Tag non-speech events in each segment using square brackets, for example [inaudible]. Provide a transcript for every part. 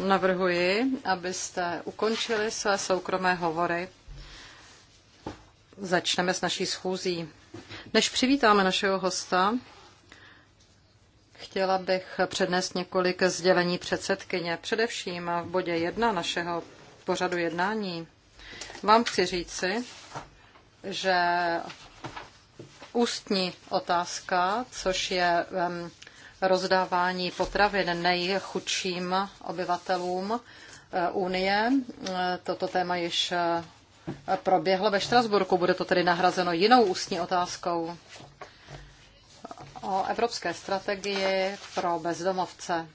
Navrhuji, abyste ukončili své soukromé hovory. Začneme s naší schůzí. Než přivítáme našeho hosta, chtěla bych přednést několik sdělení předsedkyně. Především v bodě 1 našeho pořadu jednání vám chci říci, že ústní otázka, což je rozdávání potravin nejchudším obyvatelům eh, Unie. Eh, Toto téma již eh, proběhlo ve Štrasburku. Bude to tedy nahrazeno jinou ústní otázkou o evropské strategii pro bezdomovce,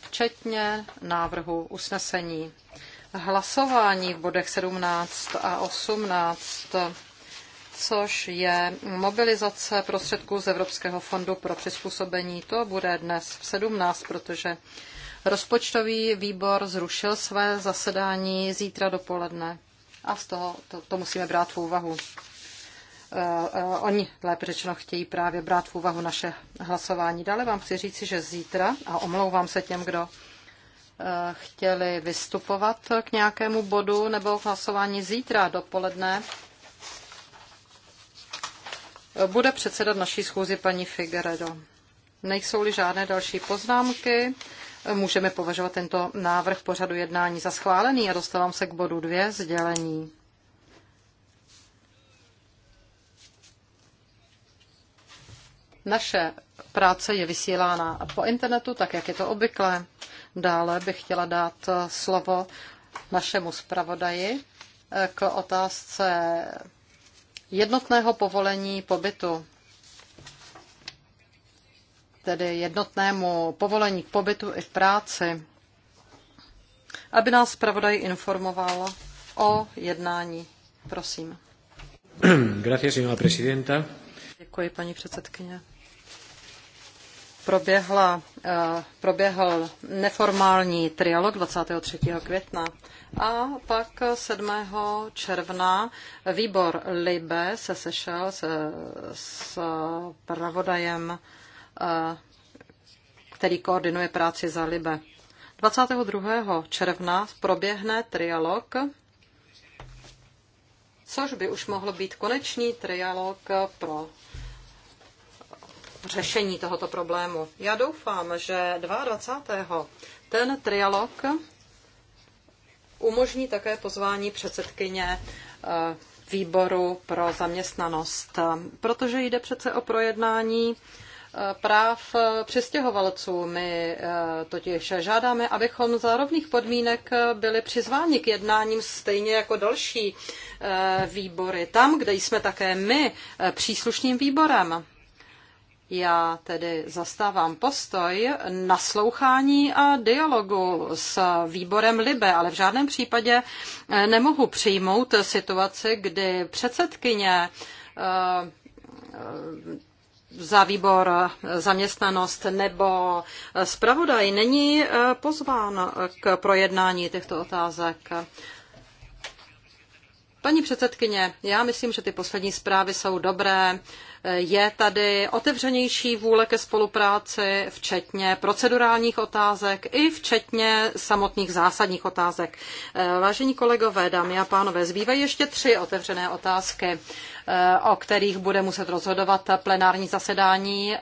včetně návrhu usnesení. Hlasování v bodech 17 a 18 což je mobilizace prostředků z Evropského fondu pro přizpůsobení. To bude dnes v 17, protože rozpočtový výbor zrušil své zasedání zítra dopoledne. A z toho to, to musíme brát v úvahu. Eh, eh, oni, lépe řečeno, chtějí právě brát v úvahu naše hlasování. Dále vám chci říci, že zítra, a omlouvám se těm, kdo eh, chtěli vystupovat k nějakému bodu nebo k hlasování zítra dopoledne, bude předsedat naší schůzi paní Figueredo. Nejsou-li žádné další poznámky, můžeme považovat tento návrh pořadu jednání za schválený a dostávám se k bodu dvě sdělení. Naše práce je vysílána po internetu, tak jak je to obvykle. Dále bych chtěla dát slovo našemu zpravodaji k otázce jednotného povolení pobytu, tedy jednotnému povolení k pobytu i v práci, aby nás zpravodaj informoval o jednání. Prosím. Gracias, señora presidenta. Děkuji, paní předsedkyně proběhla, eh, proběhl neformální trialog 23. května a pak 7. června výbor Libe se sešel se, s pravodajem, eh, který koordinuje práci za Libe. 22. června proběhne trialog, což by už mohl být konečný trialog pro řešení tohoto problému. Já doufám, že 22. ten trialog umožní také pozvání předsedkyně eh, výboru pro zaměstnanost, protože jde přece o projednání eh, práv eh, přistěhovalců. My totiž žádáme, abychom za rovných podmínek byli přizváni k jednáním stejně jako další výbory, tam, kde jsme také my příslušným výborem. Já tedy zastávám postoj naslouchání a dialogu s výborem Libe, ale v žádném případě eh, nemohu přijmout situaci, kdy předsedkyně eh, eh, za výbor zaměstnanost nebo zpravodaj není pozván k projednání těchto otázek. Paní předsedkyně, já myslím, že ty poslední zprávy jsou dobré. Je tady otevřenější vůle ke spolupráci, včetně procedurálních otázek i včetně samotných zásadních otázek. Vážení kolegové, dámy a pánové, zbývají ještě tři otevřené otázky, o kterých bude muset rozhodovat plenární zasedání eh,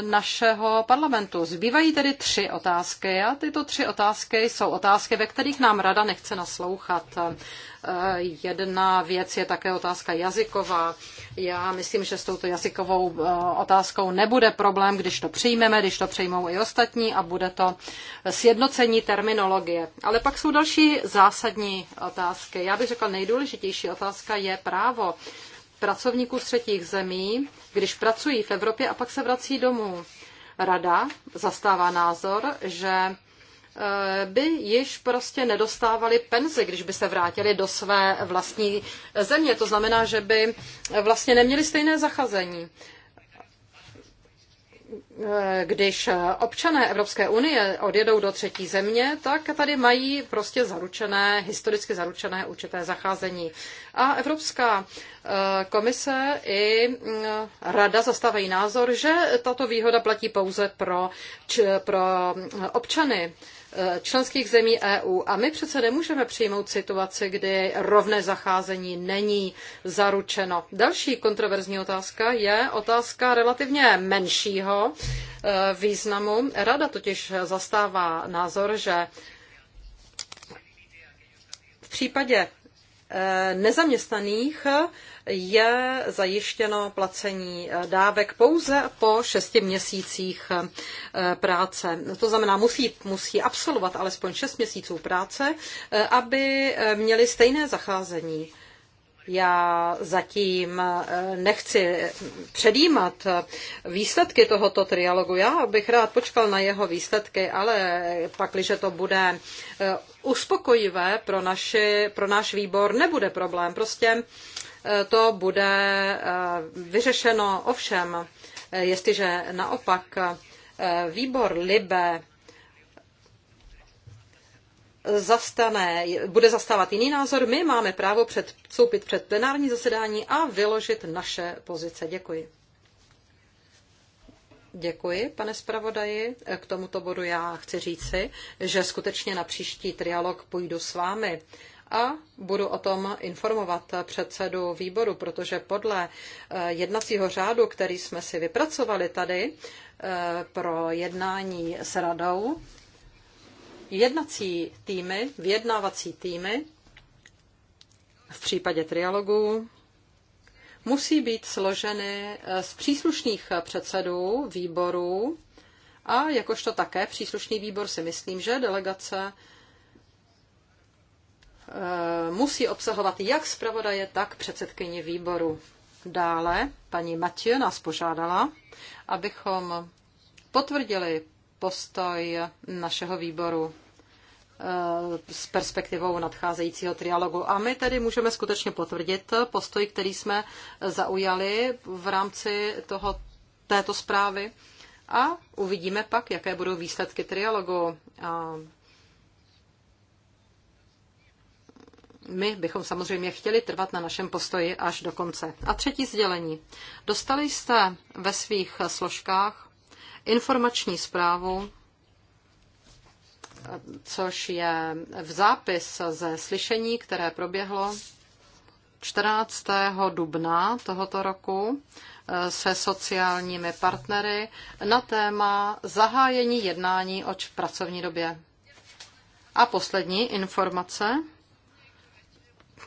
našeho parlamentu. Zbývají tedy tři otázky a tyto tři otázky jsou otázky, ve kterých nám rada nechce naslouchat. Eh, jedna věc je také otázka jazyková. Já myslím, že s touto jazykovou eh, otázkou nebude problém, když to přijmeme, když to přijmou i ostatní a bude to sjednocení terminologie. Ale pak jsou další zásadní otázky. Já bych řekla, nejdůležitější otázka je právo pracovníků z třetích zemí, když pracují v Evropě a pak se vrací domů. Rada zastává názor, že Eh, by již prostě nedostávali penzi, když by se vrátili do své vlastní země. To znamená, že by vlastně neměli stejné zacházení eh, když občané Evropské unie odjedou do třetí země, tak tady mají prostě zaručené, historicky zaručené určité zacházení. A Evropská eh, komise i rada zastávají názor, že tato výhoda platí pouze pro, či, pro občany Eh, členských zemí EU. A my přece nemůžeme přijmout situaci, kdy rovné zacházení není zaručeno. Další kontroverzní otázka je otázka relativně menšího eh, významu. Rada totiž zastává názor, že v případě nezaměstnaných je zajištěno placení dávek pouze po šesti měsících eh, práce. To znamená, musí, musí absolvovat alespoň šest měsíců práce, eh, aby eh, měli stejné zacházení já zatím eh, nechci předjímat výsledky tohoto trialogu. Já bych rád počkal na jeho výsledky, ale pakliže to bude eh, uspokojivé pro, naši, pro náš výbor, nebude problém. Prostě eh, to bude vyřešeno ovšem, jestliže naopak výbor Libe zastane, bude zastávat jiný názor, my máme právo předstoupit před plenární zasedání a vyložit naše pozice. Děkuji. Děkuji, pane zpravodaji. K tomuto bodu já chci říci, že skutečně na příští trialog půjdu s vámi a budu o tom informovat předsedu výboru, protože podle eh, jednacího řádu, který jsme si vypracovali tady eh, pro jednání s radou, jednací týmy, vyjednávací týmy v případě trialogu musí být složeny eh, z příslušných eh, předsedů výborů a jakožto také příslušný výbor si myslím, že delegace eh, musí obsahovat jak zpravodaje, tak předsedkyni výboru. Dále paní Matě nás požádala, abychom potvrdili postoj našeho výboru eh, s perspektivou nadcházejícího trialogu. A my tedy můžeme skutečně potvrdit postoj, který jsme zaujali v rámci toho, této zprávy a uvidíme pak, jaké budou výsledky trialogu. A my bychom samozřejmě chtěli trvat na našem postoji až do konce. A třetí sdělení. Dostali jste ve svých složkách informační zprávu, což je v zápis ze slyšení, které proběhlo 14. dubna tohoto roku eh, se sociálními partnery na téma zahájení jednání o pracovní době. A poslední informace.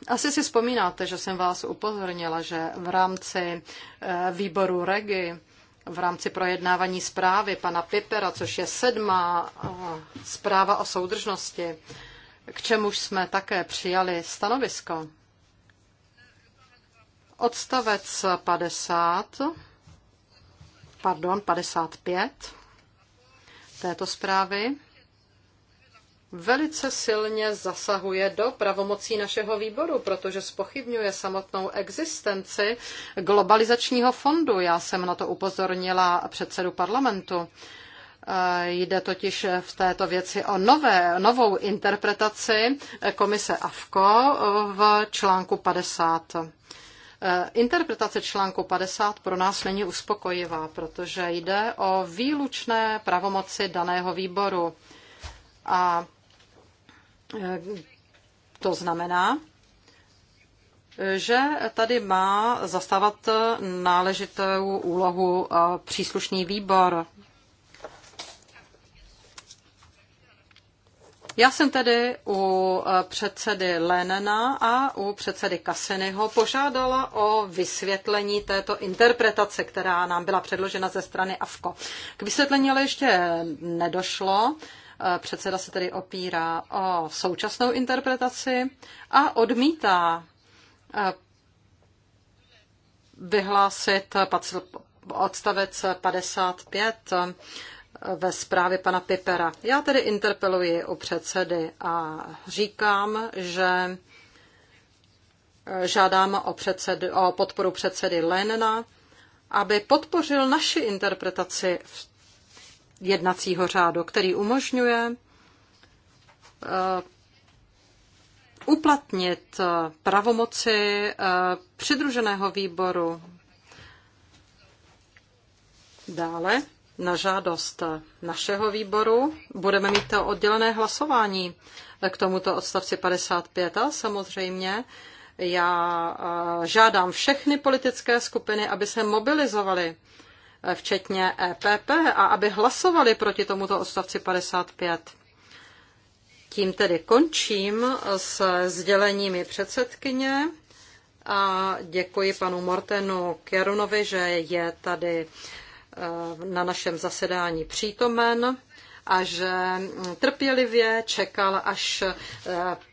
Asi si vzpomínáte, že jsem vás upozornila, že v rámci eh, výboru REGI v rámci projednávání zprávy pana Pipera, což je sedmá zpráva o soudržnosti, k čemuž jsme také přijali stanovisko. Odstavec 50, pardon, 55 této zprávy velice silně zasahuje do pravomocí našeho výboru, protože spochybňuje samotnou existenci globalizačního fondu. Já jsem na to upozornila předsedu parlamentu. Eh, jde totiž v této věci o nové, novou interpretaci komise AFKO v článku 50. Eh, interpretace článku 50 pro nás není uspokojivá, protože jde o výlučné pravomoci daného výboru. A to znamená, že tady má zastávat náležitou úlohu příslušný výbor. Já jsem tedy u předsedy Lenena a u předsedy Kasinyho požádala o vysvětlení této interpretace, která nám byla předložena ze strany AFKO. K vysvětlení ale ještě nedošlo. Eh, předseda se tedy opírá o současnou interpretaci a odmítá eh, vyhlásit odstavec 55 eh, ve zprávě pana Pipera. Já tedy interpeluji u předsedy a říkám, že žádám o, předsedy, o podporu předsedy Lenina, aby podpořil naši interpretaci v jednacího řádu, který umožňuje eh, uplatnit eh, pravomoci eh, přidruženého výboru. Dále na žádost našeho výboru budeme mít to oddělené hlasování k tomuto odstavci 55 a samozřejmě já žádám všechny politické skupiny, aby se mobilizovaly včetně EPP, a aby hlasovali proti tomuto odstavci 55. Tím tedy končím s sděleními předsedkyně a děkuji panu Mortenu Kjerunovi, že je tady eh, na našem zasedání přítomen a že trpělivě čekal, až eh,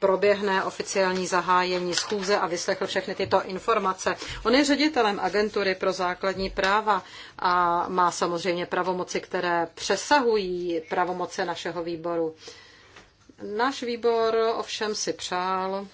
proběhne oficiální zahájení schůze a vyslechl všechny tyto informace. On je ředitelem agentury pro základní práva a má samozřejmě pravomoci, které přesahují pravomoce našeho výboru. Náš výbor ovšem si přál,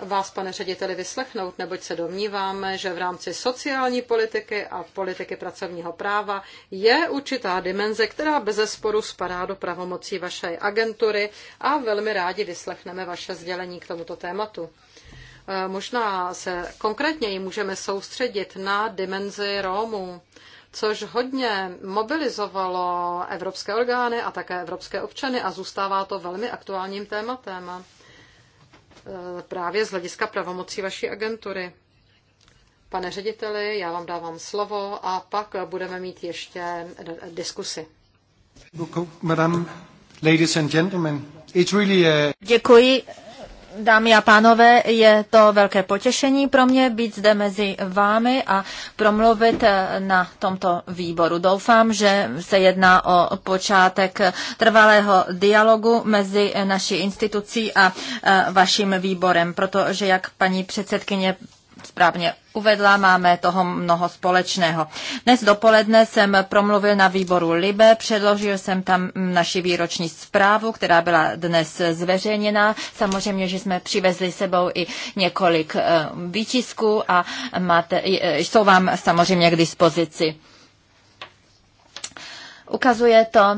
vás, pane řediteli, vyslechnout, neboť se domníváme, že v rámci sociální politiky a politiky pracovního práva je určitá dimenze, která bez sporu spadá do pravomocí vaší agentury a velmi rádi vyslechneme vaše sdělení k tomuto tématu. Eh, možná se konkrétněji můžeme soustředit na dimenzi Rómů, což hodně mobilizovalo evropské orgány a také evropské občany a zůstává to velmi aktuálním tématem. Eh, právě z hlediska pravomocí vaší agentury. Pane řediteli, já vám dávám slovo a pak budeme mít ještě diskusy. Děkuji, Dámy a pánové, je to velké potěšení pro mě být zde mezi vámi a promluvit eh, na tomto výboru. Doufám, že se jedná o počátek trvalého dialogu mezi naší institucí a eh, vaším výborem, protože, jak paní předsedkyně správně uvedla, máme toho mnoho společného. Dnes dopoledne jsem promluvil na výboru Libe, předložil jsem tam naši výroční zprávu, která byla dnes zveřejněna. Samozřejmě, že jsme přivezli sebou i několik eh, výtisků a máte, eh, jsou vám samozřejmě k dispozici. Ukazuje to,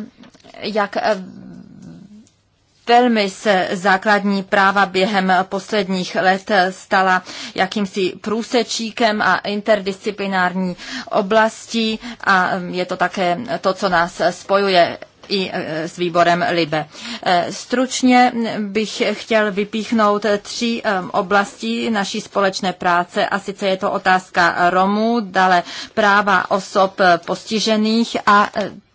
jak eh, velmi se základní práva během posledních let stala jakýmsi průsečíkem a interdisciplinární oblastí a je to také to, co nás spojuje i e, s výborem LIBE. E, stručně bych chtěl vypíchnout tři e, oblasti naší společné práce a sice je to otázka Romů, dále práva osob postižených a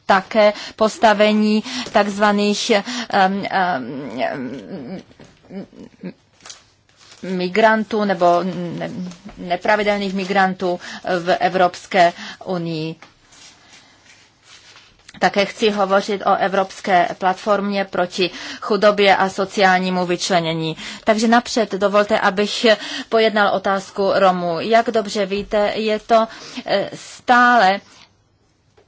také postavení takzvaných um, um, migrantů nebo nepravidelných migrantů v Evropské unii. Také chci hovořit o Evropské platformě proti chudobě a sociálnímu vyčlenění. Takže napřed dovolte, abych pojednal otázku Romů. Jak dobře víte, je to eh, stále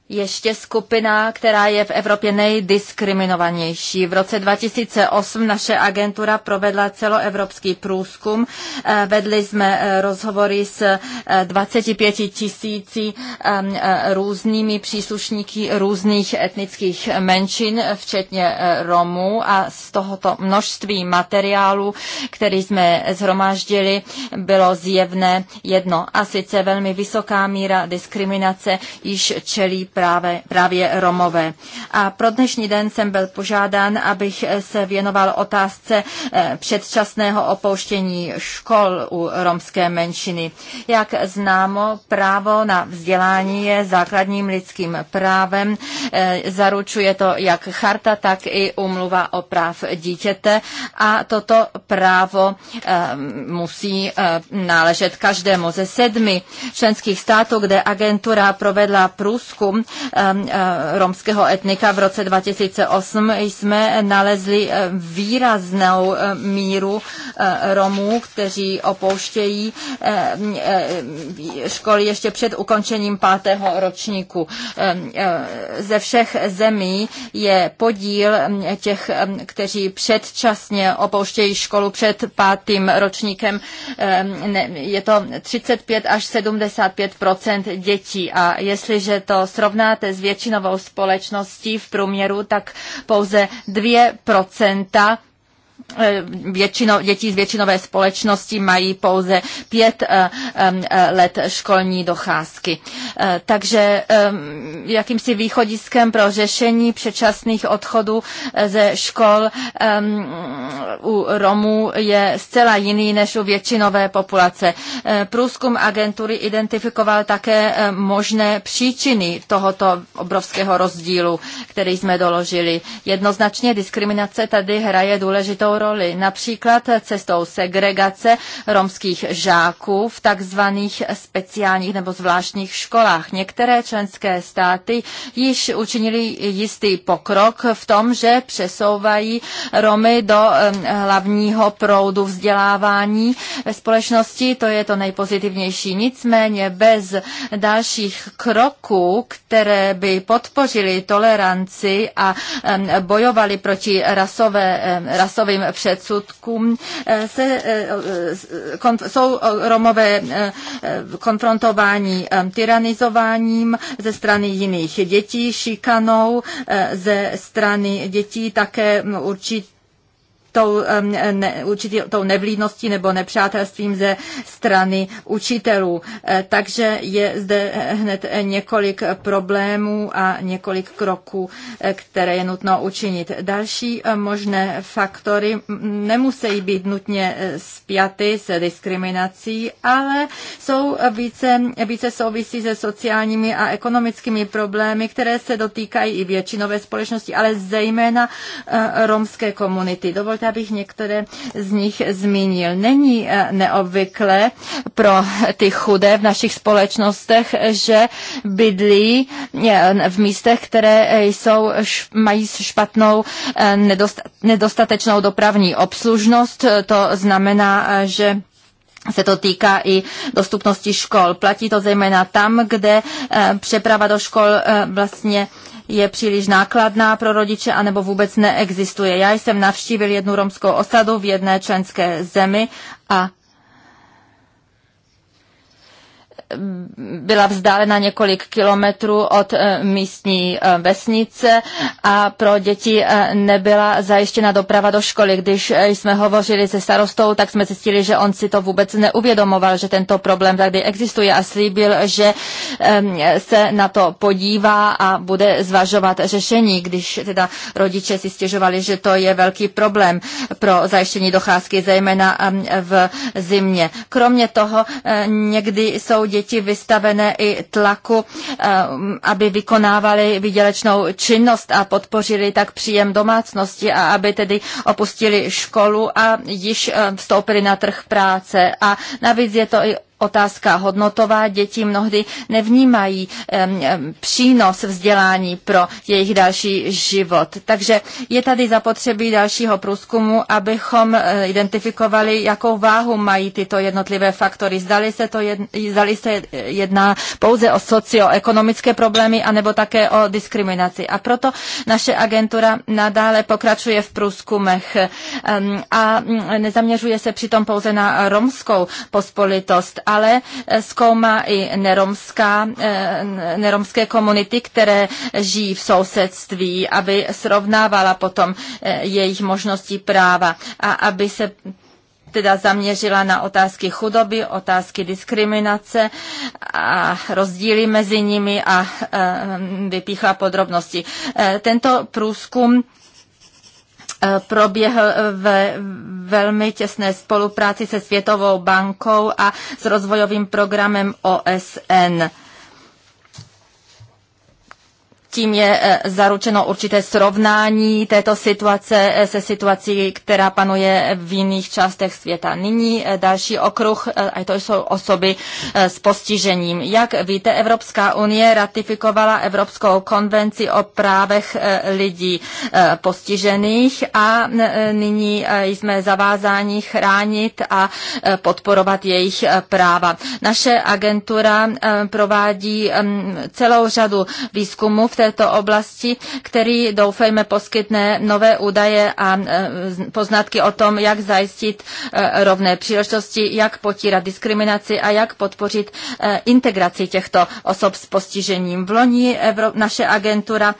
ještě skupina, která je v Evropě nejdiskriminovanější. V roce 2008 naše agentura provedla celoevropský průzkum. Eh, vedli jsme eh, rozhovory s 25 eh, tisíci ehm, různými příslušníky různých etnických menšin, včetně Romů a z tohoto množství materiálu, který jsme zhromáždili, bylo zjevné jedno a sice velmi vysoká míra diskriminace již čelí právě, právě Romové. A pro dnešní den jsem byl požádán, abych se věnoval otázce eh, předčasného opouštění škol u romské menšiny. Jak známo, právo na vzdělání je základním lidským právem. Eh, zaručuje to jak charta, tak i umluva o práv dítěte a toto právo eh, musí náležet každému ze sedmi členských států, kde agentura provedla průzkum, Um, uh, romského etnika v roce 2008 jsme nalezli uh, výraznou uh, míru Romů, kteří opouštějí školy ještě před ukončením pátého ročníku. Um, ze všech zemí je podíl um, těch, kteří předčasně opouštějí školu před pátým ročníkem, je to 35 až 75 dětí. A jestliže to srovnáme srovnáte s většinovou společností v průměru, tak pouze 2% Eh, většino, děti z většinové společnosti mají pouze pět eh, eh, let školní docházky. Takže jakýmsi východiskem pro řešení předčasných odchodů ze škol u Romů je zcela jiný než u většinové populace. Průzkum agentury identifikoval také možné příčiny tohoto obrovského rozdílu, který jsme doložili. Jednoznačně diskriminace tady hraje důležitou roli, například cestou segregace romských žáků v takzvaných speciálních nebo zvláštních školách. Některé členské státy již učinili jistý pokrok v tom, že přesouvají Romy do hlavního proudu vzdělávání ve společnosti, to je to nejpozitivnější. Nicméně bez dalších kroků, které by podpořily toleranci a bojovali proti rasové, rasovým předsudkům eh, se, eh, eh, kon, jsou Romové konfrontováni tyranizováním ze strany jiných dětí, šikanou ze strany dětí, také mm, určitě tou ne, tou nevlídností nebo nepřátelstvím ze strany učitelů. E, takže je zde hned několik problémů a několik kroků, e, které je nutno učinit. Další e, možné faktory nemusí být nutně spjaty se diskriminací, ale jsou více, více souvisí se sociálními a ekonomickými problémy, které se dotýkají i většinové společnosti, ale zejména romské komunity. Dovolte Dovolte, abych některé z nich zmínil. Není eh, neobvyklé pro ty chudé v našich společnostech, že bydlí eh, v místech, které eh, jsou, mají špatnou nedostatečnou dopravní obslužnost. To znamená, že se to týká i dostupnosti škol. Platí to zejména tam, kde eh, přeprava do škol eh, vlastně je příliš nákladná pro rodiče anebo vůbec neexistuje. Já jsem navštívil jednu romskou osadu v jedné členské zemi a byla vzdálena několik kilometrů od eh, místní eh, vesnice a pro děti eh, nebyla zajištěna doprava do školy. Když jsme hovořili se starostou, tak jsme zjistili, že on si to vůbec neuvědomoval, že tento problém tady existuje a slíbil, že ehm, se na to podívá a bude zvažovat řešení, když teda rodiče si stěžovali, že to je velký problém pro zajištění docházky, zejména ehm, v zimě. Kromě toho někdy jsou děti děti vystavené i tlaku, eh, aby vykonávali vydělečnou činnost a podpořili tak příjem domácnosti a aby tedy opustili školu a již eh, vstoupili na trh práce. A navíc je to i otázka hodnotová. Děti mnohdy nevnímají přínos vzdělání pro jejich další život. Takže je tady zapotřebí dalšího průzkumu, abychom eh, identifikovali, jakou váhu mají tyto jednotlivé faktory. Zdali se, to jedná, zdali se jedná pouze o socioekonomické problémy, anebo také o diskriminaci. A proto naše agentura nadále pokračuje v průzkumech a mm, nezaměřuje se přitom pouze na romskou pospolitost, ale eh, zkoumá i neromská, eh, neromské komunity, které žijí v sousedství, aby srovnávala potom eh, jejich možnosti práva a aby se teda zaměřila na otázky chudoby, otázky diskriminace a rozdíly mezi nimi a vypíchla podrobnosti. Tento průzkum proběhl eh, ve velmi těsné spolupráci se Světovou bankou a s rozvojovým programem OSN. Tím je eh, zaručeno určité srovnání této situace eh, se situací, která panuje v jiných částech světa. Nyní eh, další okruh, a to jsou osoby s postižením. Jak víte, Evropská unie ratifikovala Evropskou konvenci o právech lidí postižených a nyní jsme zavázáni chránit a podporovat jejich práva. Naše agentura provádí mm, celou řadu výzkumů v té této oblasti, který doufejme poskytne nové údaje a e, poznatky o tom, jak zajistit e, rovné příležitosti, jak potírat diskriminaci a jak podpořit e, integraci těchto osob s postižením. V loni naše agentura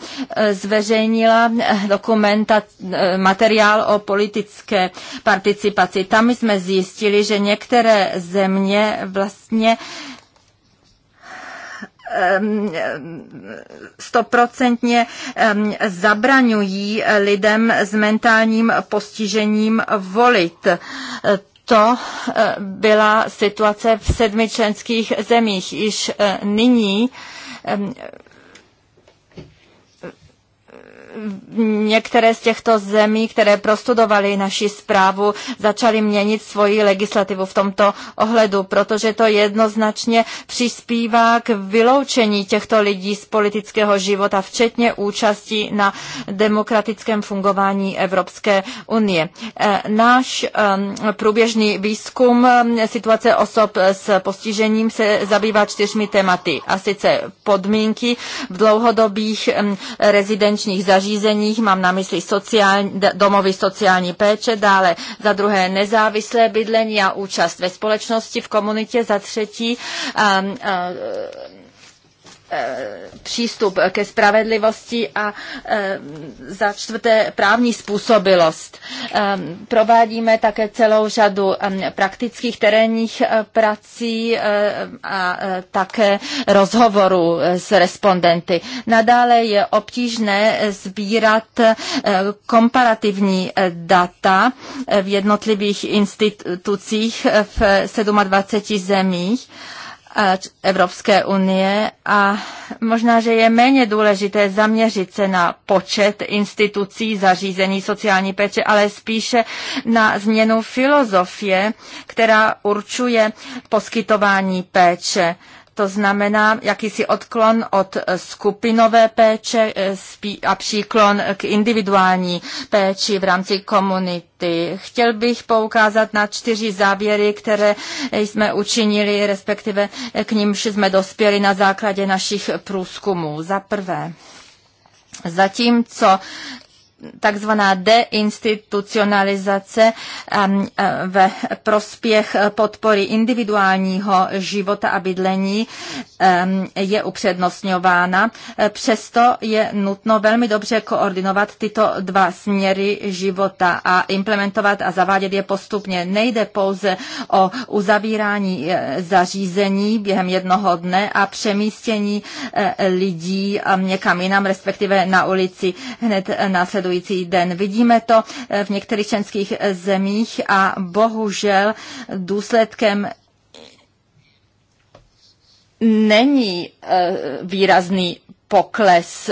zveřejnila dokumenta, materiál o politické participaci. Tam jsme zjistili, že některé země vlastně Ehm, stoprocentně ehm, zabraňují lidem s mentálním postižením volit to eh, byla situace v sedmi členských zemích. Již eh, nyní ehm, některé z těchto zemí, které prostudovali naši zprávu, začaly měnit svoji legislativu v tomto ohledu, protože to jednoznačně přispívá k vyloučení těchto lidí z politického života, včetně účasti na demokratickém fungování Evropské unie. E, náš průběžný výzkum situace osob s postižením se zabývá čtyřmi tématy, a sice podmínky v dlouhodobých rezidenčních zařízeních, zařízeních, mám na mysli sociální, domovy sociální péče, dále za druhé nezávislé bydlení a účast ve společnosti, v komunitě, za třetí um, uh, Eh, přístup ke spravedlivosti a eh, za čtvrté právní způsobilost. Eh, provádíme také celou řadu praktických terénních prací a také rozhovorů s respondenty. Nadále je obtížné sbírat komparativní data v jednotlivých institucích v 27 zemích. Evropské unie a možná, že je méně důležité zaměřit se na počet institucí zařízení sociální péče, ale spíše na změnu filozofie, která určuje poskytování péče. To znamená jakýsi odklon od eh, skupinové péče eh, a příklon k individuální péči v rámci komunity. Chtěl bych poukázat na čtyři závěry, které eh, jsme učinili, respektive k nímž jsme dospěli na základě našich průzkumů. Za prvé, Zatímco takzvaná deinstitucionalizace um, uh, ve prospěch podpory individuálního života a bydlení um, je upřednostňována. Přesto je nutno velmi dobře koordinovat tyto dva směry života a implementovat a zavádět je postupně. Nejde pouze o uzavírání eh, zařízení během jednoho dne a přemístění eh, lidí um, někam jinam, respektive na ulici hned eh, následující následující den. Vidíme to eh, v některých členských eh, zemích a bohužel důsledkem není eh, výrazný pokles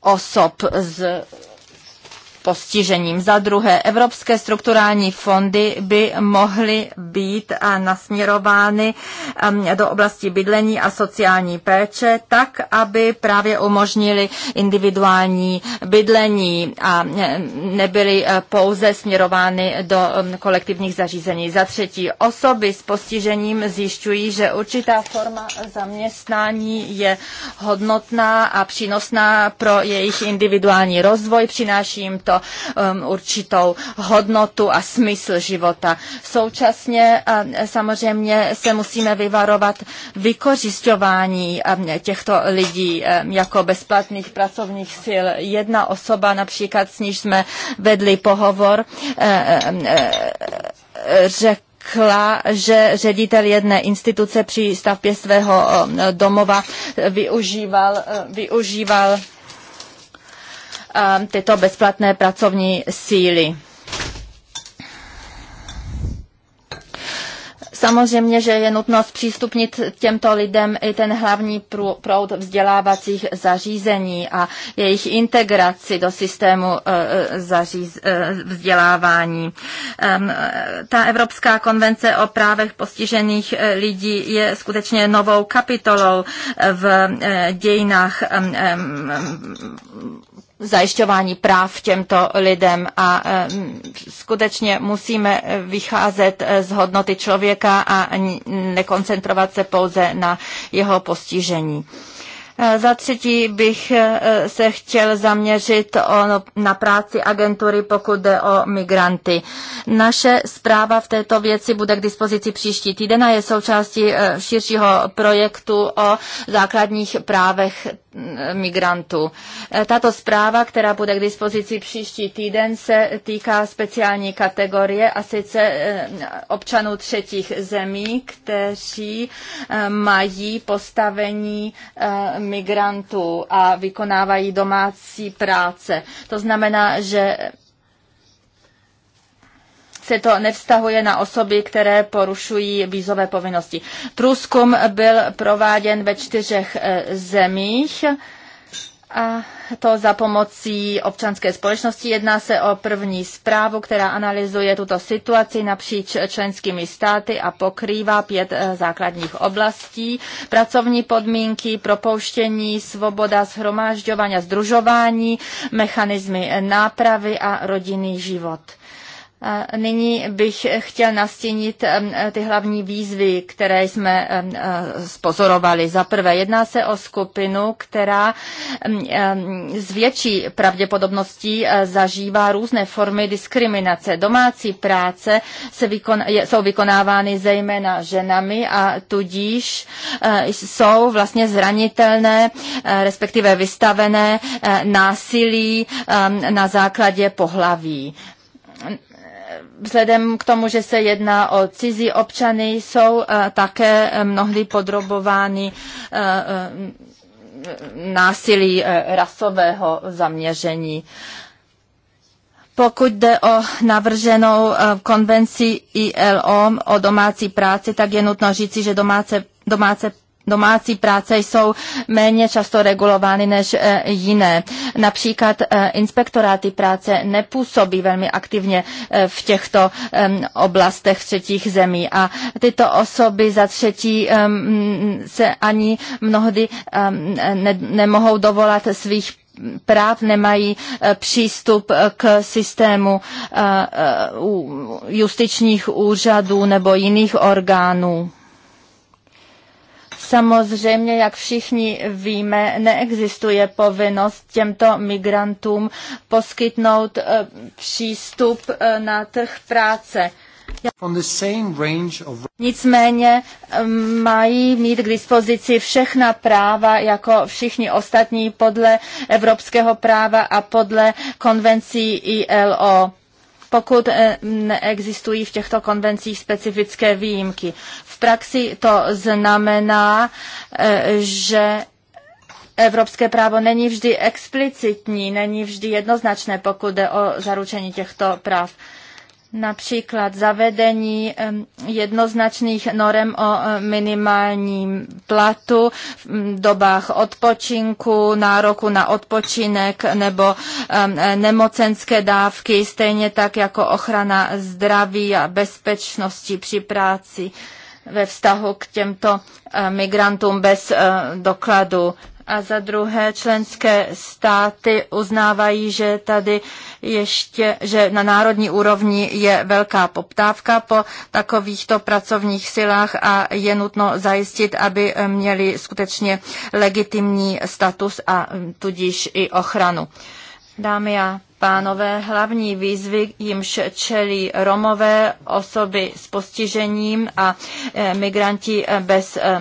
osob z postižením. Za druhé, evropské strukturální fondy by mohly být nasměrovány um, do oblasti bydlení a sociální péče tak, aby právě umožnili individuální bydlení a e, nebyly e, pouze směrovány do um, kolektivních zařízení. Za třetí, osoby s postižením zjišťují, že určitá forma zaměstnání je hodnotná a přínosná pro jejich individuální rozvoj, přináší jim to um, určitou hodnotu a smysl života. Současně a um, samozřejmě se musíme vyvarovat vykořišťování um, těchto lidí um, jako bezplatných pracovních sil. Jedna osoba například, s níž jsme vedli pohovor, řekla, řekla, že ředitel jedné instituce při stavbě svého domova využíval, uh, využíval Um, tyto bezplatné pracovní síly. Samozřejmě, že je nutno zpřístupnit těmto lidem i ten hlavní proud vzdělávacích zařízení a jejich integraci do systému eh, eh, eh, vzdělávání. Ta Evropská konvence o právech postižených lidí je skutečně novou kapitolou v dějinách zajišťování práv těmto lidem a eh, skutečně musíme vycházet eh, z hodnoty člověka a nekoncentrovat se pouze na jeho postižení. Eh, za třetí bych se chtěl zaměřit na práci agentury, pokud jde o migranty. Naše zpráva v této věci bude k dispozici příští týden a je součástí širšího projektu o základních právech migrantů. Tato zpráva, která bude k dispozici příští týden, se týká speciální kategorie a sice eh, občanů třetích zemí, kteří eh, mají postavení eh, migrantů a vykonávají domácí práce. To znamená, že se to nevztahuje na osoby, které porušují vízové povinnosti. Průzkum byl prováděn ve čtyřech e, zemích. A to za pomocí občanské společnosti. Jedná se o první zprávu, která analyzuje tuto situaci napříč členskými státy a pokrývá pět e, základních oblastí. Pracovní podmínky, propouštění, svoboda shromážďování a združování, mechanismy nápravy a rodinný život. Nyní bych chtěl nastínit ty hlavní výzvy, které jsme e, spozorovali. Za prvé, jedná se o skupinu, která z větší pravděpodobností e, zažívá různé formy diskriminace. Domácí práce se vykon, jsou vykonávány zejména ženami a tudíž e, jsou vlastně zranitelné, respektive vystavené násilí na základě pohlaví vzhledem k tomu, že se jedná o cizí občany, jsou eh, také eh, mnohdy podrobovány eh, násilí rasového zaměření. Pokud jde o navrženou konvenci ILO o domácí práci, tak je nutno říci, že domáce, domáce domácí práce jsou méně často regulovány než eh, jiné. Například eh, inspektoráty práce nepůsobí velmi aktivně eh, v těchto oblastech třetích zemí a tyto osoby za třetí se ani mnohdy nemohou dovolat svých práv nemají přístup k systému justičních úřadů nebo jiných orgánů. Samozřejmě, jak všichni víme, neexistuje povinnost těmto migrantům poskytnout eh, přístup eh, na trh práce. Nicméně mm, mají mít k dispozici všechna práva jako všichni ostatní podle evropského práva a podle konvencí ILO pokud eh, neexistují v těchto konvencích specifické výjimky. V praxi to znamená, eh, že Evropské právo není vždy explicitní, není vždy jednoznačné, pokud jde o zaručení těchto práv například zavedení jednoznačných norem o e, minimálním platu v dobách odpočinku, nároku na odpočinek nebo e, nemocenské dávky, stejně tak jako ochrana zdraví a bezpečnosti při práci ve vztahu k těmto migrantům bez e, dokladu a za druhé členské státy uznávají, že tady ještě, že na národní úrovni je velká poptávka po takovýchto pracovních silách a je nutno zajistit, aby měli skutečně legitimní status a tudíž i ochranu. Dámy a pánové, hlavní výzvy, jimž čelí Romové, osoby s postižením a eh, migranti eh, bez eh,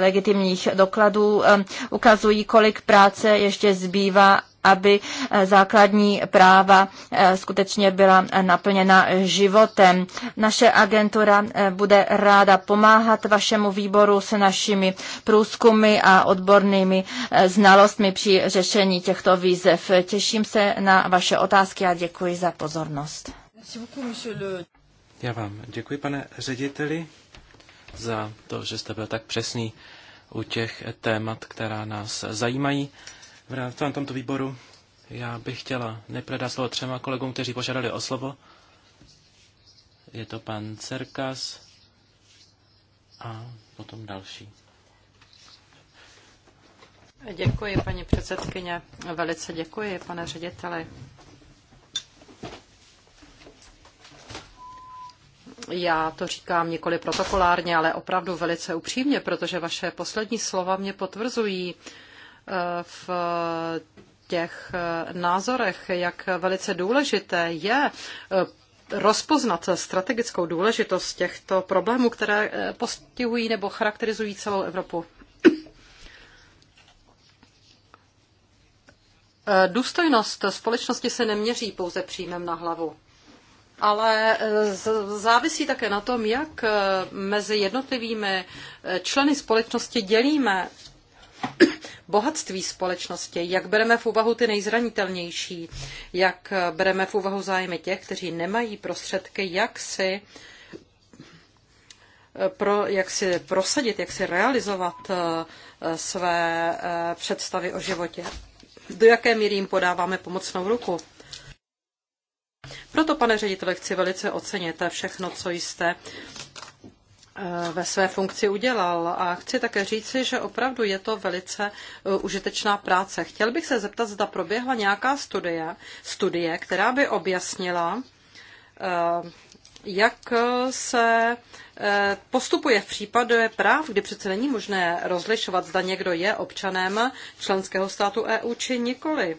legitimních dokladů, ukazují, kolik práce ještě zbývá aby základní práva skutečně byla naplněna životem. Naše agentura bude ráda pomáhat vašemu výboru se našimi průzkumy a odbornými znalostmi při řešení těchto výzev. Těším se na vaše otázky a děkuji za pozornost. Já vám děkuji, pane řediteli, za to, že jste byl tak přesný u těch témat, která nás zajímají v tomto výboru. Já bych chtěla nejprve slovo třema kolegům, kteří požádali o slovo. Je to pan Cerkas a potom další. Děkuji, paní předsedkyně. Velice děkuji, pane řediteli. Já to říkám nikoli protokolárně, ale opravdu velice upřímně, protože vaše poslední slova mě potvrzují eh, v těch eh, názorech, jak velice důležité je eh, rozpoznat strategickou důležitost těchto problémů, které postihují nebo charakterizují celou Evropu. Eh, důstojnost společnosti se neměří pouze příjmem na hlavu, ale eh, závisí také na tom, jak eh, mezi jednotlivými členy společnosti dělíme [clears throat] bohatství společnosti, jak bereme v úvahu ty nejzranitelnější, jak bereme v úvahu zájmy těch, kteří nemají prostředky, jak si, pro, jak si prosadit, jak si realizovat své představy o životě do jaké míry jim podáváme pomocnou ruku. Proto, pane řediteli, chci velice ocenit všechno, co jste eh, ve své funkci udělal. A chci také říci, že opravdu je to velice eh, užitečná práce. Chtěl bych se zeptat, zda proběhla nějaká studie, studie která by objasnila eh, jak eh, se eh, postupuje v případě práv, kdy přece není možné rozlišovat, zda někdo je občanem členského státu EU či nikoli.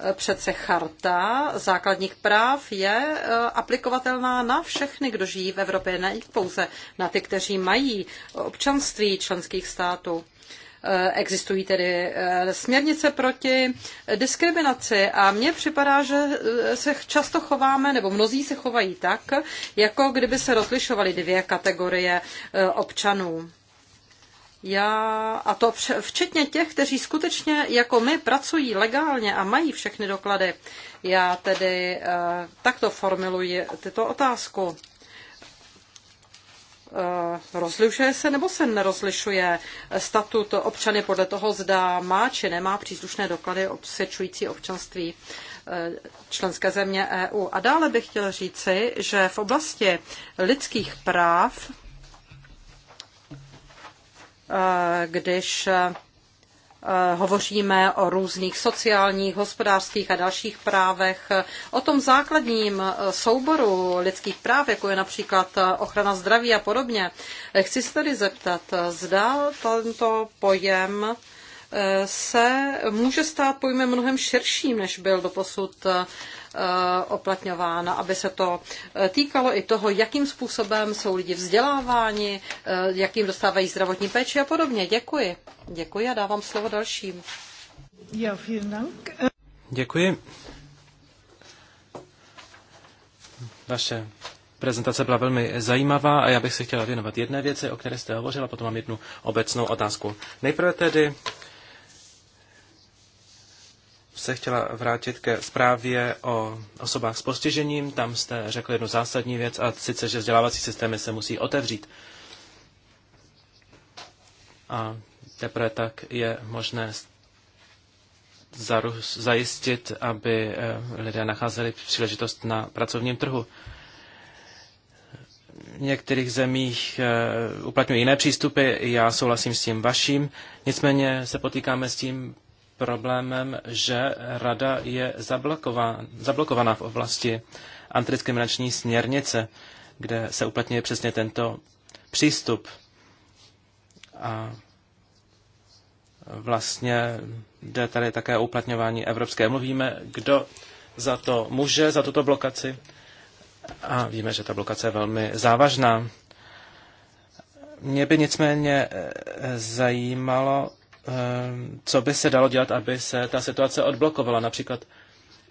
Eh, přece charta základních práv je aplikovatelná na všechny, kdo žijí v Evropě, ne pouze na ty, kteří mají občanství členských států. Eh, existují tedy eh, směrnice proti diskriminaci a mně připadá, že eh, se často chováme, nebo mnozí se chovají tak, jako kdyby se rozlišovaly dvě kategorie občanů. Já, a to včetně těch, kteří skutečně jako my pracují legálně a mají všechny doklady. Já tedy takto formuluji tyto otázku. Eh, rozlišuje se nebo se nerozlišuje statut občany podle toho, zda má či nemá příslušné doklady obsvědčující občanství eh, členské země EU. A dále bych chtěl říci, že v oblasti lidských práv, eh, když Eh, hovoříme o různých sociálních, hospodářských a dalších právech, o tom základním eh, souboru lidských práv, jako je například eh, ochrana zdraví a podobně. Chci se tedy zeptat, zda tento pojem se může stát pojmem mnohem širším, než byl doposud Eh, oplatňována, aby se to eh, týkalo i toho, jakým způsobem jsou lidi vzděláváni, eh, jakým dostávají zdravotní péči a podobně. Děkuji. Děkuji a dávám slovo dalším. vielen Dank. Děkuji. Vaše prezentace byla velmi zajímavá a já bych se chtěla věnovat jedné věci, o které jste hovořila, potom mám jednu obecnou otázku. Nejprve tedy se chtěla vrátit ke zprávě o osobách s postižením. Tam jste řekl jednu zásadní věc, a sice, že vzdělávací systémy se musí otevřít. A teprve tak je možné zajistit, aby eh, lidé nacházeli příležitost na pracovním trhu. V některých zemích eh, uplatňují jiné přístupy, já souhlasím s tím vaším, nicméně se potýkáme s tím problémem, že rada je zablokovaná v oblasti antidiskriminační směrnice, kde se uplatňuje přesně tento přístup. A vlastně jde tady také o uplatňování evropské. Mluvíme, kdo za to může, za tuto blokaci. A víme, že ta blokace je velmi závažná. Mě by nicméně eh, zajímalo, Ehm, co by se dalo dělat, aby se ta situace odblokovala. Například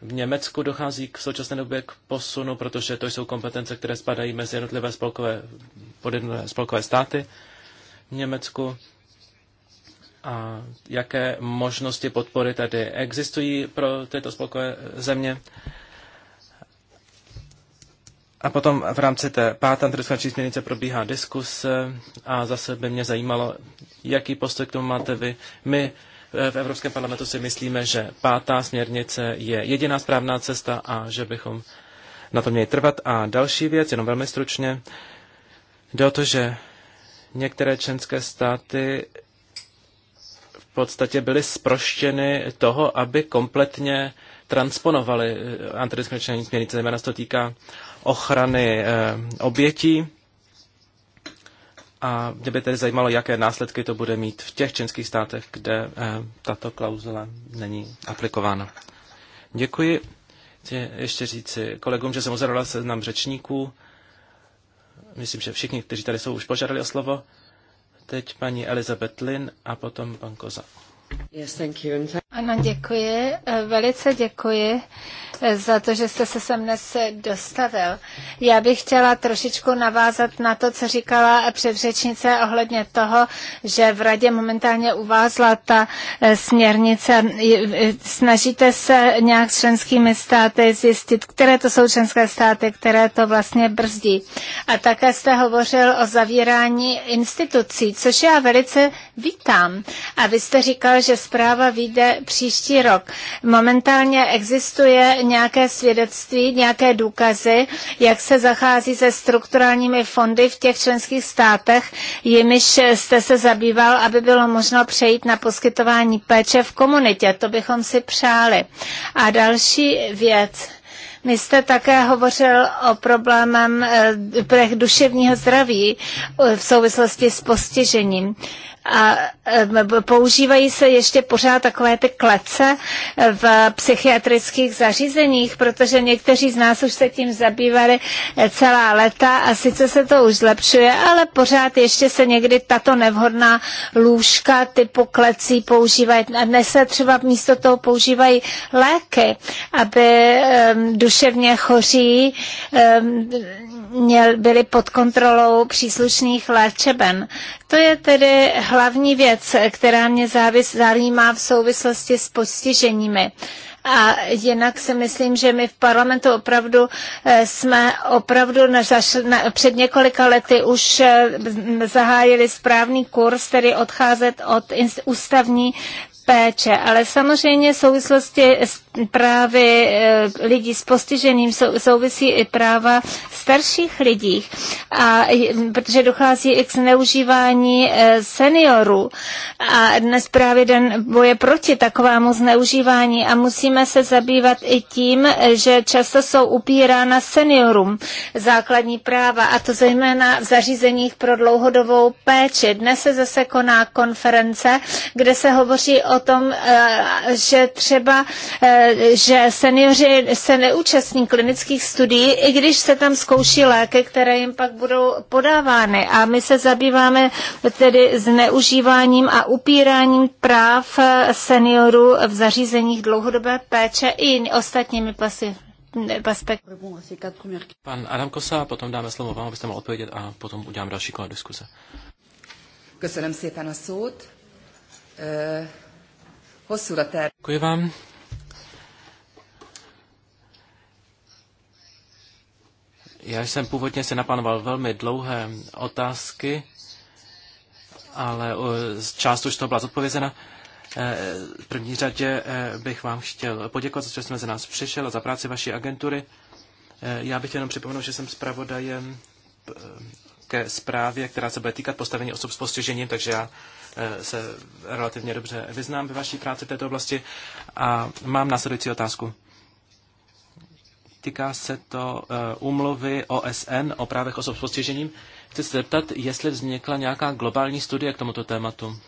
v Německu dochází k současné době k posunu, protože to jsou kompetence, které spadají mezi jednotlivé spolkové, pod jednotlivé spolkové státy v Německu. A jaké možnosti podpory tady existují pro tyto spolkové země? A potom v rámci té páté antidiskriminační směrnice probíhá diskuse a zase by mě zajímalo, jaký postoj k tomu máte vy. My eh, v Evropském parlamentu si myslíme, že pátá směrnice je jediná správná cesta a že bychom na to měli trvat. A další věc, jenom velmi stručně, jde o to, že některé členské státy v podstatě byly sproštěny toho, aby kompletně transponovali eh, antidiskriminační směrnice, zejména se to týká ochrany eh, obětí. A mě by tedy zajímalo, jaké následky to bude mít v těch čínských státech, kde eh, tato klauzula není aplikována. Děkuji. Chci ještě říci kolegům, že jsem se seznam řečníků. Myslím, že všichni, kteří tady jsou, už požádali o slovo. Teď paní Elizabeth Lin a potom pan Koza. Yes, thank you. Ano, děkuji. Eh, velice děkuji eh, za to, že jste se sem dnes eh, dostavil. Já bych chtěla trošičku navázat na to, co říkala předřečnice ohledně toho, že v radě momentálně uvázla ta směrnice. Snažíte se nějak s členskými státy zjistit, které to jsou členské státy, které to vlastně brzdí. A také jste hovořil o zavírání institucí, což já velice vítám. A vy jste říkal, že zpráva vyjde příští rok. Momentálně existuje nějaké svědectví, nějaké důkazy, jak se zachází se strukturálními fondy v těch členských státech, jimiž jste se zabýval, aby bylo možno přejít na poskytování péče v komunitě. To bychom si přáli. A další věc. My jste také hovořil o problémem eh, duševního zdraví eh, v souvislosti s postižením a používají se ještě pořád takové ty klece v psychiatrických zařízeních, protože někteří z nás už se tím zabývali eh, celá léta a sice se to už zlepšuje, ale pořád ještě se někdy tato nevhodná lůžka typu klecí používají. A dnes se třeba místo toho používají léky, aby duševně choří měl, byly pod kontrolou příslušných léčeben. To je tedy hlavní věc, která mě závis, zajímá v souvislosti s postiženími. A jinak si myslím, že my v parlamentu opravdu eh, jsme opravdu na, na, před několika lety už eh, zahájili správný kurz, tedy odcházet od ústavní péče, ale samozřejmě v souvislosti s právy eh, lidí s postižením souvisí i práva starších lidí, a, protože dochází i k zneužívání eh, seniorů. A dnes právě den boje proti takovému zneužívání a musíme se zabývat i tím, eh, že často jsou upírána seniorům základní práva, a to zejména v zařízeních pro dlouhodobou péči. Dnes se zase koná konference, kde se hovoří o tom, že třeba že seniori se neúčastní klinických studií, i když se tam zkouší léky, které jim pak budou podávány. A my se zabýváme tedy zneužíváním a upíráním práv seniorů v zařízeních dlouhodobé péče i ostatními pasy. Pan Adam Kosa, potom dáme slovo vám, abyste mohl odpovědět a potom udělám další kola diskuse. Děkuji vám. Já jsem původně se naplánoval velmi dlouhé otázky, ale část už to byla zodpovězena. E, v první řadě e, bych vám chtěl poděkovat, že jste mezi nás přišel a za práci vaší agentury. E, já bych jenom připomenul, že jsem zpravodajem ke zprávě, která se bude týkat postavení osob s postižením, takže já se relativně dobře vyznám ve vaší práci v této oblasti a mám následující otázku. Týká se to e, úmluvy OSN o právech osob s postižením. Chci se zeptat, jestli vznikla nějaká globální studie k tomuto tématu.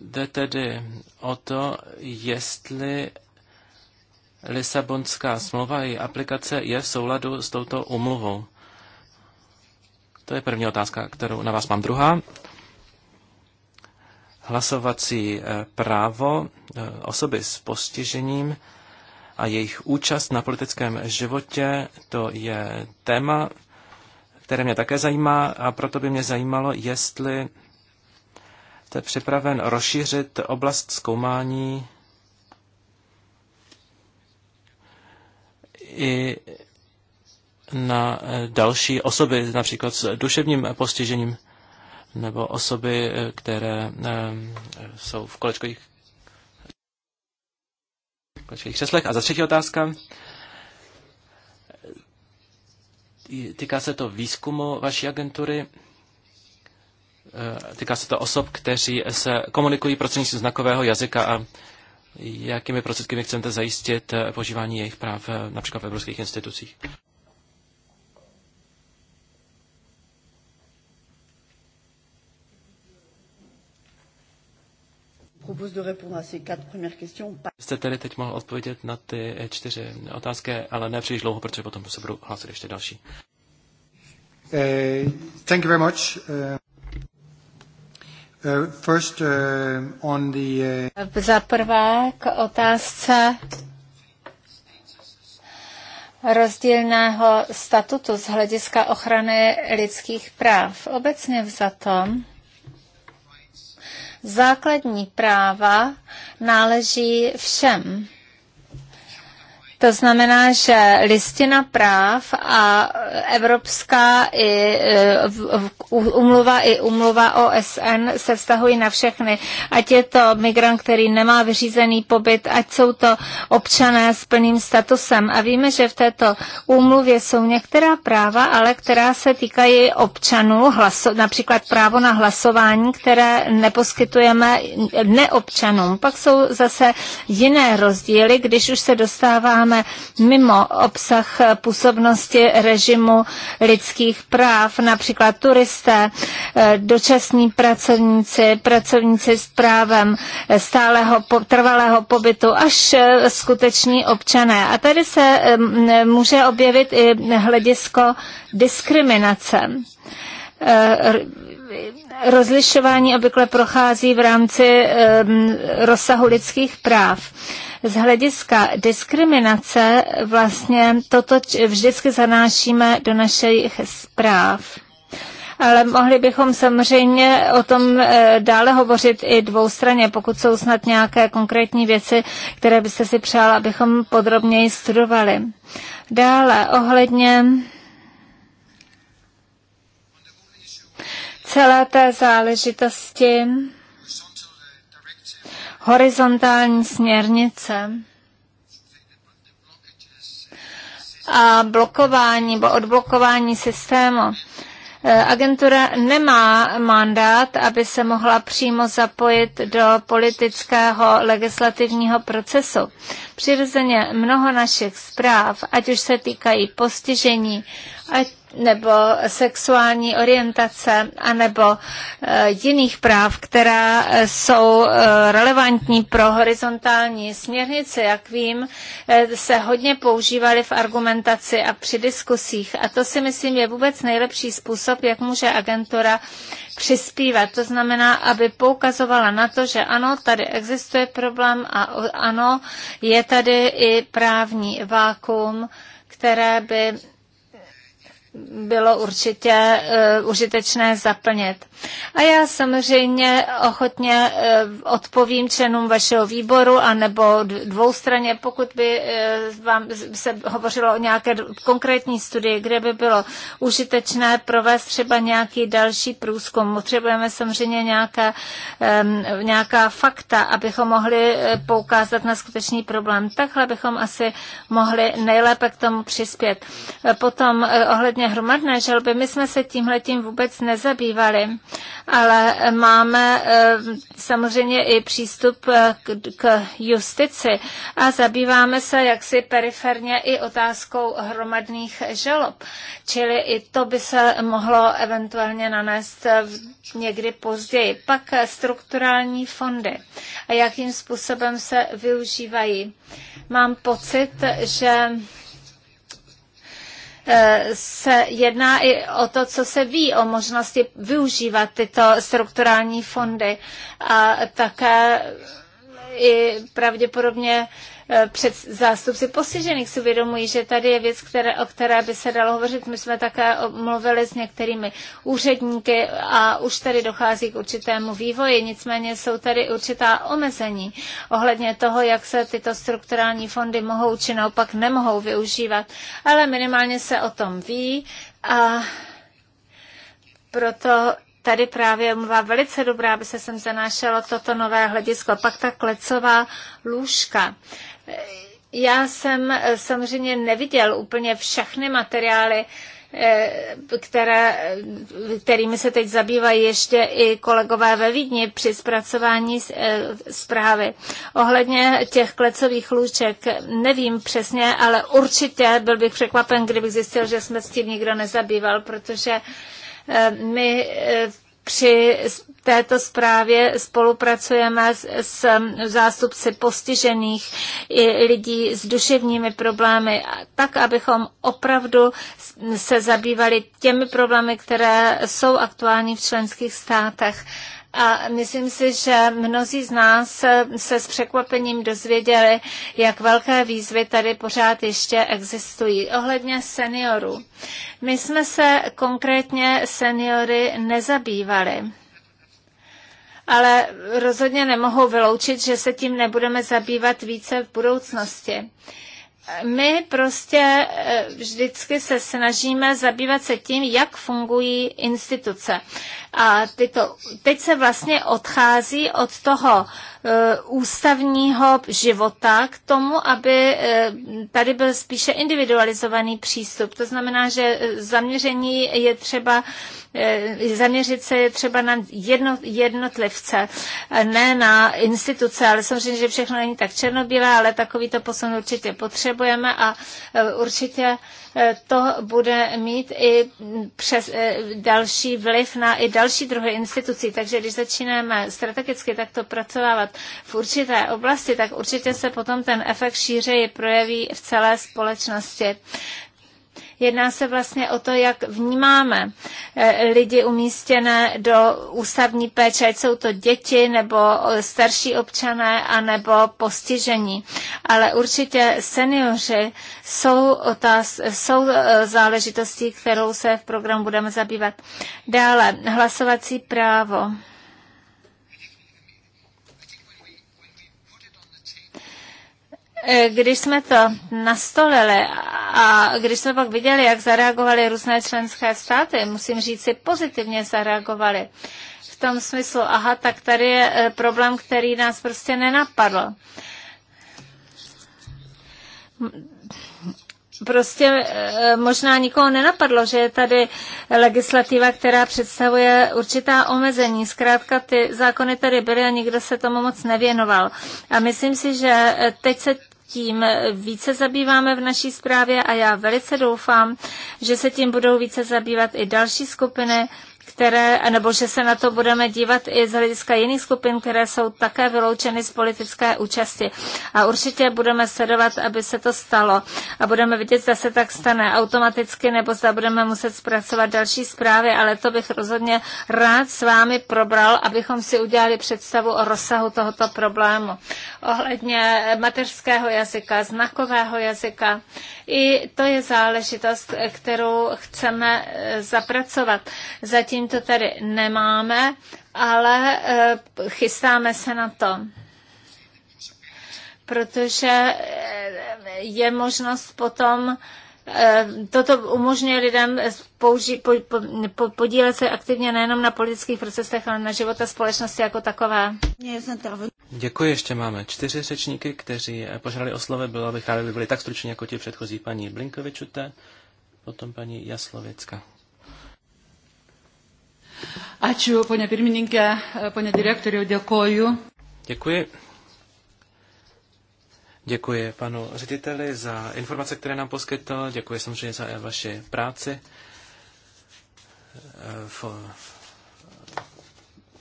Jde tedy o to, jestli Lisabonská smlouva i aplikace je v souladu s touto umluvou. To je první otázka, kterou na vás mám. Druhá hlasovací eh, právo eh, osoby s postižením a jejich účast na politickém životě, to je téma, které mě také zajímá a proto by mě zajímalo, jestli jste připraven rozšířit oblast zkoumání i na eh, další osoby, například s duševním postižením nebo osoby, eh, které eh, jsou v kolečkových, kolečkových křeslech. A za třetí otázka. Týká se to výzkumu vaší agentury. Eh, týká se to osob, kteří se komunikují prostřednictvím znakového jazyka a jakými prostředky chcete zajistit požívání jejich práv například v evropských institucích. Jste tedy teď mohl odpovědět na ty eh, čtyři otázky, ale ne příliš dlouho, protože potom se budou hlásit ještě další. Uh, thank you very much. Uh... Uh, first, uh, on the, uh... Za prvé k otázce rozdílného statutu z hlediska ochrany lidských práv. Obecně vzato, základní práva náleží všem. To znamená, že listina práv a evropská i e, umluva i umluva OSN se vztahují na všechny. Ať je to migrant, který nemá vyřízený pobyt, ať jsou to občané s plným statusem. A víme, že v této úmluvě jsou některá práva, ale která se týkají občanů, hlaso, například právo na hlasování, které neposkytujeme neobčanům. Pak jsou zase jiné rozdíly, když už se dostáváme máme mimo obsah působnosti režimu lidských práv, například turisté, eh, dočasní pracovníci, pracovníci s právem stáleho trvalého pobytu až eh, skuteční občané. A tady se může objevit i hledisko diskriminace eh, rozlišování obvykle prochází v rámci rozsahu lidských práv z hlediska diskriminace vlastně toto vždycky zanášíme do našich zpráv ale mohli bychom samozřejmě o tom eh, dále hovořit i dvoustraně, pokud jsou snad nějaké konkrétní věci, které byste si přála, abychom podrobněji studovali. Dále ohledně celé té záležitosti horizontální směrnice a blokování nebo odblokování systému. E, agentura nemá mandát, aby se mohla přímo zapojit do politického legislativního procesu. Přirozeně mnoho našich zpráv, ať už se týkají postižení, ať nebo sexuální orientace, anebo eh, jiných práv, která eh, jsou eh, relevantní pro horizontální směrnice, jak vím, se hodně používaly v argumentaci a při diskusích. A to si myslím je vůbec nejlepší způsob, jak může agentura přispívat. To znamená, aby poukazovala na to, že ano, tady existuje problém a ano, je tady i právní vákum, které by bylo určitě uh, užitečné zaplnit. A já samozřejmě ochotně uh, odpovím členům vašeho výboru anebo dvoustraně, pokud by uh, vám se hovořilo o nějaké konkrétní studii, kde by bylo užitečné provést třeba nějaký další průzkum. Potřebujeme samozřejmě nějaká, um, nějaká fakta, abychom mohli poukázat na skutečný problém. Takhle bychom asi mohli nejlépe k tomu přispět. Potom uh, ohledně ohledně hromadné žalby, my jsme se tímhletím vůbec nezabývali, ale máme eh, samozřejmě i přístup eh, k justici a zabýváme se jaksi periferně i otázkou hromadných žalob. Čili i to by se mohlo eventuálně nanést eh, někdy později. Pak strukturální fondy a jakým způsobem se využívají. Mám pocit, že Eh, se jedná i o to, co se ví o možnosti využívat tyto strukturální fondy a také i pravděpodobně Eh, před zástupci postižených si uvědomují, že tady je věc, které, o které by se dalo hovořit. My jsme také mluvili s některými úředníky a už tady dochází k určitému vývoji, nicméně jsou tady určitá omezení ohledně toho, jak se tyto strukturální fondy mohou či naopak nemohou využívat, ale minimálně se o tom ví a proto tady právě mluvá velice dobrá, aby se sem zanášelo toto nové hledisko. Pak ta klecová lůžka. Já jsem eh, samozřejmě neviděl úplně všechny materiály, eh, které, eh, kterými se teď zabývají ještě i kolegové ve Vídni při zpracování zprávy. Ohledně těch klecových lůček nevím přesně, ale určitě byl bych překvapen, kdybych zjistil, že jsme s tím nikdo nezabýval, protože my při této zprávě spolupracujeme s, s zástupci postižených i lidí s duševními problémy, tak, abychom opravdu se zabývali těmi problémy, které jsou aktuální v členských státech a myslím si, že mnozí z nás se s překvapením dozvěděli, jak velké výzvy tady pořád ještě existují. Ohledně seniorů. My jsme se konkrétně seniory nezabývali ale rozhodně nemohu vyloučit, že se tím nebudeme zabývat více v budoucnosti. My prostě eh, vždycky se snažíme zabývat se tím, jak fungují instituce. A tyto, teď se vlastně odchází od toho eh, ústavního života k tomu, aby eh, tady byl spíše individualizovaný přístup. To znamená, že eh, zaměření je třeba zaměřit se je třeba na jedno, jednotlivce, ne na instituce, ale samozřejmě, že všechno není tak černobílé, ale takovýto posun určitě potřebujeme a určitě to bude mít i přes další vliv na i další další druhy institucí. Takže když začínáme strategicky takto pracovat v určité oblasti, tak určitě se potom ten efekt šířeji projeví v celé společnosti. Jedná se vlastně o to, jak vnímáme eh, lidi umístěné do ústavní péče, ať jsou to děti nebo eh, starší občané a nebo postižení. Ale určitě seniori jsou, otáz, jsou eh, záležitostí, kterou se v programu budeme zabývat. Dále, hlasovací právo. E, když jsme to nastolili a když jsme pak viděli, jak zareagovaly různé členské státy, musím říct si, pozitivně zareagovaly. V tom smyslu, aha, tak tady je e, problém, který nás prostě nenapadl prostě e, možná nikoho nenapadlo, že je tady legislativa, která představuje určitá omezení. Zkrátka ty zákony tady byly a nikdo se tomu moc nevěnoval. A myslím si, že teď se tím více zabýváme v naší zprávě a já velice doufám, že se tím budou více zabývat i další skupiny které, nebo že se na to budeme dívat i z hlediska jiných skupin, které jsou také vyloučeny z politické účasti. A určitě budeme sledovat, aby se to stalo. A budeme vidět, zda se tak stane automaticky, nebo zda budeme muset zpracovat další zprávy, ale to bych rozhodně rád s vámi probral, abychom si udělali představu o rozsahu tohoto problému. Ohledně mateřského jazyka, znakového jazyka, i to je záležitost, kterou chceme eh, zapracovat. Zatím Zatím to tady nemáme, ale eh, chystáme se na to protože eh, je možnost potom eh, toto umožňuje lidem použi, po, po, podílet se aktivně nejenom na politických procesech, ale na života společnosti jako takové. Děkuji, ještě máme čtyři řečníky, kteří požádali o slovo. Bylo bych ráda, byli tak struční jako ti předchozí paní Blinkovičute, potom paní Jaslověcka. Ačiū, ponia pirmininkė, ponia direktoriu, děkuji. Děkuji. Děkuji panu řediteli za informace, které nám poskytl. Děkuji samozřejmě za vaši práci eh,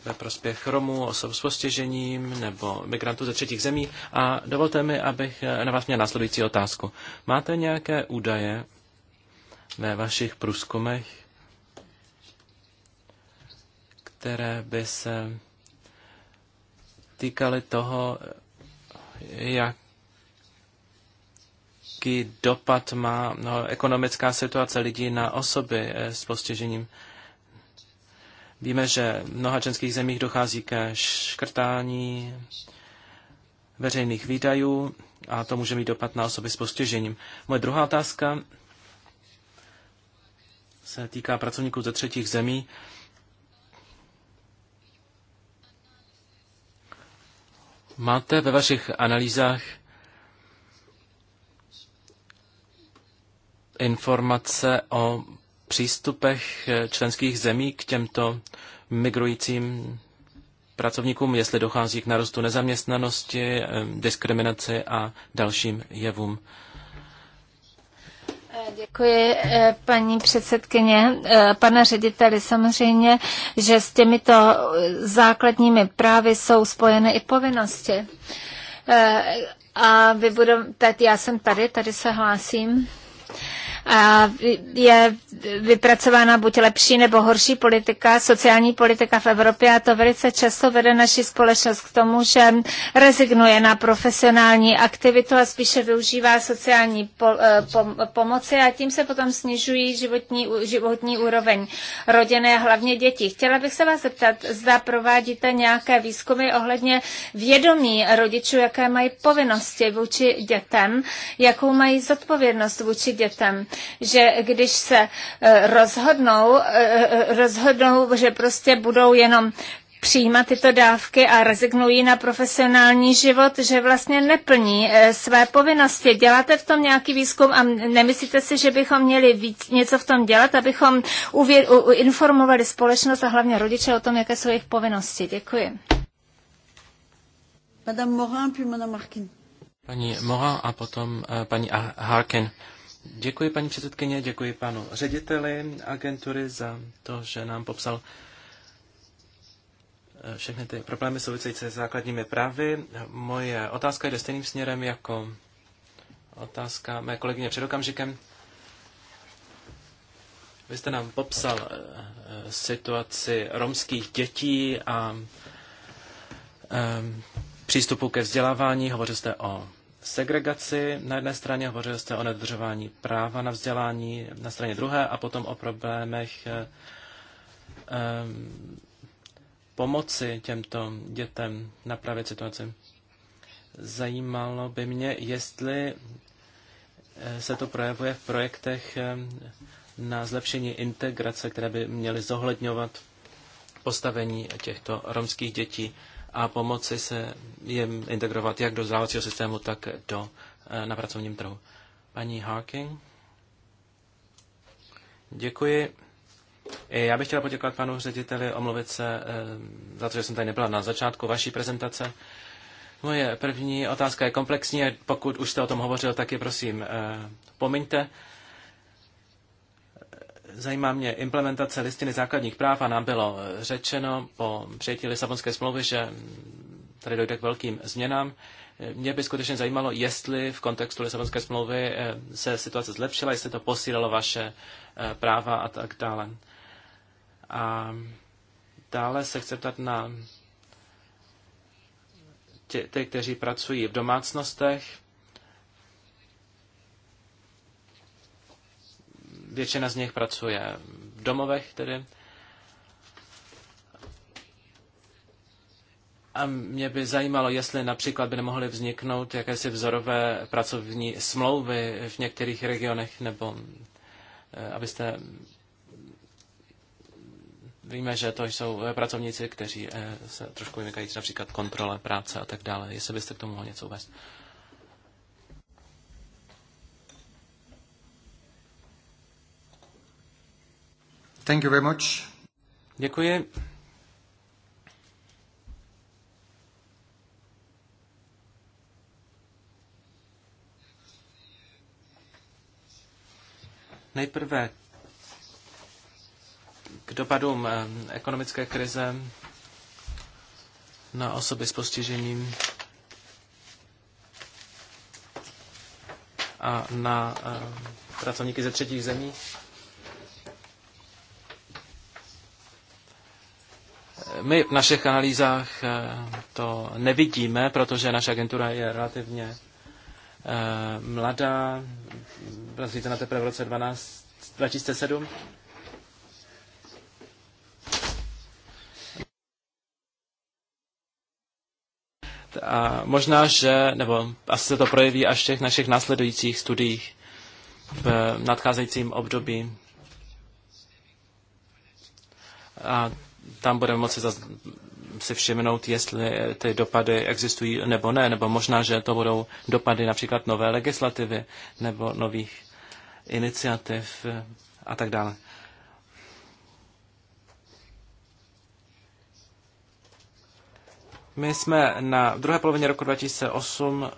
ve prospěch Romů, osob s postižením nebo migrantů ze třetích zemí. A dovolte mi, abych eh, na vás měl následující otázku. Máte nějaké údaje ve vašich průzkumech které by se týkaly toho, jaký dopad má no, ekonomická situace lidí na osoby eh, s postižením. Víme, že v mnoha českých zemích dochází ke škrtání veřejných výdajů a to může mít dopad na osoby s postižením. Moje druhá otázka se týká pracovníků ze třetích zemí. Máte ve vašich analýzách informace o přístupech členských zemí k těmto migrujícím pracovníkům, jestli dochází k narostu nezaměstnanosti, eh, diskriminaci a dalším jevům. Děkuji, eh, paní předsedkyně. Eh, pane řediteli, samozřejmě, že s těmito základními právy jsou spojeny i povinnosti. Eh, a vy budou, teď já jsem tady, tady se hlásím a je vypracována buď lepší nebo horší politika, sociální politika v Evropě a to velice často vede naši společnost k tomu, že rezignuje na profesionální aktivitu a spíše využívá sociální po, eh, pom, pomoci a tím se potom snižují životní, životní úroveň rodiny a hlavně dětí. Chtěla bych se vás zeptat, zda provádíte nějaké výzkumy ohledně vědomí rodičů, jaké mají povinnosti vůči dětem, jakou mají zodpovědnost vůči dětem že když se eh, rozhodnou, eh, rozhodnou, že prostě budou jenom přijímat tyto dávky a rezignují na profesionální život, že vlastně neplní eh, své povinnosti. Děláte v tom nějaký výzkum a nemyslíte si, že bychom měli víc, něco v tom dělat, abychom uvěr, u, informovali společnost a hlavně rodiče o tom, jaké jsou jejich povinnosti. Děkuji. Madame Morin, puis Madame Paní Morin a potom uh, paní Harkin. Děkuji paní předsedkyně, děkuji panu řediteli agentury za to, že nám popsal eh, všechny ty problémy související se základními právy. Moje otázka jde stejným směrem jako otázka mé kolegyně před okamžikem. Vy jste nám popsal eh, situaci romských dětí a eh, přístupu ke vzdělávání. Hovořil jste o segregaci na jedné straně, hovořil jste o nedržování práva na vzdělání na straně druhé a potom o problémech eh, eh, pomoci těmto dětem napravit situaci. Zajímalo by mě, jestli eh, se to projevuje v projektech na zlepšení integrace, které by měly zohledňovat postavení těchto romských dětí a pomoci se jim integrovat jak do vzdělávacího systému, tak do, eh, na pracovním trhu. Paní Harking. Děkuji. Já bych chtěla poděkovat panu řediteli, omluvit se eh, za to, že jsem tady nebyla na začátku vaší prezentace. Moje první otázka je komplexní a pokud už jste o tom hovořil, tak je prosím eh, pomiňte. Zajímá mě implementace listiny základních práv a nám bylo eh, řečeno po přijetí Lisabonské smlouvy, že tady dojde k velkým změnám. Eh, mě by skutečně zajímalo, jestli v kontextu Lisabonské smlouvy eh, se situace zlepšila, jestli to posílilo vaše práva a tak dále. A dále se chci ptat na ty, ty kteří pracují v domácnostech. většina z nich pracuje v domovech tedy. A mě by zajímalo, jestli například by nemohly vzniknout jakési vzorové pracovní smlouvy v některých regionech, nebo eh, abyste Víme, že to jsou eh, pracovníci, kteří eh, se trošku vymykají například kontrole práce a tak dále. Jestli byste k tomu mohli něco uvést. Thank you very much. Děkuji. Nejprve k dopadům eh, ekonomické krize na osoby s postižením a na eh, pracovníky ze třetích zemí. My v našich analýzách eh, to nevidíme, protože naše agentura je relativně eh, mladá, byla zřízena teprve v roce 12, 2007. A možná, že, nebo asi se to projeví až v těch našich následujících studiích v nadcházejícím období. A tam budeme moci si všimnout, jestli ty dopady existují nebo ne, nebo možná, že to budou dopady například nové legislativy nebo nových iniciativ eh, a tak dále. My jsme na druhé polovině roku 2008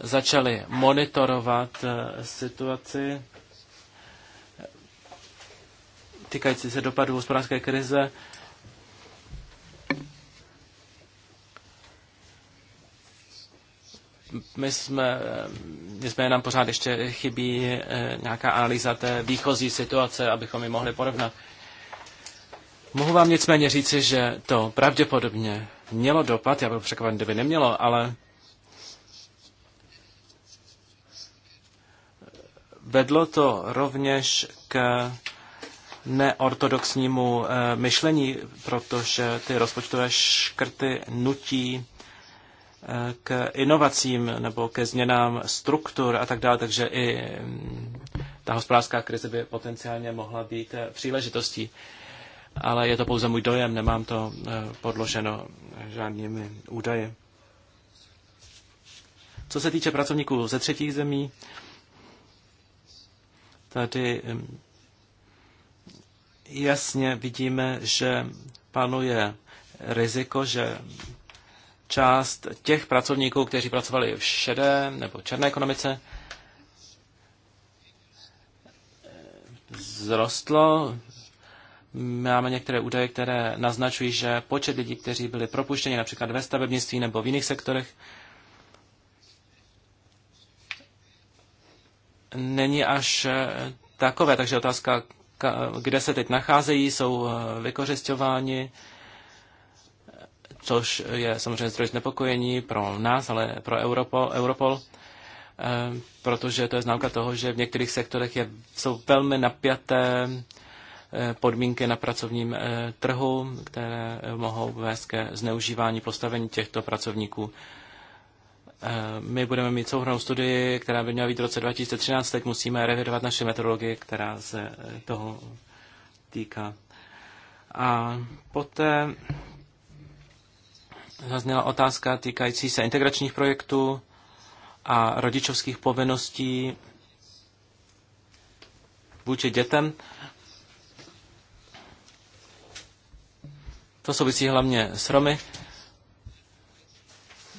začali monitorovat eh, situaci týkající se dopadů hospodářské krize my jsme, nicméně nám pořád ještě chybí eh, nějaká analýza té výchozí situace, abychom ji mohli porovnat. Mohu vám nicméně říci, že to pravděpodobně mělo dopad, já byl překvapen, kdyby nemělo, ale vedlo to rovněž k neortodoxnímu eh, myšlení, protože ty rozpočtové škrty nutí k inovacím nebo ke změnám struktur a tak dále, takže i mm, ta hospodářská krize by potenciálně mohla být eh, příležitostí. Ale je to pouze můj dojem, nemám to eh, podloženo žádnými údaji. Co se týče pracovníků ze třetích zemí, tady mm, jasně vidíme, že panuje riziko, že část těch pracovníků, kteří pracovali v šedé nebo černé ekonomice, zrostlo. Máme některé údaje, které naznačují, že počet lidí, kteří byli propuštěni například ve stavebnictví nebo v jiných sektorech, není až eh, takové. Takže otázka, kde se teď nacházejí, jsou eh, vykořišťováni, což je samozřejmě zdroj znepokojení pro nás, ale pro Europol, Europol eh, protože to je známka toho, že v některých sektorech je, jsou velmi napjaté eh, podmínky na pracovním eh, trhu, které mohou vést ke zneužívání postavení těchto pracovníků. My budeme mít souhrnou studii, která by měla být v roce 2013. Teď musíme revidovat naše metodologie, která se toho týká. A poté zazněla otázka týkající se integračních projektů a rodičovských povinností vůči dětem. To souvisí hlavně s Romy.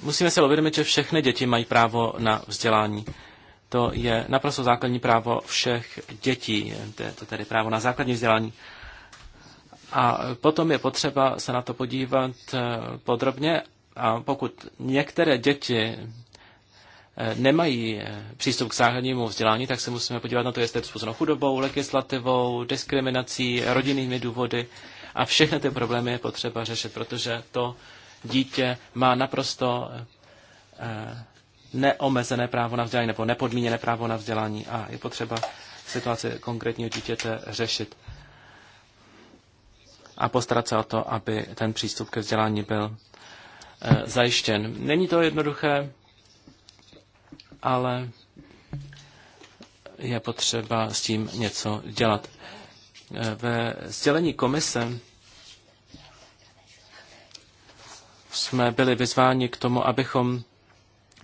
Musíme se uvědomit, že všechny děti mají právo na vzdělání. To je naprosto základní právo všech dětí. To je to tedy právo na základní vzdělání. A potom je potřeba se na to podívat eh, podrobně a pokud některé děti eh, nemají eh, přístup k základnímu vzdělání, tak se musíme podívat na to, jestli je to způsobeno chudobou, legislativou, diskriminací, rodinnými důvody. A všechny ty problémy je potřeba řešit, protože to dítě má naprosto neomezené právo na vzdělání nebo nepodmíněné právo na vzdělání a je potřeba situaci konkrétního dítěte řešit a postarat se o to, aby ten přístup ke vzdělání byl eh, zajištěn. Není to jednoduché, ale je potřeba s tím něco dělat. Eh, ve sdělení komise jsme byli vyzváni k tomu, abychom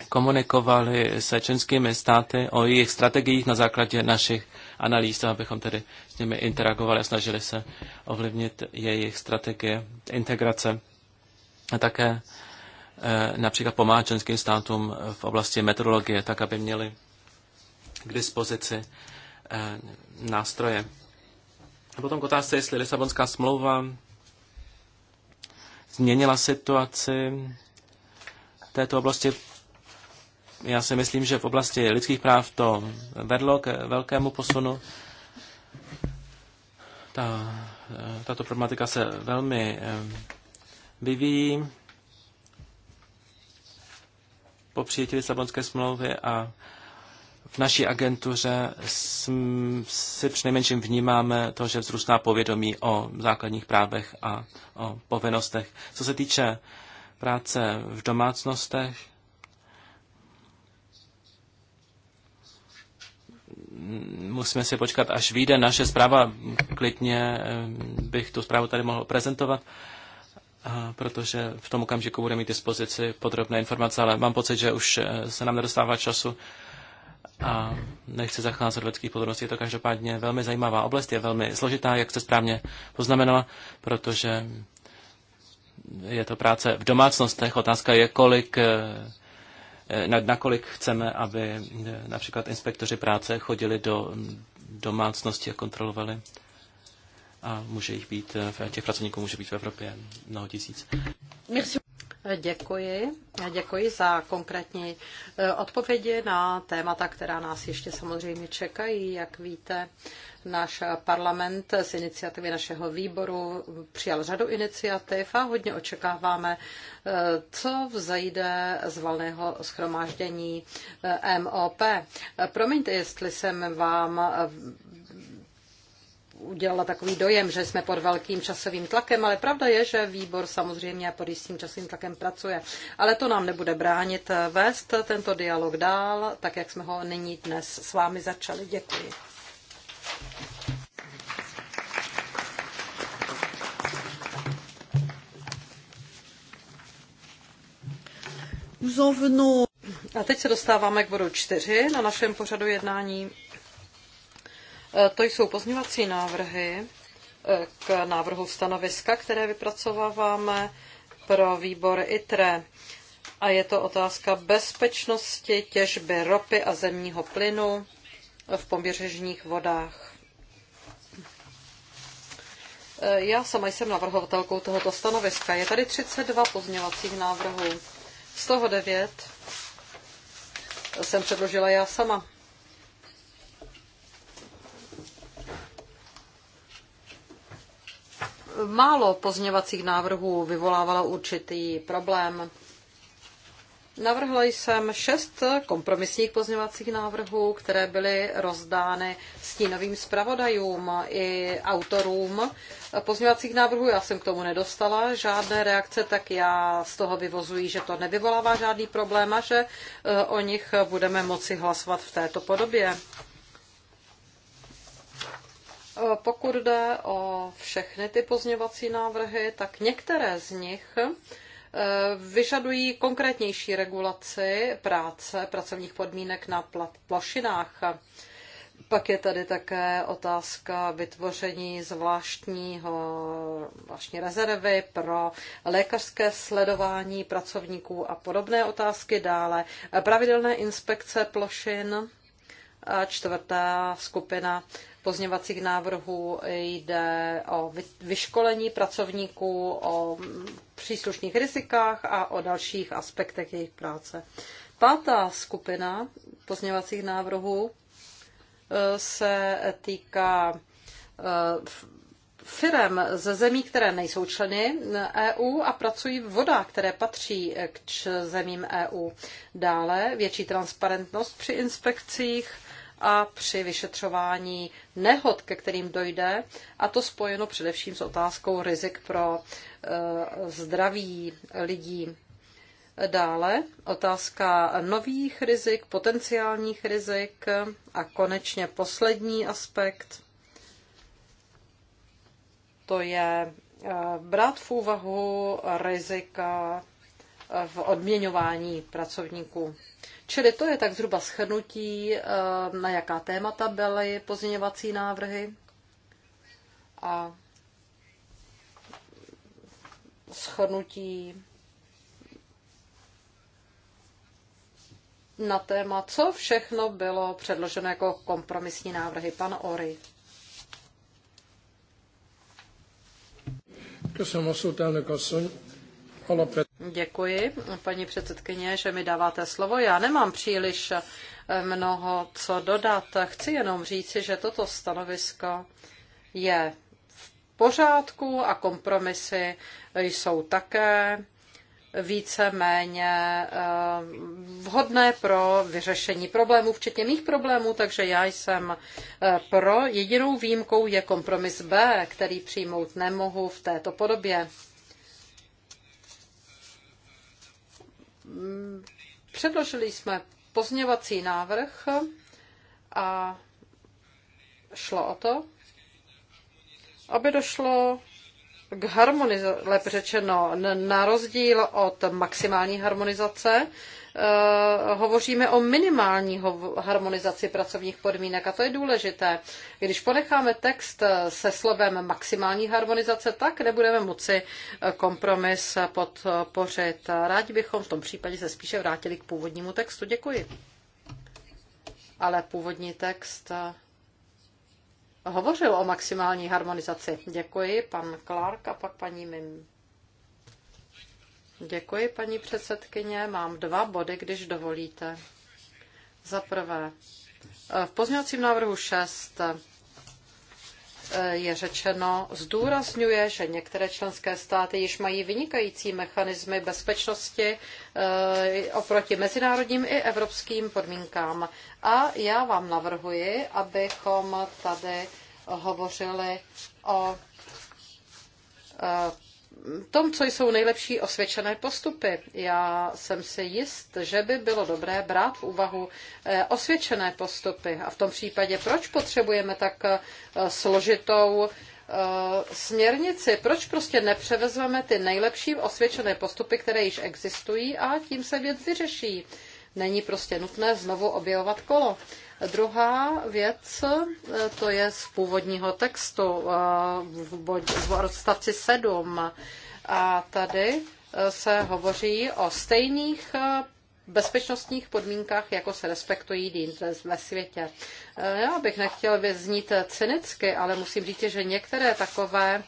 komunikovali se členskými státy o jejich strategiích na základě našich analýz, abychom tedy s nimi interagovali a snažili se ovlivnit jejich strategie integrace a také eh, například pomáhat členským státům v oblasti meteorologie, tak aby měli k dispozici eh, nástroje. A potom k otázce, jestli Lisabonská smlouva změnila situaci této oblasti. Já si myslím, že v oblasti lidských práv to vedlo k velkému posunu. Ta, tato problematika se velmi vyvíjí po přijetí Lisabonské smlouvy a v naší agentuře si přinejmenším vnímáme to, že vzrůstá povědomí o základních právech a o povinnostech. Co se týče práce v domácnostech, musíme si počkat, až vyjde naše zpráva. Klidně eh, bych tu zprávu tady mohl prezentovat, eh, protože v tom okamžiku bude mít dispozici podrobné informace, ale mám pocit, že už eh, se nám nedostává času a nechci zacházet do lidských podrobností. Je to každopádně velmi zajímavá oblast, je velmi složitá, jak se správně poznamenala, protože je to práce v domácnostech. Otázka je, kolik Eh, nakolik chceme, aby eh, například inspektoři práce chodili do domácnosti a kontrolovali. A může jich být, eh, těch pracovníků může být v Evropě mnoho tisíc. Merci. Děkuji. Děkuji za konkrétní odpovědi na témata, která nás ještě samozřejmě čekají, jak víte. Náš parlament z iniciativy našeho výboru přijal řadu iniciativ a hodně očekáváme, eh, co vzejde z valného schromáždění eh, MOP. Promiňte, jestli jsem vám eh, udělala takový dojem, že jsme pod velkým časovým tlakem, ale pravda je, že výbor samozřejmě pod jistým časovým tlakem pracuje. Ale to nám nebude bránit vést tento dialog dál, tak jak jsme ho nyní dnes s vámi začali. Děkuji. Nous en venons... A teď se dostáváme k bodu čtyři na našem pořadu jednání. E, to jsou pozměvací návrhy e, k návrhu stanoviska, které vypracováváme pro výbor ITRE. A je to otázka bezpečnosti těžby ropy a zemního plynu v poměřežních vodách. E, já sama jsem navrhovatelkou tohoto stanoviska. Je tady 32 pozměvacích návrhů. 109 jsem předložila já sama. Málo pozněvacích návrhů vyvolávalo určitý problém. Navrhla jsem šest kompromisních pozměvacích návrhů, které byly rozdány stínovým zpravodajům i autorům pozměvacích návrhů. Já jsem k tomu nedostala žádné reakce, tak já z toho vyvozuji, že to nevyvolává žádný problém a že eh, o nich budeme moci hlasovat v této podobě. Eh, pokud jde o všechny ty pozměvací návrhy, tak některé z nich Eh, vyžadují konkrétnější regulaci práce, pracovních podmínek na plošinách. Pak je tady také otázka vytvoření zvláštního, zvláštní rezervy pro lékařské sledování pracovníků a podobné otázky. Dále pravidelné inspekce plošin. A čtvrtá skupina pozněvacích návrhů jde o vyškolení pracovníků, o příslušných rizikách a o dalších aspektech jejich práce. Pátá skupina pozněvacích návrhů e, se týká e, firem ze zemí, které nejsou členy EU a pracují v vodách, které patří k zemím EU. Dále větší transparentnost při inspekcích, a při vyšetřování nehod, ke kterým dojde, a to spojeno především s otázkou rizik pro e, zdraví lidí. Dále otázka nových rizik, potenciálních rizik a konečně poslední aspekt, to je e, brát v úvahu rizika v odměňování pracovníků. Čili to je tak zhruba shrnutí, eh, na jaká témata byly pozměňovací návrhy a shrnutí na téma, co všechno bylo předloženo jako kompromisní návrhy. Pan Ory. To jsem szót, jako Děkuji, paní předsedkyně, že mi dáváte slovo. Já nemám příliš eh, mnoho co dodat. Chci jenom říci, že toto stanovisko je v pořádku a kompromisy jsou také více-méně eh, vhodné pro vyřešení problémů, včetně mých problémů, takže já jsem eh, pro. Jedinou výjimkou je kompromis B, který přijmout nemohu v této podobě. Předložili jsme pozměvací návrh a šlo o to, aby došlo k harmonizaci, lépe řečeno, na rozdíl od maximální harmonizace, Eh, hovoříme o minimální harmonizaci pracovních podmínek a to je důležité. Když ponecháme text eh, se slovem maximální harmonizace, tak nebudeme moci eh, kompromis podpořit. Rádi bychom v tom případě se spíše vrátili k původnímu textu. Děkuji. Ale původní text hovořil o maximální harmonizaci. Děkuji, pan Clark a pak paní Mim. Děkuji, paní předsedkyně. Mám dva body, když dovolíte. Za prvé, eh, v pozměňovacím návrhu 6 eh, je řečeno, zdůrazňuje, že některé členské státy již mají vynikající mechanismy bezpečnosti eh, oproti mezinárodním i evropským podmínkám. A já vám navrhuji, abychom tady hovořili o tom, co jsou nejlepší osvědčené postupy. Já jsem si jist, že by bylo dobré brát v úvahu eh, osvědčené postupy. A v tom případě, proč potřebujeme tak eh, složitou eh, směrnici, proč prostě nepřevezmeme ty nejlepší osvědčené postupy, které již existují a tím se věc vyřeší. Není prostě nutné znovu objevovat kolo. Druhá věc, eh, to je z původního textu eh, v odstavci 7. A tady eh, se hovoří o stejných bezpečnostních podmínkách, jako se respektují jinde ve světě. Já bych nechtěl vyznít cynicky, ale musím říct, že některé takové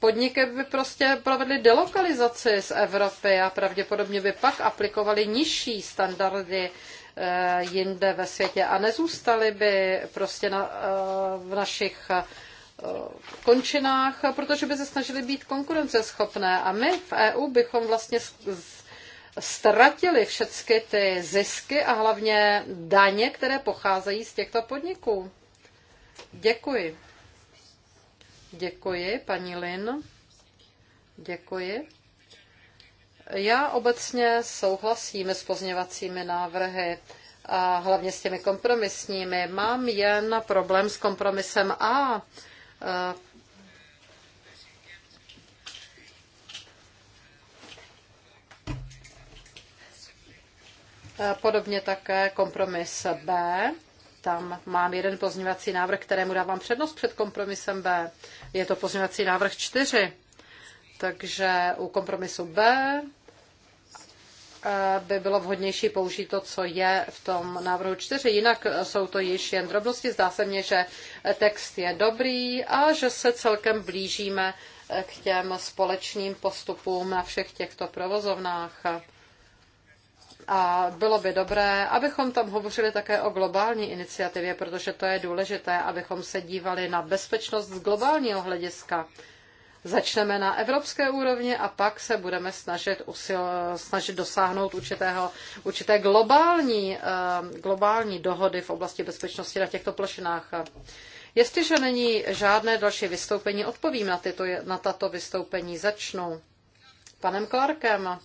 podniky by prostě provedly delokalizaci z Evropy a pravděpodobně by pak aplikovaly nižší standardy Eh, jinde ve světě a nezůstaly by prostě na, eh, v našich eh, končinách, protože by se snažili být konkurenceschopné. A my v EU bychom vlastně ztratili všechny ty zisky a hlavně daně, které pocházejí z těchto podniků. Děkuji. Děkuji, paní Lin. Děkuji. Já obecně souhlasím s pozněvacími návrhy a hlavně s těmi kompromisními. Mám jen problém s kompromisem A. E, podobně také kompromis B. Tam mám jeden pozměňovací návrh, kterému dávám přednost před kompromisem B. Je to pozměňovací návrh 4. Takže u kompromisu B Eh, by bylo vhodnější použít to, co je v tom návrhu 4. Jinak jsou to již jen drobnosti. Zdá se mně, že text je dobrý a že se celkem blížíme eh, k těm společným postupům na všech těchto provozovnách. A bylo by dobré, abychom tam hovořili také o globální iniciativě, protože to je důležité, abychom se dívali na bezpečnost z globálního hlediska začneme na evropské úrovni a pak se budeme snažit, usil, snažit dosáhnout určitého, určité globální, eh, globální dohody v oblasti bezpečnosti na těchto plošinách. Jestliže není žádné další vystoupení, odpovím na, tyto, na tato vystoupení. Začnu panem Clarkem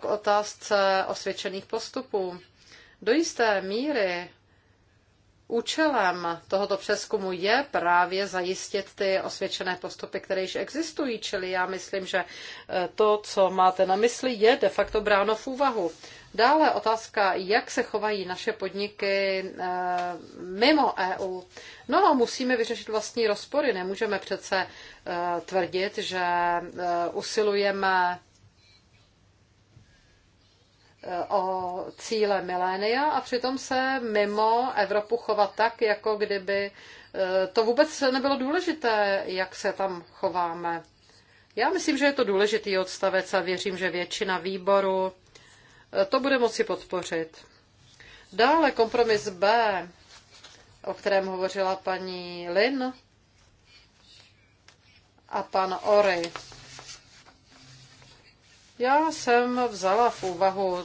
k otázce osvědčených postupů. Do jisté míry Účelem tohoto přeskumu je právě zajistit ty osvědčené postupy, které již existují, čili já myslím, že eh, to, co máte na mysli, je de facto bráno v úvahu. Dále otázka, jak se chovají naše podniky eh, mimo EU. No a musíme vyřešit vlastní rozpory. Nemůžeme přece eh, tvrdit, že usilujeme o cíle milénia a přitom se mimo Evropu chovat tak, jako kdyby e, to vůbec nebylo důležité, jak se tam chováme. Já myslím, že je to důležitý odstavec a věřím, že většina výboru e, to bude moci podpořit. Dále kompromis B, o kterém hovořila paní Lin a pan Ory. Já jsem vzala v úvahu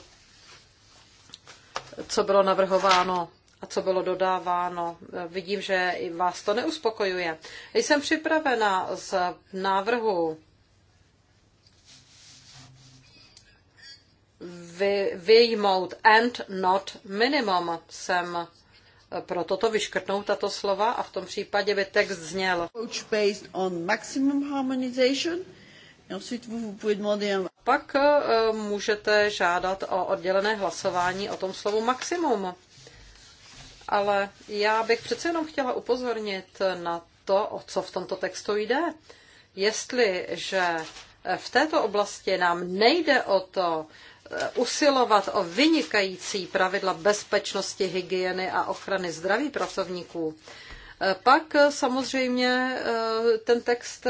co bylo navrhováno a co bylo dodáváno. Vidím, že i vás to neuspokojuje. Jsem připravena z návrhu vy, vyjmout and not minimum. Jsem pro toto vyškrtnout tato slova a v tom případě by text zněl. Based on maximum harmonization. Ensuite, vous pouvez demander un pak eh, můžete žádat o oddělené hlasování o tom slovu maximum. Ale já bych přece jenom chtěla upozornit na to, o co v tomto textu jde. Jestliže eh, v této oblasti nám nejde o to eh, usilovat o vynikající pravidla bezpečnosti, hygieny a ochrany zdraví pracovníků, pak samozřejmě ten text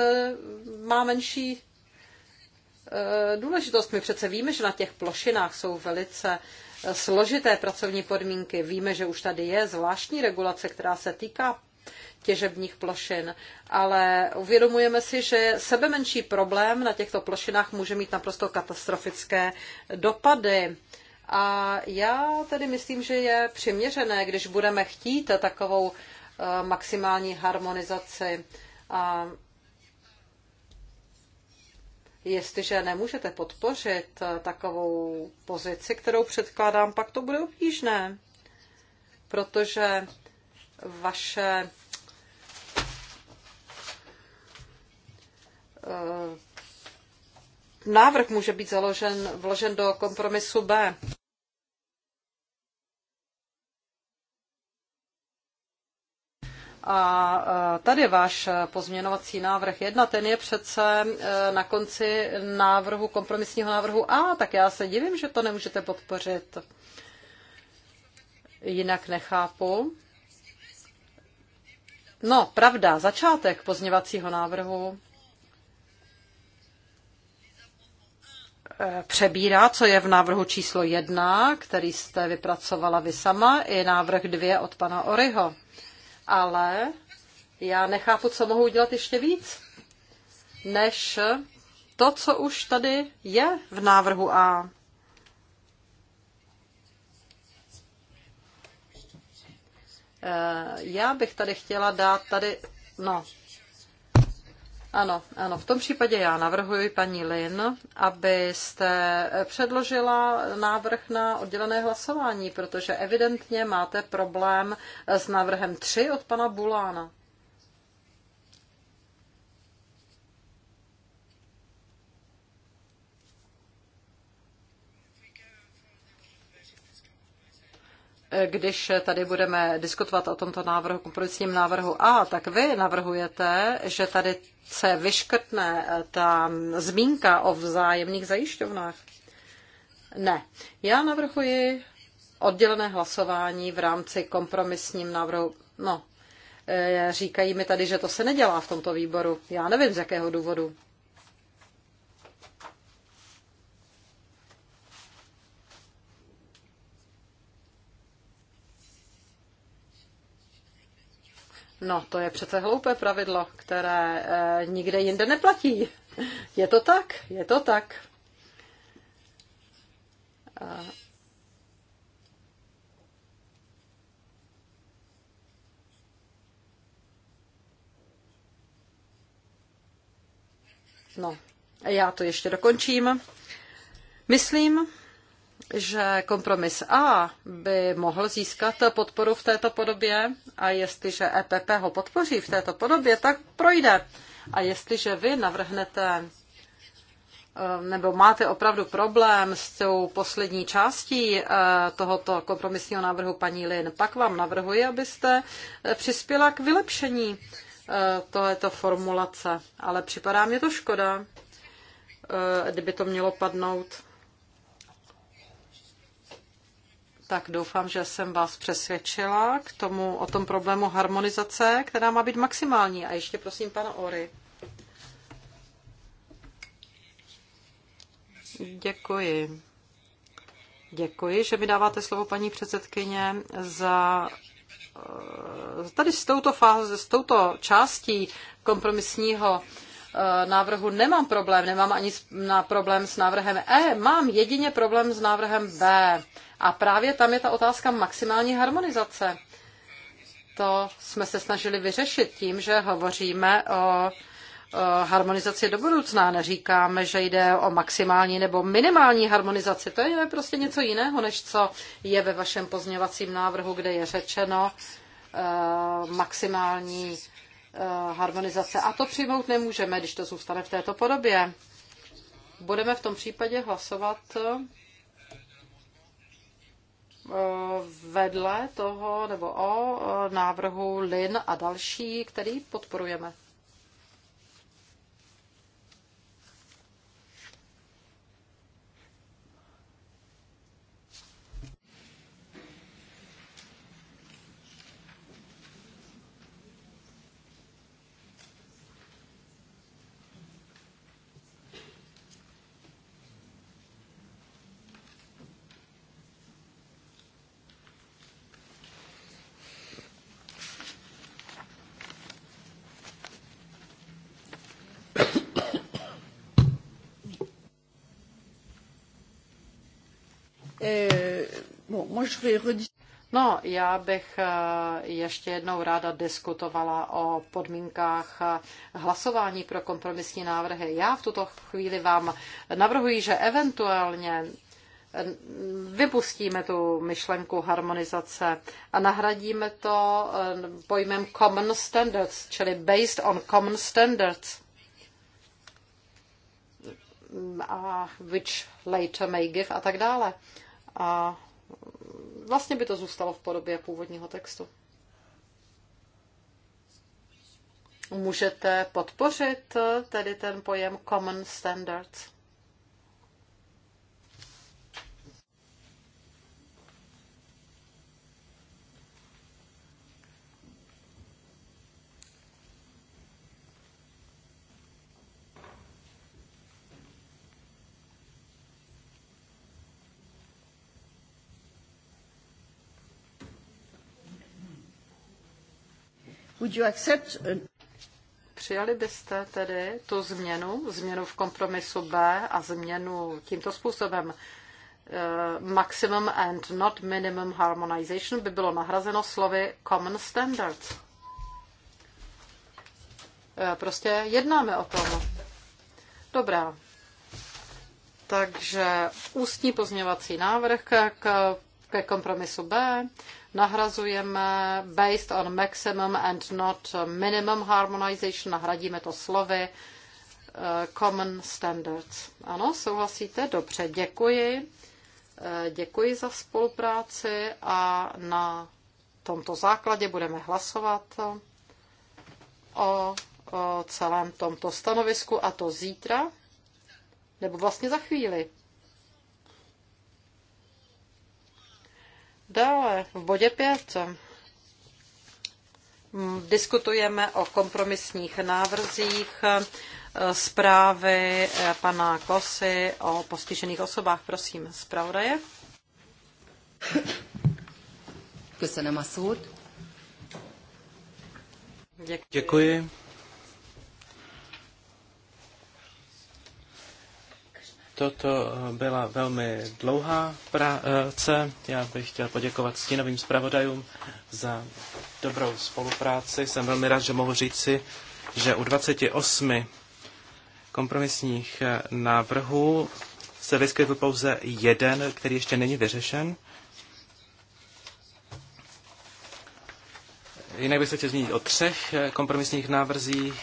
má menší Eh, důležitost. My přece víme, že na těch plošinách jsou velice eh, složité pracovní podmínky. Víme, že už tady je zvláštní regulace, která se týká těžebních plošin, ale uvědomujeme si, že sebe menší problém na těchto plošinách může mít naprosto katastrofické dopady. A já tedy myslím, že je přiměřené, když budeme chtít takovou eh, maximální harmonizaci. A Jestliže nemůžete podpořit eh, takovou pozici, kterou předkládám, pak to bude obtížné, protože vaše eh, návrh může být založen, vložen do kompromisu B. A e, tady váš pozměňovací návrh jedna, ten je přece e, na konci návrhu, kompromisního návrhu A, tak já se divím, že to nemůžete podpořit. Jinak nechápu. No, pravda, začátek pozměňovacího návrhu e, přebírá, co je v návrhu číslo jedna, který jste vypracovala vy sama, i návrh dvě od pana Oryho ale já nechápu, co mohu udělat ještě víc, než to, co už tady je v návrhu A. Eh, já bych tady chtěla dát tady, no, ano, ano, v tom případě já navrhuji paní Lin, abyste předložila návrh na oddělené hlasování, protože evidentně máte problém s návrhem 3 od pana Bulána. Eh, když tady budeme diskutovat o tomto návrhu, kompromisním návrhu A, tak vy navrhujete, že tady se vyškrtne eh, ta zmínka o vzájemných zajišťovnách. Ne. Já navrhuji oddělené hlasování v rámci kompromisním návrhu. No, eh, říkají mi tady, že to se nedělá v tomto výboru. Já nevím, z jakého důvodu. No, to je přece hloupé pravidlo, které e, nikde jinde neplatí. Je to tak, je to tak. E, No, já to ještě dokončím. Myslím, že kompromis A by mohl získat podporu v této podobě a jestliže EPP ho podpoří v této podobě, tak projde. A jestliže vy navrhnete eh, nebo máte opravdu problém s tou poslední částí eh, tohoto kompromisního návrhu paní Lin, pak vám navrhuji, abyste eh, přispěla k vylepšení tohoto formulace. Ale připadá mi to škoda, kdyby to mělo padnout. Tak doufám, že jsem vás přesvědčila k tomu, o tom problému harmonizace, která má být maximální. A ještě prosím pana Ory. Děkuji. Děkuji, že mi dáváte slovo, paní předsedkyně, za eh, tady s touto, fáze, s touto částí kompromisního eh, návrhu nemám problém, nemám ani na problém s návrhem E, mám jedině problém s návrhem B. A právě tam je ta otázka maximální harmonizace. To jsme se snažili vyřešit tím, že hovoříme o harmonizaci do budoucna. Neříkáme, že jde o maximální nebo minimální harmonizaci. To je prostě něco jiného, než co je ve vašem pozměvacím návrhu, kde je řečeno e, maximální e, harmonizace. A to přijmout nemůžeme, když to zůstane v této podobě. Budeme v tom případě hlasovat Eh, vedle toho nebo o eh, návrhu LIN a další, který podporujeme. No, já bych eh, ještě jednou ráda diskutovala o podmínkách eh, hlasování pro kompromisní návrhy. Já v tuto chvíli vám navrhuji, že eventuálně eh, vypustíme tu myšlenku harmonizace a nahradíme to pojmem common standards, čili based on common standards, a which later may give a tak dále. A vlastně by to zůstalo v podobě původního textu. Můžete podpořit tedy ten pojem common standards. Would you accept a... Uh, Přijali byste tedy tu změnu, změnu v kompromisu B a změnu tímto způsobem eh, maximum and not minimum harmonization by bylo nahrazeno slovy common standards. Eh, prostě jednáme o tom. Dobrá. Takže ústní pozměňovací návrh k, ke kompromisu B nahrazujeme based on maximum and not minimum harmonization, nahradíme to slovy eh, common standards. Ano, souhlasíte? Dobře, děkuji. Eh, děkuji za spolupráci a na tomto základě budeme hlasovat o, o celém tomto stanovisku a to zítra, nebo vlastně za chvíli. Dále v bodě 5 diskutujeme o kompromisních návrzích eh, zprávy eh, pana Kosy o postižených osobách. Prosím, zpravodaje. Děkuji. Děkuji. Toto eh, byla velmi dlouhá práce. Já bych chtěl poděkovat stínovým zpravodajům za dobrou spolupráci. Jsem velmi rád, že mohu říci, že u 28 kompromisních eh, návrhů se vyskytl pouze jeden, který ještě není vyřešen. Jinak bych se chtěl zmínit o třech eh, kompromisních návrzích,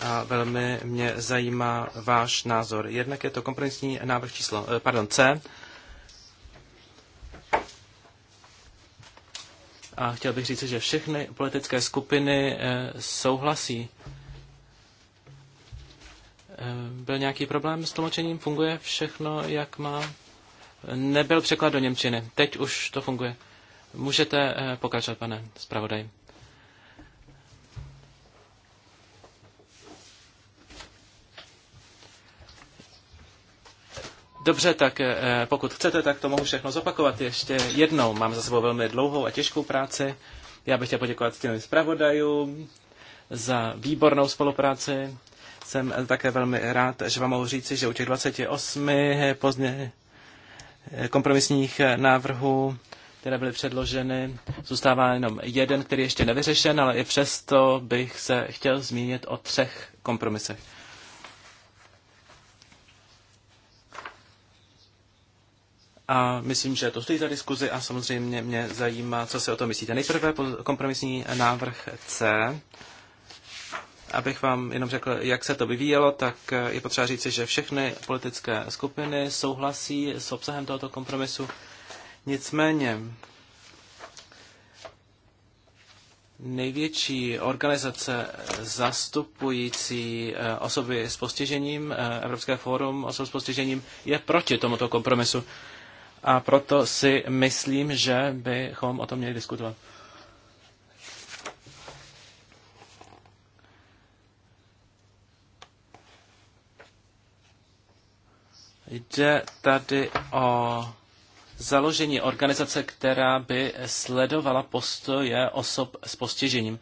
a velmi mě zajímá váš názor. Jednak je to kompromisní návrh číslo, eh, pardon, C. A chtěl bych říct, že všechny politické skupiny eh, souhlasí. Eh, byl nějaký problém s tlumočením? Funguje všechno, jak má? Nebyl překlad do Němčiny. Teď už to funguje. Můžete pokračovat, pane zpravodaj. Dobře, tak eh, pokud chcete, tak to mohu všechno zopakovat ještě jednou. Mám za sebou velmi dlouhou a těžkou práci. Já bych chtěl poděkovat těm zpravodajům za výbornou spolupráci. Jsem eh, také velmi rád, že vám mohu říci, že u těch 28 eh, pozdě kompromisních návrhů, které byly předloženy, zůstává jenom jeden, který ještě nevyřešen, ale i přesto bych se chtěl zmínit o třech kompromisech. A myslím, že to stojí za diskuzi a samozřejmě mě zajímá, co si o tom myslíte. Nejprve kompromisní návrh C. Abych vám jenom řekl, jak se to vyvíjelo, tak eh, je potřeba říci, že všechny politické skupiny souhlasí s obsahem tohoto kompromisu. Nicméně největší organizace zastupující eh, osoby s postižením, eh, Evropské fórum osob s postižením, je proti tomuto kompromisu a proto si myslím, že bychom o tom měli diskutovat. Jde tady o založení organizace, která by sledovala postoje osob s postižením.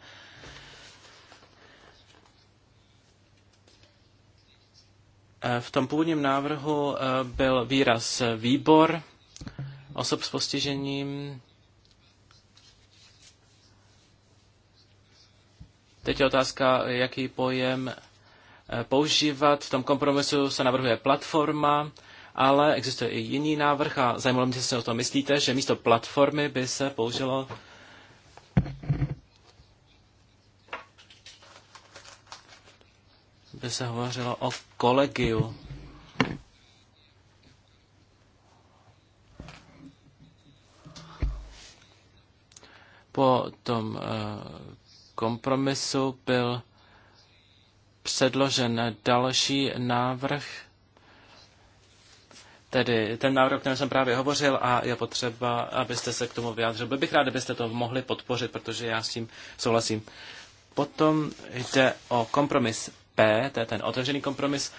V tom původním návrhu eh, byl výraz eh, výbor, osob s postižením. Teď je otázka, jaký pojem eh, používat. V tom kompromisu se navrhuje platforma, ale existuje i jiný návrh a zajímalo mě, jestli si o tom myslíte, že místo platformy by se použilo by se hovořilo o kolegiu. Po tom eh, kompromisu byl předložen další návrh, tedy ten návrh, o kterém jsem právě hovořil a je potřeba, abyste se k tomu vyjádřili. Byl bych rád, abyste to mohli podpořit, protože já s tím souhlasím. Potom jde o kompromis P, to je ten otevřený kompromis.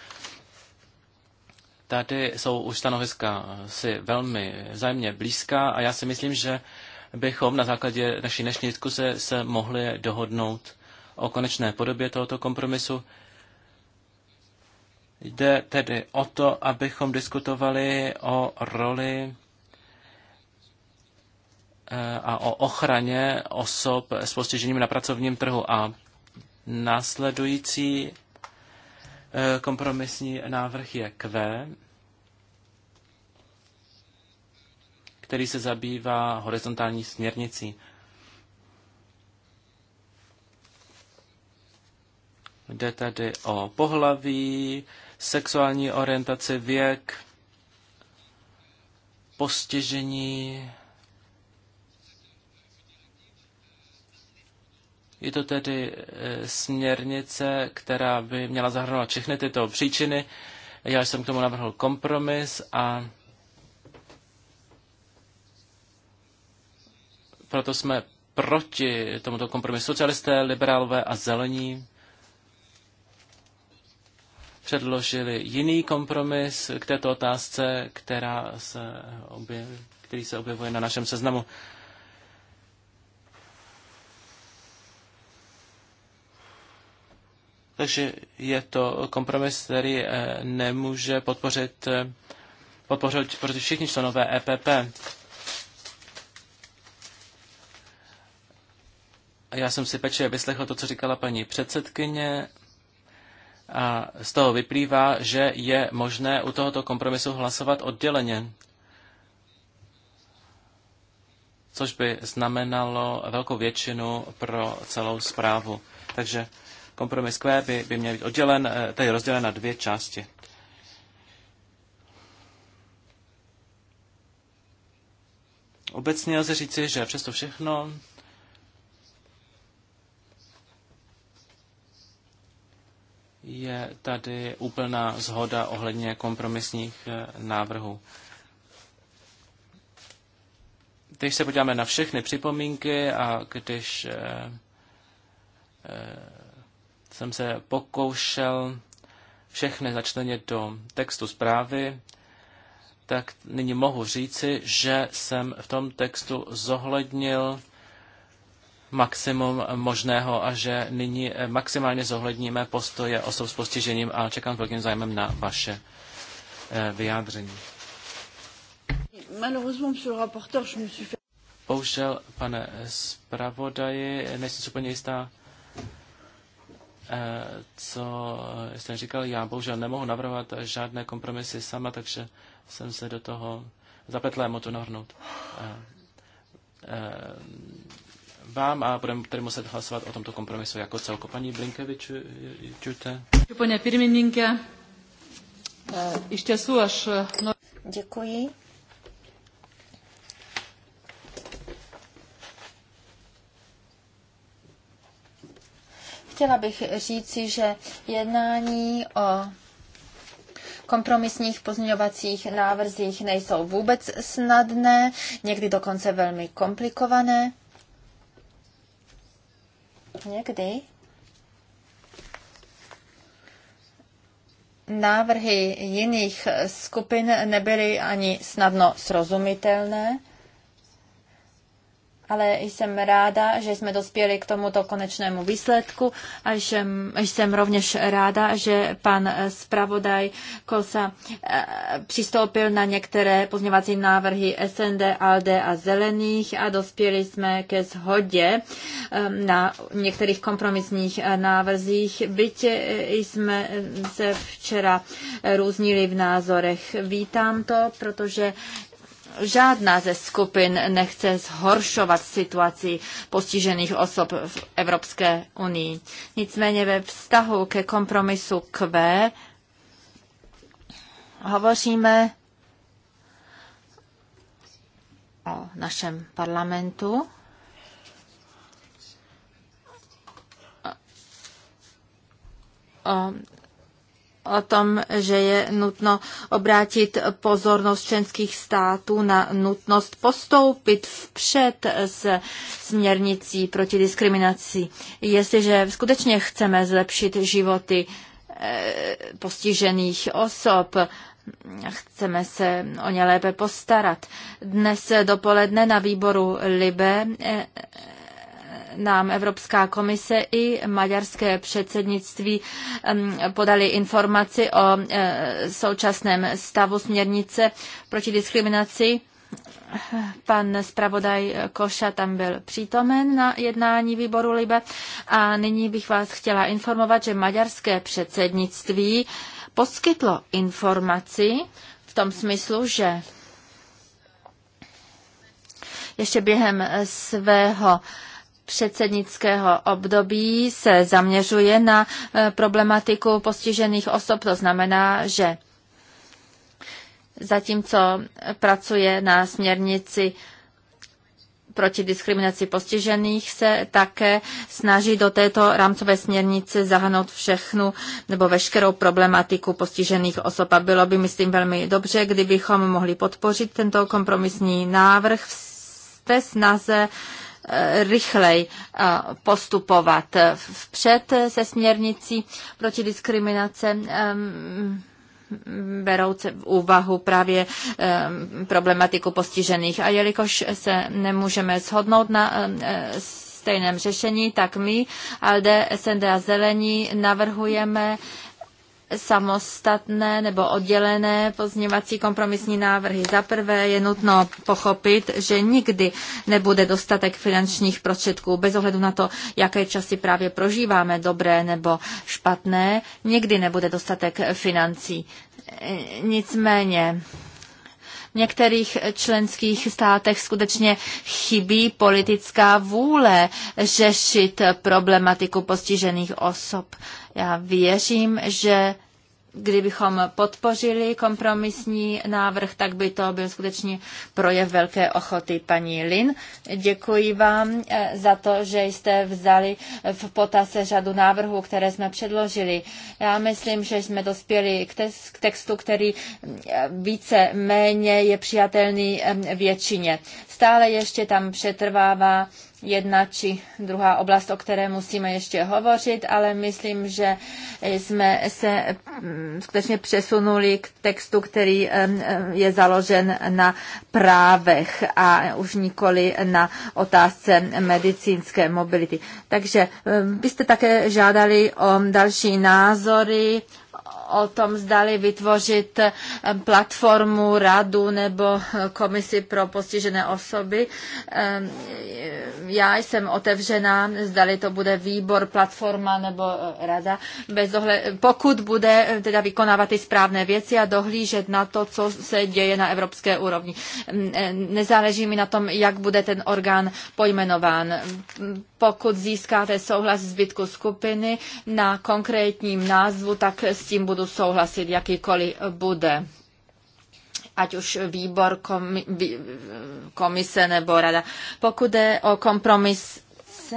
Tady jsou už stanoviska si velmi vzájemně blízká a já si myslím, že bychom na základě naší dnešní diskuse se mohli dohodnout o konečné podobě tohoto kompromisu. Jde tedy o to, abychom diskutovali o roli eh, a o ochraně osob s postižením na pracovním trhu. A následující eh, kompromisní návrh je Q, který se zabývá horizontální směrnicí. Jde tady o pohlaví, sexuální orientaci, věk, postižení. Je to tedy e, směrnice, která by měla zahrnovat všechny tyto příčiny. Já jsem k tomu navrhl kompromis a proto jsme proti tomuto kompromisu. Socialisté, liberálové a zelení předložili jiný kompromis k této otázce, která se objev, který se objevuje na našem seznamu. Takže je to kompromis, který eh, nemůže podpořit, eh, podpořit proti všichni členové EPP. Já jsem si peče vyslechl to, co říkala paní předsedkyně. A z toho vyplývá, že je možné u tohoto kompromisu hlasovat odděleně. Což by znamenalo velkou většinu pro celou zprávu. Takže kompromis Q by, by měl být oddělen, eh, tedy rozdělen na dvě části. Obecně lze říci, že přesto všechno je tady úplná zhoda ohledně kompromisních eh, návrhů. Když se podíváme na všechny připomínky a když eh, eh, jsem se pokoušel všechny začlenit do textu zprávy, tak nyní mohu říci, že jsem v tom textu zohlednil maximum možného a že nyní eh, maximálně zohledníme postoje osob s postižením a čekám s velkým zájmem na vaše eh, vyjádření. Bohužel, pane eh, zpravodaji, nejsem úplně jistá, co jste říkal, já bohužel nemohu navrhovat žádné kompromisy sama, takže jsem se do toho zapletlé mu to nahrnout vám a budeme tedy muset hlasovat o tomto kompromisu jako celku. Paní Blinkevičute. Pane pirmininke, eh, ještě až... Eh, no- Děkuji. chtěla bych říci, že jednání o kompromisních pozměňovacích návrzích nejsou vůbec snadné, někdy dokonce velmi komplikované. Někdy návrhy jiných skupin nebyly ani snadno srozumitelné ale jsem ráda, že jsme dospěli k tomuto konečnému výsledku a jsem, jsem rovněž ráda, že pan zpravodaj Kosa eh, přistoupil na některé pozměvací návrhy SND, ALD a Zelených a dospěli jsme ke shodě eh, na některých kompromisních eh, návrzích, byť jsme se včera různili v názorech. Vítám to, protože žádná ze skupin nechce zhoršovat situaci postižených osob v Evropské unii. Nicméně ve vztahu ke kompromisu Q hovoříme o našem parlamentu. O o tom, že je nutno obrátit pozornost členských států na nutnost postoupit vpřed s směrnicí proti diskriminaci. Jestliže skutečně chceme zlepšit životy eh, postižených osob, chceme se o ně lépe postarat. Dnes dopoledne na výboru Libe eh, nám Evropská komise i maďarské předsednictví podali informaci o eh, současném stavu směrnice proti diskriminaci. Pan zpravodaj Koša tam byl přítomen na jednání výboru Libe a nyní bych vás chtěla informovat, že maďarské předsednictví poskytlo informaci v tom smyslu, že ještě během svého předsednického období se zaměřuje na e, problematiku postižených osob. To znamená, že zatímco pracuje na směrnici proti diskriminaci postižených se také snaží do této rámcové směrnice zahnout všechnu nebo veškerou problematiku postižených osob. A bylo by, myslím, velmi dobře, kdybychom mohli podpořit tento kompromisní návrh v té snaze uh, rychleji eh, postupovat vpřed se směrnicí proti diskriminace ehm, berou v úvahu právě ehm, problematiku postižených. A jelikož se nemůžeme shodnout na ehm, stejném řešení, tak my, ALDE, SND a Zelení, navrhujeme samostatné nebo oddělené pozměňovací kompromisní návrhy. Za prvé je nutno pochopit, že nikdy nebude dostatek finančních prostředků, bez ohledu na to, jaké časy právě prožíváme, dobré nebo špatné, nikdy nebude dostatek financí. E, nicméně v některých členských státech skutečně chybí politická vůle řešit problematiku postižených osob. Já věřím, že kdybychom podpořili kompromisní návrh, tak by to byl skutečně projev velké ochoty paní Lin. Děkuji vám eh, za to, že jste vzali v potase řadu návrhů, které jsme předložili. Já myslím, že jsme dospěli k textu, který eh, více méně je přijatelný eh, většině. Stále ještě tam přetrvává jedna či druhá oblast, o které musíme ještě hovořit, ale myslím, že jsme se mm, skutečně přesunuli k textu, který je založen na právech a už nikoli na otázce medicínské mobility. Takže byste také žádali o další názory, o tom zdali vytvořit eh, platformu, radu nebo eh, komisi pro postižené osoby. Eh, já jsem otevřená, zdali to bude výbor, platforma nebo rada, bez dohle- pokud bude teda vykonávat ty správné věci a dohlížet na to, co se děje na evropské úrovni. Mm, nezáleží mi na tom, jak bude ten orgán pojmenován pokud získáte souhlas zbytku skupiny na konkrétním názvu, tak s tím budu souhlasit, jakýkoliv bude ať už výbor, komise nebo rada. Pokud je o kompromis C,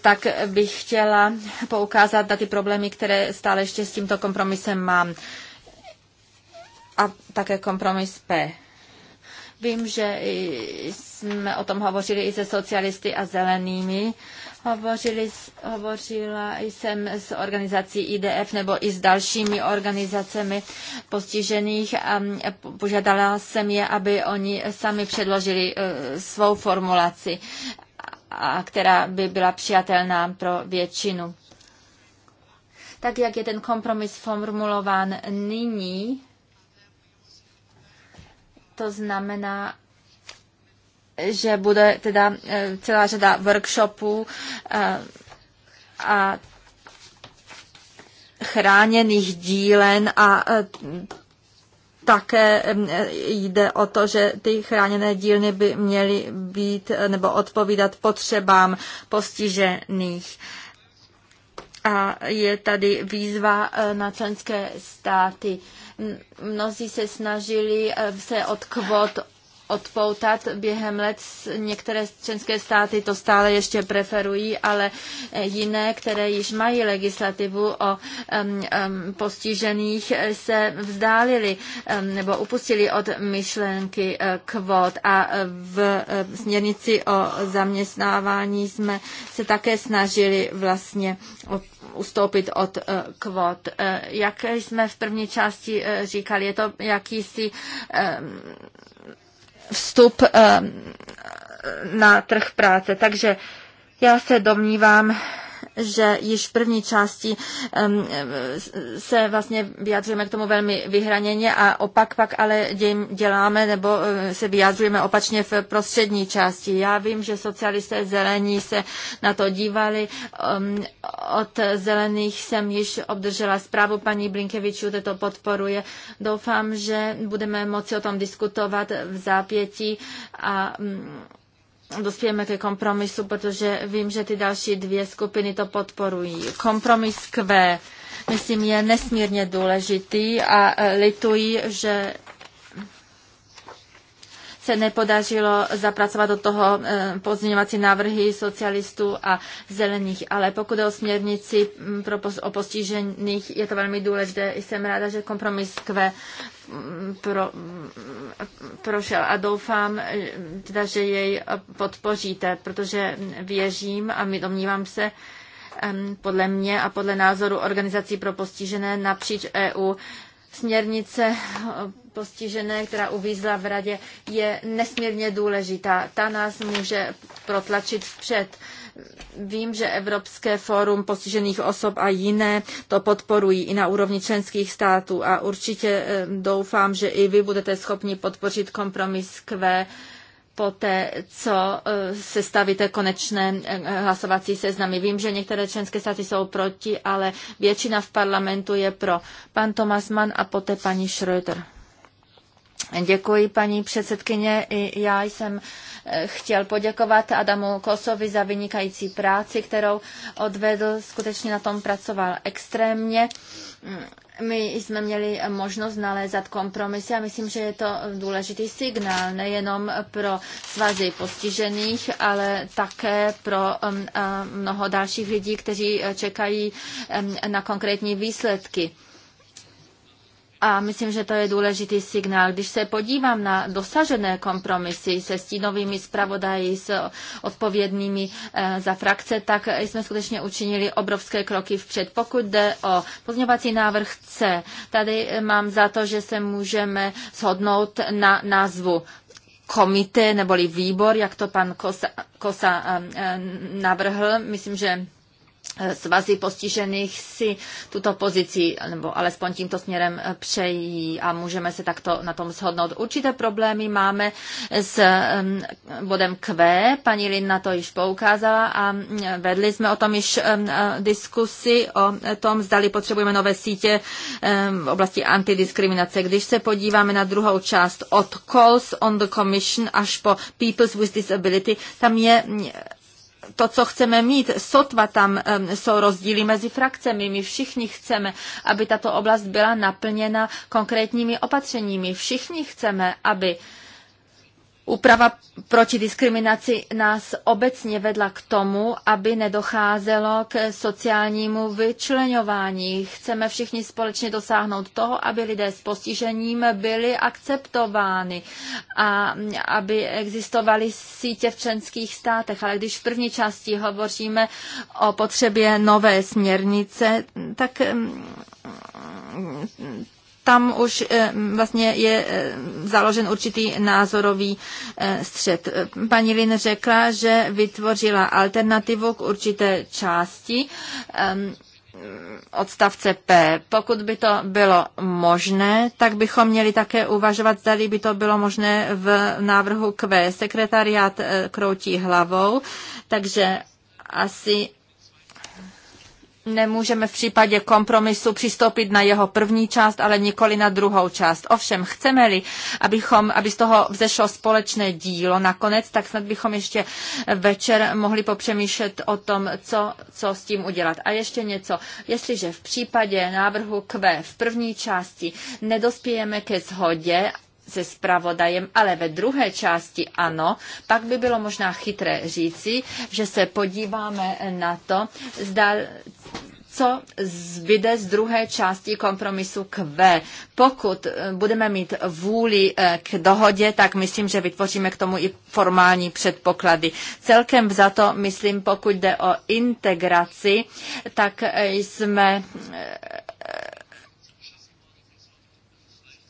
tak bych chtěla poukázat na ty problémy, které stále ještě s tímto kompromisem mám. A také kompromis P. Vím, že jsme o tom hovořili i se socialisty a zelenými. Hovořili, hovořila jsem s organizací IDF nebo i s dalšími organizacemi postižených a požádala jsem je, aby oni sami předložili eh, svou formulaci, a která by byla přijatelná pro většinu. Tak jak je ten kompromis formulován nyní, to znamená, že bude teda e, celá řada workshopů e, a chráněných dílen a e, také jde o to, že ty chráněné dílny by měly být nebo odpovídat potřebám postižených. A je tady výzva eh, na členské státy. Mnozí se snažili eh, se od kvot odpoutat. Během let některé členské státy to stále ještě preferují, ale jiné, které již mají legislativu o um, um, postižených, se vzdálili um, nebo upustili od myšlenky e, kvót a v e, směrnici o zaměstnávání jsme se také snažili vlastně ustoupit od e, kvot. Jak jsme v první části říkali, je to jakýsi vstup eh, na trh práce. Takže já se domnívám, že již v první části se vlastně vyjadřujeme k tomu velmi vyhraněně a opak pak ale děláme nebo eh, se vyjadřujeme opačně v prostřední části. Já vím, že socialisté zelení se na to dívali. Od zelených jsem již obdržela zprávu paní Blinkevičů, to podporuje. Doufám, že budeme moci o tom diskutovat v zápětí a mm, dospějeme ke kompromisu, protože vím, že ty další dvě skupiny to podporují. Kompromis Q, myslím, je nesmírně důležitý a lituji, že se nepodařilo zapracovat do toho eh, pozměňovací návrhy socialistů a zelených. Ale pokud o směrnici mm, pro o postižených je to velmi důležité. Jsem ráda, že kompromis kve mm, pro, mm, prošel a doufám, eh, teda, že jej eh, podpoříte, protože věřím a my domnívám se, podle mě a podle názoru organizací pro postižené napříč EU směrnice eh, postižené, která uvízla v radě, je nesmírně důležitá. Ta nás může protlačit vpřed. Vím, že Evropské fórum postižených osob a jiné to podporují i na úrovni členských států a určitě eh, doufám, že i vy budete schopni podpořit kompromis Q poté, co eh, sestavíte konečné eh, hlasovací seznamy. Vím, že některé členské státy jsou proti, ale většina v parlamentu je pro. Pan Tomas Mann a poté paní Schröder. Děkuji, paní předsedkyně. I já jsem eh, chtěl poděkovat Adamu Kosovi za vynikající práci, kterou odvedl. Skutečně na tom pracoval extrémně my jsme měli možnost nalézat kompromisy a myslím, že je to důležitý signál nejenom pro svazy postižených, ale také pro um, uh, mnoho dalších lidí, kteří eh, čekají um, na konkrétní výsledky. A myslím, že to je důležitý signál. Když se podívám na dosažené kompromisy se stínovými zpravodaji, s odpovědnými eh, za frakce, tak jsme skutečně učinili obrovské kroky vpřed. Pokud jde o pozměňovací návrh C, tady eh, mám za to, že se můžeme shodnout na názvu komité neboli výbor, jak to pan Kosa, Kosa eh, navrhl. Myslím, že svazy postižených si tuto pozici, nebo alespoň tímto směrem eh, přejí a můžeme se takto na tom shodnout. Určité problémy máme s bodem Q, paní Lin na to již poukázala a mm, vedli jsme o tom již eh, diskusi o tom, zdali potřebujeme nové sítě v oblasti antidiskriminace. Když se podíváme na druhou část od Calls on the Commission až po Peoples with Disability, tam je mm, to, co chceme mít. Sotva tam jsou rozdíly mezi frakcemi. My všichni chceme, aby tato oblast byla naplněna konkrétními opatřeními. Všichni chceme, aby uh, Úprava proti diskriminaci nás obecně vedla k tomu, aby nedocházelo k sociálnímu vyčlenování. Chceme všichni společně dosáhnout toho, aby lidé s postižením byli akceptovány a aby existovaly sítě v členských státech. Ale když v první části hovoříme o potřebě nové směrnice, tak mm, tam už eh, vlastně je eh, založen určitý názorový eh, střed. Paní Lin řekla, že vytvořila alternativu k určité části ehm, odstavce P. Pokud by to bylo možné, tak bychom měli také uvažovat, zda by to bylo možné v návrhu Q. Sekretariát kroutí hlavou, takže asi nemůžeme v případě kompromisu přistoupit na jeho první část, ale nikoli na druhou část. Ovšem, chceme-li, abychom, aby z toho vzešlo společné dílo nakonec, tak snad bychom ještě večer mohli popřemýšlet o tom, co, co s tím udělat. A ještě něco. Jestliže v případě návrhu Q v první části nedospějeme ke shodě, se spravodajem, ale ve druhé části ano, pak by bylo možná chytré říci, že se podíváme na to, zda co zbyde z druhé části kompromisu V. Pokud eh, budeme mít vůli eh, k dohodě, tak myslím, že vytvoříme k tomu i formální předpoklady. Celkem za to, myslím, pokud jde o integraci, tak eh, jsme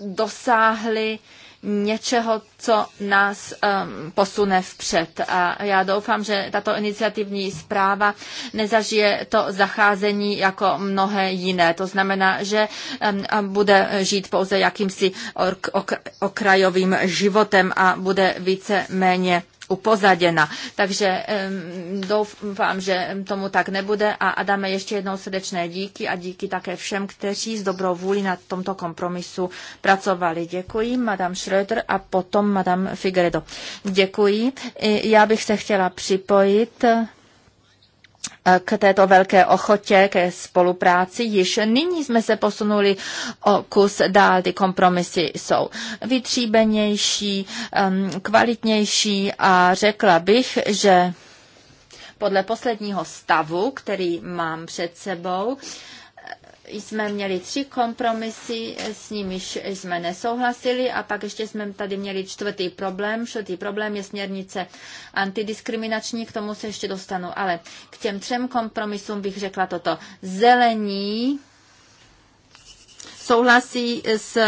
dosáhli něčeho, co nás um, posune vpřed. A já doufám, že tato iniciativní zpráva nezažije to zacházení jako mnohé jiné. To znamená, že um, bude žít pouze jakýmsi ok- ok- okrajovým životem a bude více méně upozaděna. Takže doufám, že tomu tak nebude a dáme ještě jednou srdečné díky a díky také všem, kteří s dobrou vůli na tomto kompromisu pracovali. Děkuji, madam Schröder a potom madam Figueredo. Děkuji. Já bych se chtěla připojit k této velké ochotě, ke spolupráci. Již nyní jsme se posunuli o kus dál, ty kompromisy jsou vytříbenější, kvalitnější a řekla bych, že podle posledního stavu, který mám před sebou, jsme měli tři kompromisy, s nimiž jsme nesouhlasili a pak ještě jsme tady měli čtvrtý problém. Čtvrtý problém je směrnice antidiskriminační, k tomu se ještě dostanu, ale k těm třem kompromisům bych řekla toto. Zelení souhlasí s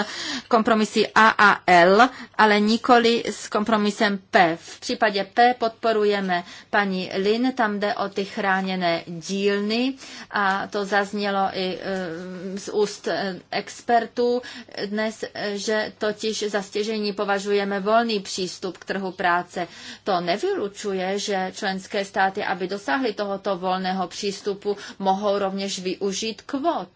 kompromisy A a L, ale nikoli s kompromisem P. V případě P podporujeme paní Lin, tam jde o ty chráněné dílny a to zaznělo i e, z úst e, expertů dnes, e, že totiž za stěžení považujeme volný přístup k trhu práce. To nevylučuje, že členské státy, aby dosáhly tohoto volného přístupu, mohou rovněž využít kvot.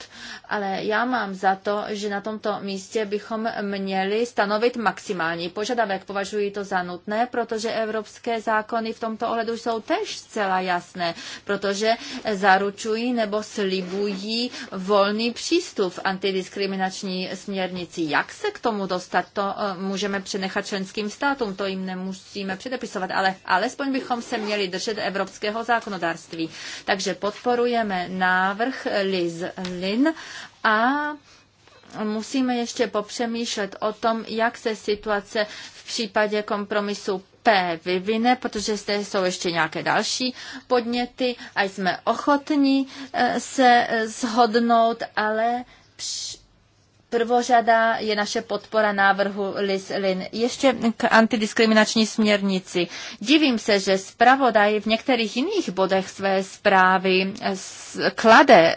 Ale já mám za to, to, že na tomto místě bychom měli stanovit maximální požadavek. Považuji to za nutné, protože evropské zákony v tomto ohledu jsou tež zcela jasné, protože zaručují nebo slibují volný přístup v antidiskriminační směrnici. Jak se k tomu dostat, to eh, můžeme přenechat členským státům, to jim nemusíme předepisovat, ale alespoň bychom se měli držet evropského zákonodárství. Takže podporujeme návrh Liz Lin a musíme ještě popřemýšlet o tom, jak se situace v případě kompromisu P vyvine, protože zde jsou ještě nějaké další podněty a jsme ochotní eh, se eh, shodnout, ale Prvořada je naše podpora návrhu Liz Lynn. Ještě k antidiskriminační směrnici. Divím se, že zpravodaj v některých jiných bodech své zprávy klade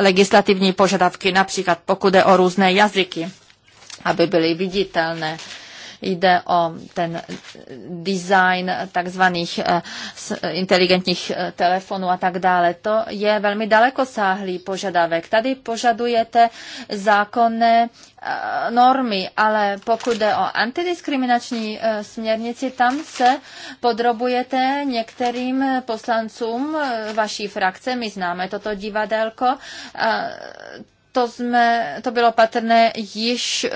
legislativní požadavky, například pokud jde o různé jazyky, aby byly viditelné. Jde o ten design takzvaných eh, inteligentních eh, telefonů a tak dále. To je velmi dalekosáhlý požadavek. Tady požadujete zákonné eh, normy, ale pokud jde o antidiskriminační směrnici, tam se podrobujete některým poslancům vaší frakce, my známe toto divadelko, to, jsme, to bylo patrné již eh,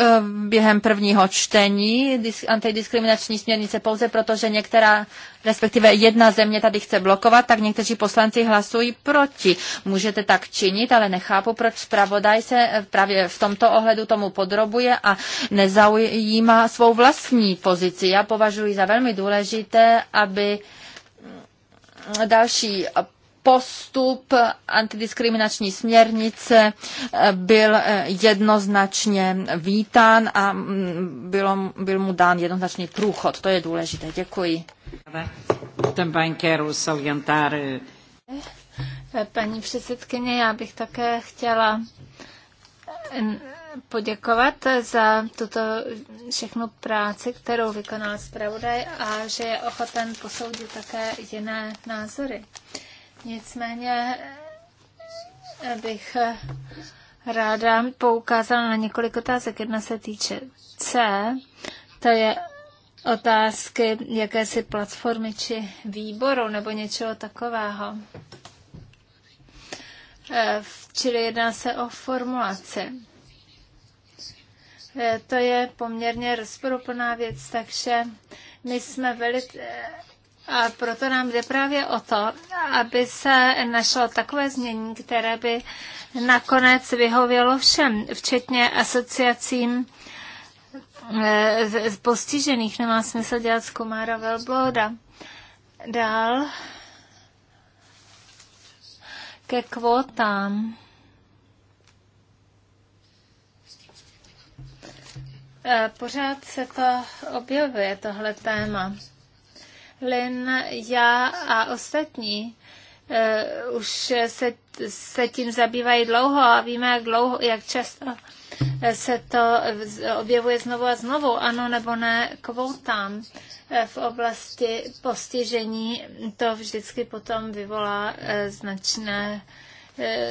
během prvního čtení antidiskriminační směrnice pouze proto, že některá, respektive jedna země tady chce blokovat, tak někteří poslanci hlasují proti. Můžete tak činit, ale nechápu, proč zpravodaj se eh, právě v tomto ohledu tomu podrobuje a nezaujímá svou vlastní pozici. Já považuji za velmi důležité, aby mm, další postup antidiskriminační směrnice eh, byl eh, jednoznačně vítán a mm, bylo, byl mu dán jednoznačný průchod. To je důležité. Děkuji. Eh, paní předsedkyně, já bych také chtěla poděkovat za tuto všechnu práci, kterou vykonal zpravodaj a že je ochoten posoudit také jiné názory. Uh, Nicméně eh, bych eh, ráda poukázala na několik otázek. Jedna se týče C, to je otázky jakési platformy či výboru nebo něčeho takového. Eh, čili jedná se o formulaci. To je poměrně rozporuplná věc, takže my jsme velice a proto nám jde právě o to, aby se našlo takové změní, které by nakonec vyhovělo všem, včetně asociacím z eh, postižených. Nemá smysl dělat z komára Velbloda. Dál ke kvótám. Eh, pořád se to objevuje, tohle téma. Lin, já a ostatní eh, už se, se tím zabývají dlouho a víme, jak dlouho, jak často eh, se to objevuje znovu a znovu, ano nebo ne, kvótám eh, v oblasti postižení, to vždycky potom vyvolá značné,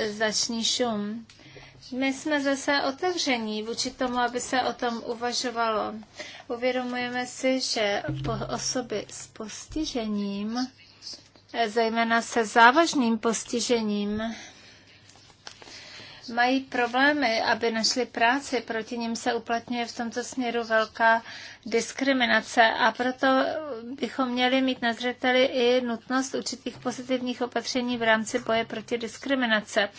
značný šum. My jsme zase otevření vůči tomu, aby se o tom uvažovalo. Uvědomujeme si, že osoby s postižením, eh, zejména se závažným postižením, mají problémy, aby našli práci. Proti ním se uplatňuje v tomto směru velká diskriminace a proto bychom měli mít na zřeteli i nutnost určitých pozitivních opatření v rámci boje proti diskriminace.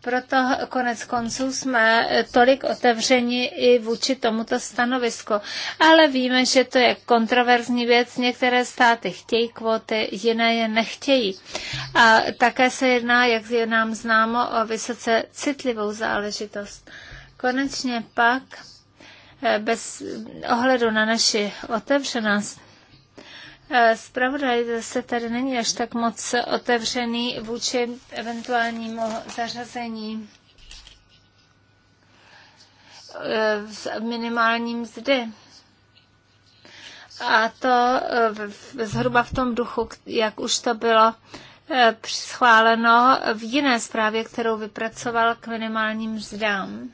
Proto konec konců jsme tolik otevřeni i vůči tomuto stanovisku. Ale víme, že to je kontroverzní věc. Některé státy chtějí kvóty, jiné je nechtějí. A také se jedná, jak je nám známo, o vysoce citlivou záležitost. Konečně pak Eh, bez ohledu na naši otevřenost, Spravodaj eh, se tady není až tak moc otevřený vůči eventuálnímu zařazení v eh, minimálním mzdy. A to zhruba v tom duchu, jak už to bylo schváleno v jiné zprávě, kterou vypracoval k minimálním mzdám.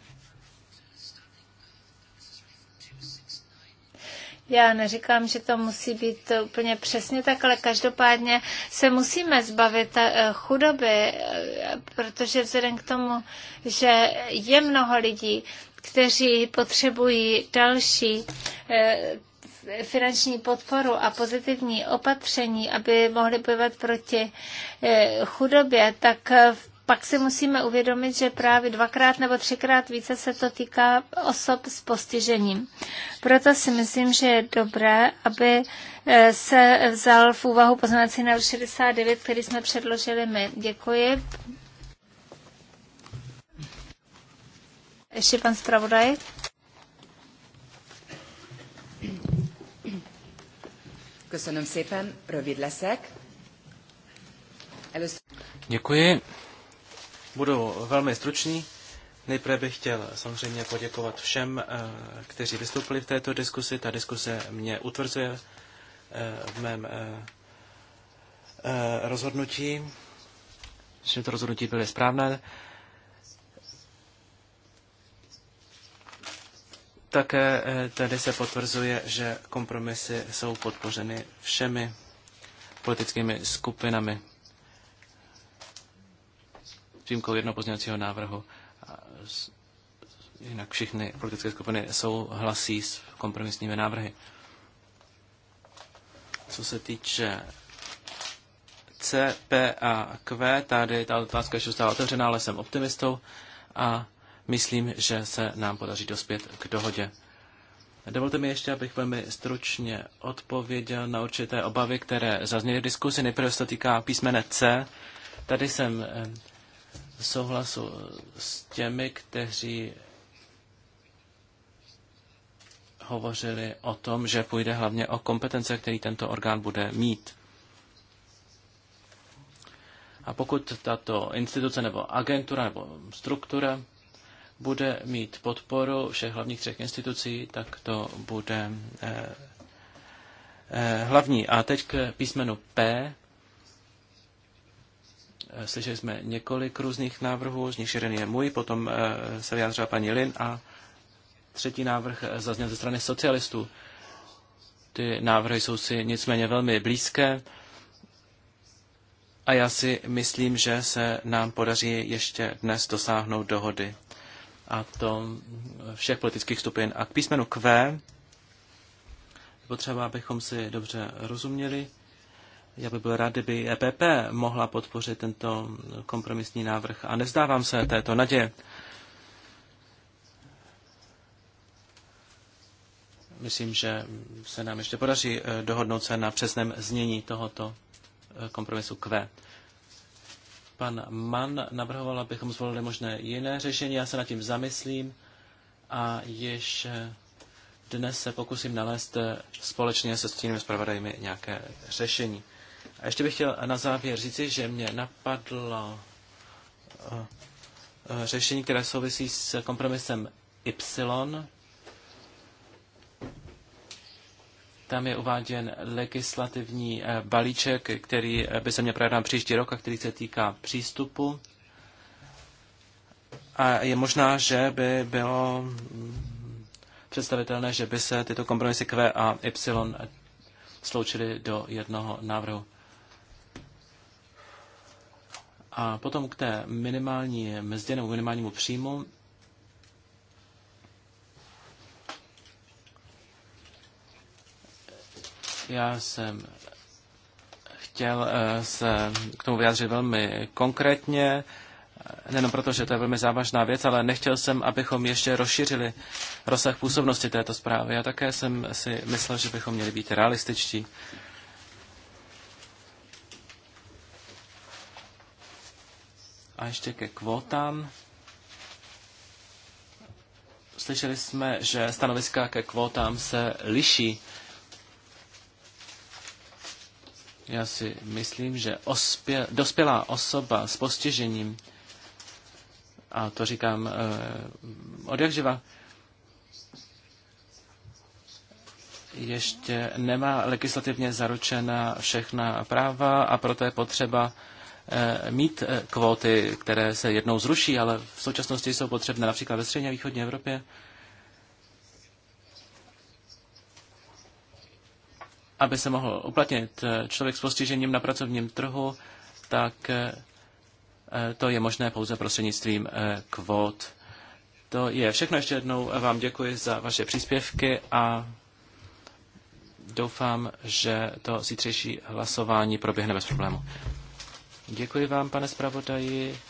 Já neříkám, že to musí být úplně přesně tak, ale každopádně se musíme zbavit eh, chudoby, eh, protože vzhledem k tomu, že je mnoho lidí, kteří potřebují další eh, finanční podporu a pozitivní opatření, aby mohli bojovat proti chudobě, tak v pak si musíme uvědomit, že právě dvakrát nebo třikrát více se to týká osob s postižením. Proto si myslím, že je dobré, aby eh, se vzal v úvahu poznací na 69, který jsme předložili my. Děkuji. Ještě pan zpravodaj. Köszönöm Děkuji. Budu velmi stručný. Nejprve bych chtěl samozřejmě poděkovat všem, eh, kteří vystoupili v této diskusi. Ta diskuse mě utvrzuje eh, v mém eh, rozhodnutí, že to rozhodnutí bylo správné. Také tady se potvrzuje, že kompromisy jsou podpořeny všemi politickými skupinami výjimkou jednoho pozměňovacího návrhu. Jinak všechny politické skupiny souhlasí s kompromisními návrhy. Co se týče C, P a Q, tady ta otázka ještě zůstává otevřená, ale jsem optimistou a myslím, že se nám podaří dospět k dohodě. Dovolte mi ještě, abych velmi stručně odpověděl na určité obavy, které zazněly v diskusi. Nejprve se to týká písmene C. Tady jsem eh, souhlasu eh, s těmi, kteří hovořili o tom, že půjde hlavně o kompetence, který tento orgán bude mít. A pokud tato instituce nebo agentura nebo struktura bude mít podporu všech hlavních třech institucí, tak to bude eh, eh, hlavní. A teď k písmenu P. Eh, slyšeli jsme několik různých návrhů, z nich jeden je můj, potom eh, se vyjádřila paní Lin a třetí návrh eh, zazněl ze strany socialistů. Ty návrhy jsou si nicméně velmi blízké a já si myslím, že se nám podaří ještě dnes dosáhnout dohody. A to všech politických stupin. A k písmenu Q potřeba, abychom si dobře rozuměli. Já bych byl rád, kdyby EPP mohla podpořit tento kompromisní návrh a nezdávám se této naděje. Myslím, že se nám ještě podaří eh, dohodnout se na přesném znění tohoto eh, kompromisu Q. Pan Mann navrhoval, abychom zvolili možné jiné řešení. Já se nad tím zamyslím a již dnes se pokusím nalézt eh, společně se stínovými zpravodajmi nějaké řešení. A ještě bych chtěl na závěr říci, že mě napadlo eh, eh, řešení, které souvisí s kompromisem Y. Tam je uváděn legislativní eh, balíček, který by se měl projednat příští rok a který se týká přístupu. A je možná, že by bylo mm, představitelné, že by se tyto kompromisy Q a Y sloučily do jednoho návrhu. A potom k té minimální mzdě nebo minimálnímu příjmu. Já jsem chtěl eh, se k tomu vyjádřit velmi konkrétně, nejenom proto, že to je velmi závažná věc, ale nechtěl jsem, abychom ještě rozšířili rozsah působnosti této zprávy. Já také jsem si myslel, že bychom měli být realističtí A ještě ke kvótám. Slyšeli jsme, že stanoviska ke kvótám se liší. Já si myslím, že ospě, dospělá osoba s postižením, a to říkám eh, od jak živa, ještě nemá legislativně zaručena všechna práva a proto je potřeba eh, Eh, mít eh, kvóty, které se jednou zruší, ale v současnosti jsou potřebné například ve střední a východní Evropě. Aby se mohl uplatnit eh, člověk s postižením na pracovním trhu, tak to je možné pouze prostřednictvím kvót. To je všechno. Ještě jednou vám děkuji za vaše příspěvky a doufám, že to zítřejší hlasování proběhne bez problému. Děkuji vám, pane zpravodaji.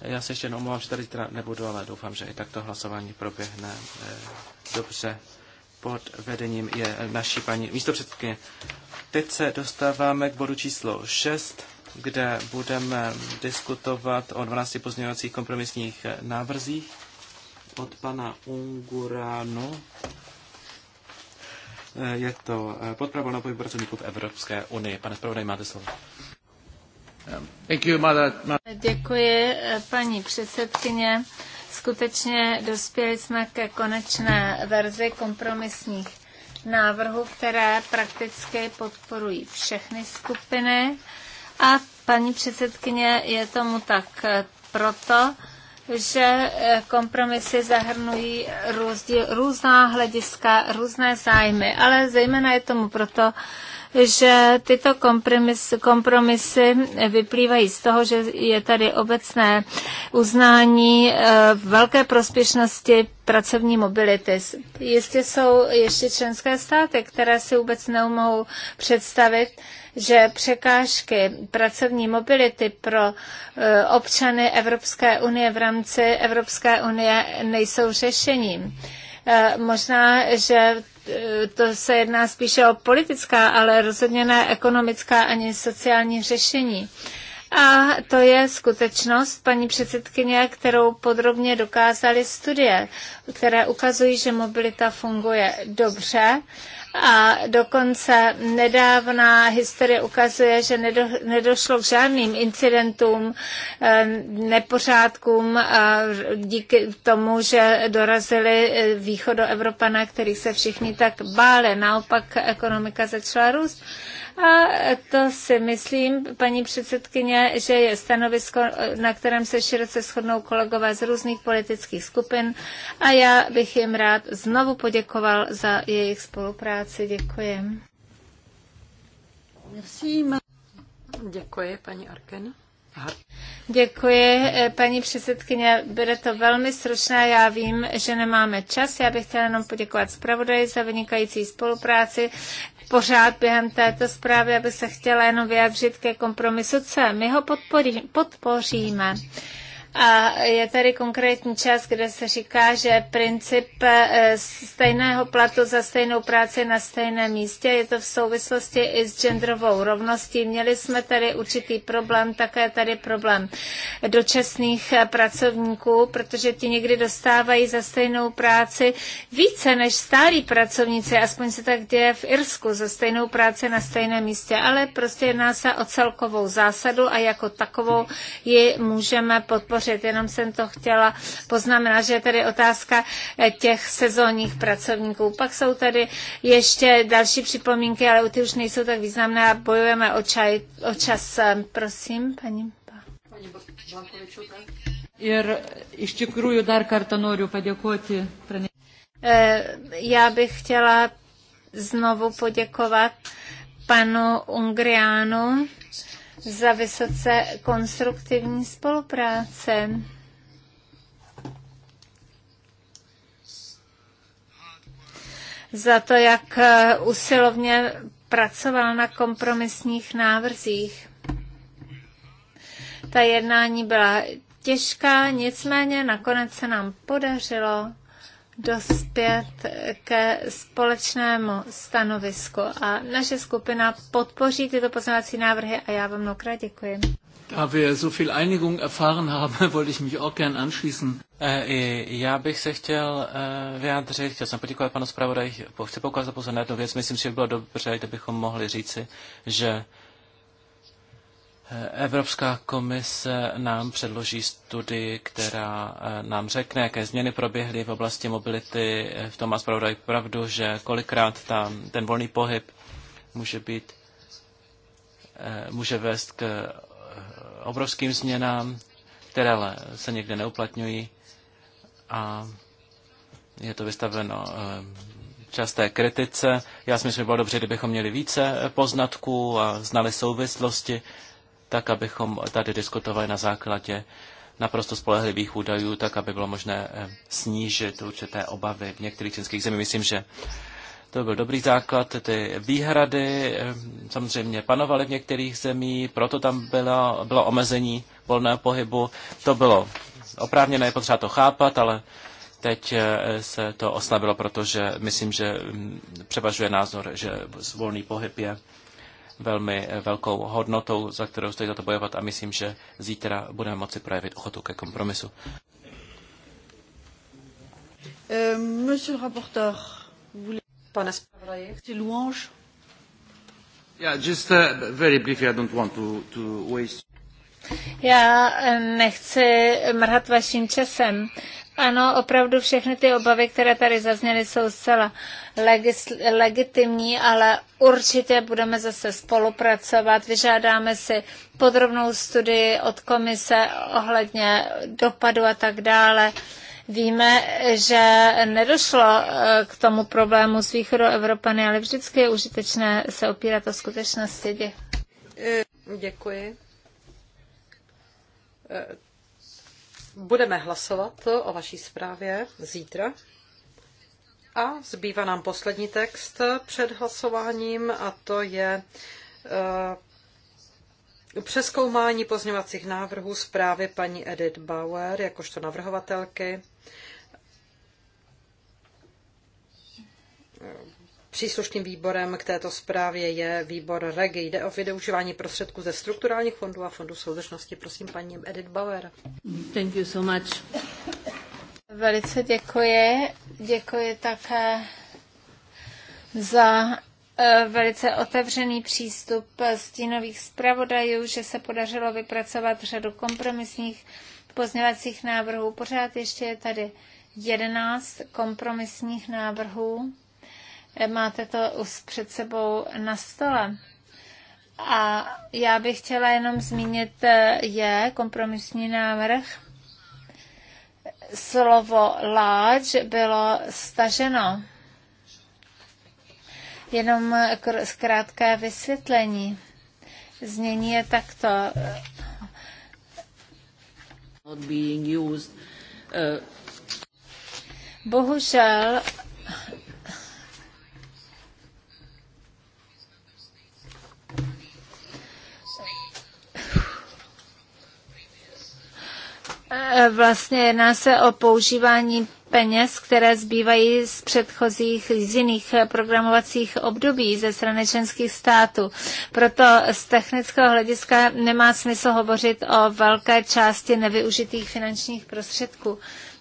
Já se ještě jenom omlouvám, že tady teda nebudu, ale doufám, že i takto hlasování proběhne eh, dobře pod vedením je naší paní místopředsedkyně. Teď se dostáváme k bodu číslo 6, kde budeme diskutovat o 12 pozměňovacích kompromisních návrzích od pana Unguránu. Eh, je to eh, podpora volného pohybu pracovníků v Evropské unii. Pane zpravodaj, máte slovo. Um, Děkuji, eh, paní předsedkyně. Skutečně dospěli jsme ke konečné verzi kompromisních návrhů, které prakticky podporují všechny skupiny. A paní předsedkyně, je tomu tak proto, že eh, kompromisy zahrnují různá hlediska, různé zájmy, ale zejména je tomu proto, že tyto kompromisy vyplývají z toho, že je tady obecné uznání eh, velké prospěšnosti pracovní mobility. Jistě jsou ještě členské státy, které si vůbec nemohou představit, že překážky pracovní mobility pro eh, občany Evropské unie v rámci Evropské unie nejsou řešením. Eh, možná, že Eh, to se jedná spíše o politická, ale rozhodně ne ekonomická ani sociální řešení. Uh, a to je skutečnost, paní předsedkyně, kterou podrobně dokázaly studie, které ukazují, že mobilita funguje dobře. A dokonce nedávná historie ukazuje, že nedo, nedošlo k žádným incidentům, nepořádkům a díky tomu, že dorazili e, východoevropané, kterých se všichni tak báli. Naopak ekonomika začala růst. A to si myslím, paní předsedkyně, že je stanovisko, na kterém se široce shodnou kolegové z různých politických skupin a já bych jim rád znovu poděkoval za jejich spolupráci. Děkuji. Děkuji, paní Arken. Děkuji, paní předsedkyně. Bude to velmi stručné. Já vím, že nemáme čas. Já bych chtěla jenom poděkovat zpravodaji za vynikající spolupráci pořád během této zprávy, aby se chtěla jenom vyjádřit ke kompromisu C. My ho podpoří, podpoříme. A je tady konkrétní čas, kde se říká, že princip eh, stejného platu za stejnou práci na stejném místě je to v souvislosti i s genderovou rovností. Měli jsme tady určitý problém, také tady problém dočasných eh, pracovníků, protože ti někdy dostávají za stejnou práci více než stálí pracovníci, aspoň se tak děje v Irsku, za stejnou práci na stejném místě, ale prostě jedná se o celkovou zásadu a jako takovou ji můžeme podpořit vyjádřit, jenom jsem to chtěla poznamenat, že je tady otázka eh, těch sezónních pracovníků. Pak jsou tady ještě další připomínky, ale ty už nejsou tak významné a bojujeme o, čaj, o čas. Eh, prosím, paní. Ir iš tikrųjų dar kartą noriu padėkoti eh, Já bych chtěla znovu poděkovat panu Ungriánu za vysoce konstruktivní spolupráce. Za to, jak eh, usilovně pracoval na kompromisních návrzích. Ta jednání byla těžká, nicméně nakonec se nám podařilo dospět ke společnému stanovisku a naše skupina podpoří tyto poznávací návrhy a já vám mnohokrát děkuji. Da wir so viel Einigung erfahren haben, [laughs] wollte ich mich auch gern anschließen. Äh, Já bych se chtěl eh, vyjádřit, chtěl jsem poděkovat panu zpravodaji, chci poukázat pozor na jednu věc. Myslím, že by bylo dobře, kdybychom mohli říci, že Evropská komise nám předloží studii, která eh, nám řekne, jaké změny proběhly v oblasti mobility. Eh, v tom má zpravodaj pravdu, že kolikrát tam ten volný pohyb může být, eh, může vést k obrovským změnám, které ale se někde neuplatňují a je to vystaveno časté kritice. Já si myslím, že bylo dobře, kdybychom měli více poznatků a znali souvislosti tak abychom tady diskutovali na základě naprosto spolehlivých údajů, tak aby bylo možné eh, snížit určité obavy v některých českých zemích. Myslím, že to byl dobrý základ. Ty výhrady eh, samozřejmě panovaly v některých zemích, proto tam bylo, bylo omezení volného pohybu. To bylo oprávněné, je potřeba to chápat, ale teď eh, se to oslabilo, protože myslím, že mm, převažuje názor, že volný pohyb je velmi velkou hodnotou, za kterou stojí za to bojovat a myslím, že zítra budeme moci projevit ochotu ke kompromisu. Euh, monsieur le rapporteur, pane zpravodaji, louange? Yeah, just uh, very briefly, I don't want to, to waste já eh, nechci mrhat vaším časem, ano, opravdu všechny ty obavy, které tady zazněly, jsou zcela legitimní, ale určitě budeme zase spolupracovat. Vyžádáme si podrobnou studii od komise ohledně dopadu a tak dále. Víme, že nedošlo eh, k tomu problému s východu Evropany, ale vždycky je užitečné se opírat o skutečnosti. Eh, děkuji. Eh, Budeme hlasovat o vaší zprávě zítra. A zbývá nám poslední text před hlasováním a to je eh, přeskoumání pozněvacích návrhů zprávy paní Edith Bauer jakožto navrhovatelky Příslušným výborem k této zprávě je výbor REGI. Jde o využívání prostředků ze strukturálních fondů a fondů soudržnosti. Prosím, paní Edith Bauer. Thank you so much. Velice děkuji. Děkuji také za eh, velice otevřený přístup stínových zpravodajů, že se podařilo vypracovat řadu kompromisních pozměvacích návrhů. Pořád ještě je tady 11 kompromisních návrhů máte to už před sebou na stole. A já bych chtěla jenom zmínit eh, je kompromisní návrh. Slovo large bylo staženo. Jenom zkrátké vysvětlení. Znění je takto. Eh. Bohužel E, vlastně jedná se o používání peněz, které zbývají z předchozích, z jiných programovacích období ze strany členských států. Proto z technického hlediska nemá smysl hovořit o velké části nevyužitých finančních prostředků.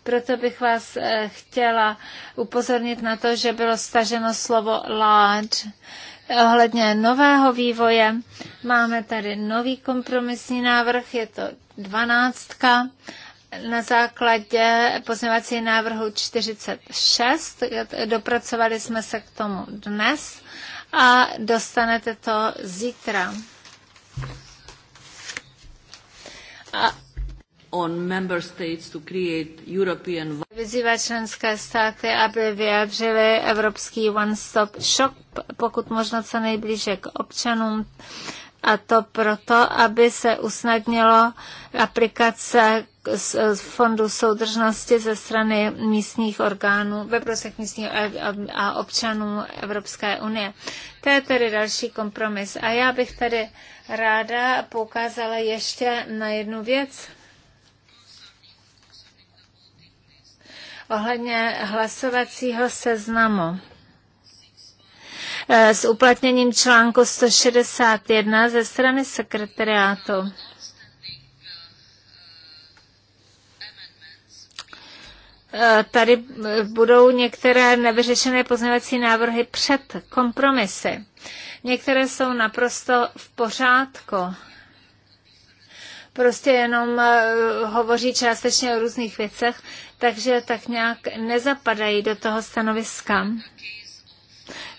Proto bych vás eh, chtěla upozornit na to, že bylo staženo slovo large. Ohledně nového vývoje máme tady nový kompromisní návrh, je to dvanáctka na základě pozměvací návrhu 46. Dopracovali jsme se k tomu dnes a dostanete to zítra. A Vyzývá členské státy, aby vyjádřili evropský one-stop shop, pokud možno co nejblíže k občanům, a to proto, aby se usnadnilo aplikace z Fondu soudržnosti ze strany místních orgánů ve prospěch místních a občanů Evropské unie. To je tedy další kompromis. A já bych tady ráda poukázala ještě na jednu věc ohledně hlasovacího seznamu e, s uplatněním článku 161 ze strany sekretariátu. E, tady budou některé nevyřešené pozměňovací návrhy před kompromisy. Některé jsou naprosto v pořádku prostě jenom e, hovoří částečně o různých věcech, takže tak nějak nezapadají do toho stanoviska.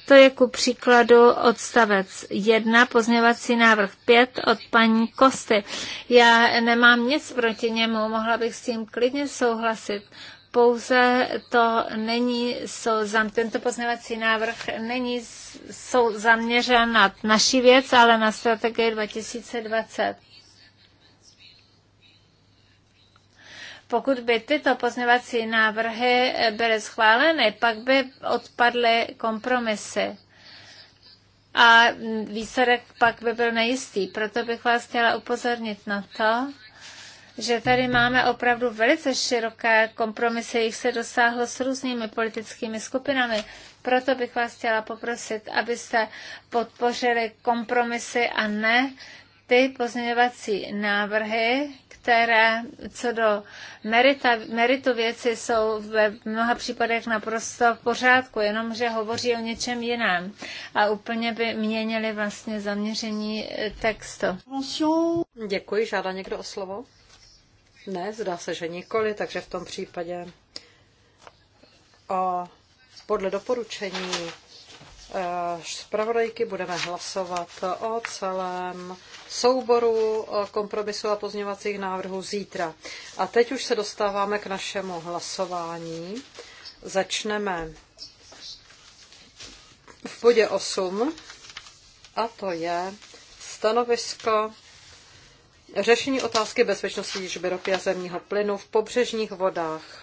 To je ku příkladu odstavec 1, pozměvací návrh 5 od paní Kosty. Já nemám nic proti němu, mohla bych s tím klidně souhlasit. Pouze to není, jsou, tento pozměvací návrh není jsou zaměřen na naší věc, ale na strategii 2020. Pokud by tyto pozměvací návrhy byly schváleny, pak by odpadly kompromisy a výsledek pak by byl nejistý. Proto bych vás chtěla upozornit na to, že tady máme opravdu velice široké kompromisy, jich se dosáhlo s různými politickými skupinami. Proto bych vás chtěla poprosit, abyste podpořili kompromisy a ne ty pozměňovací návrhy, které co do merita, meritu věci jsou ve mnoha případech naprosto v pořádku, jenomže hovoří o něčem jiném a úplně by měnili vlastně zaměření eh, textu. Děkuji, žádá někdo o slovo? Ne, zdá se, že nikoli, takže v tom případě o, podle doporučení Eh, zpravodajky budeme hlasovat o celém souboru kompromisu a pozměňovacích návrhů zítra. A teď už se dostáváme k našemu hlasování. Začneme v bodě 8 a to je stanovisko řešení otázky bezpečnosti těžby ropy a zemního plynu v pobřežních vodách.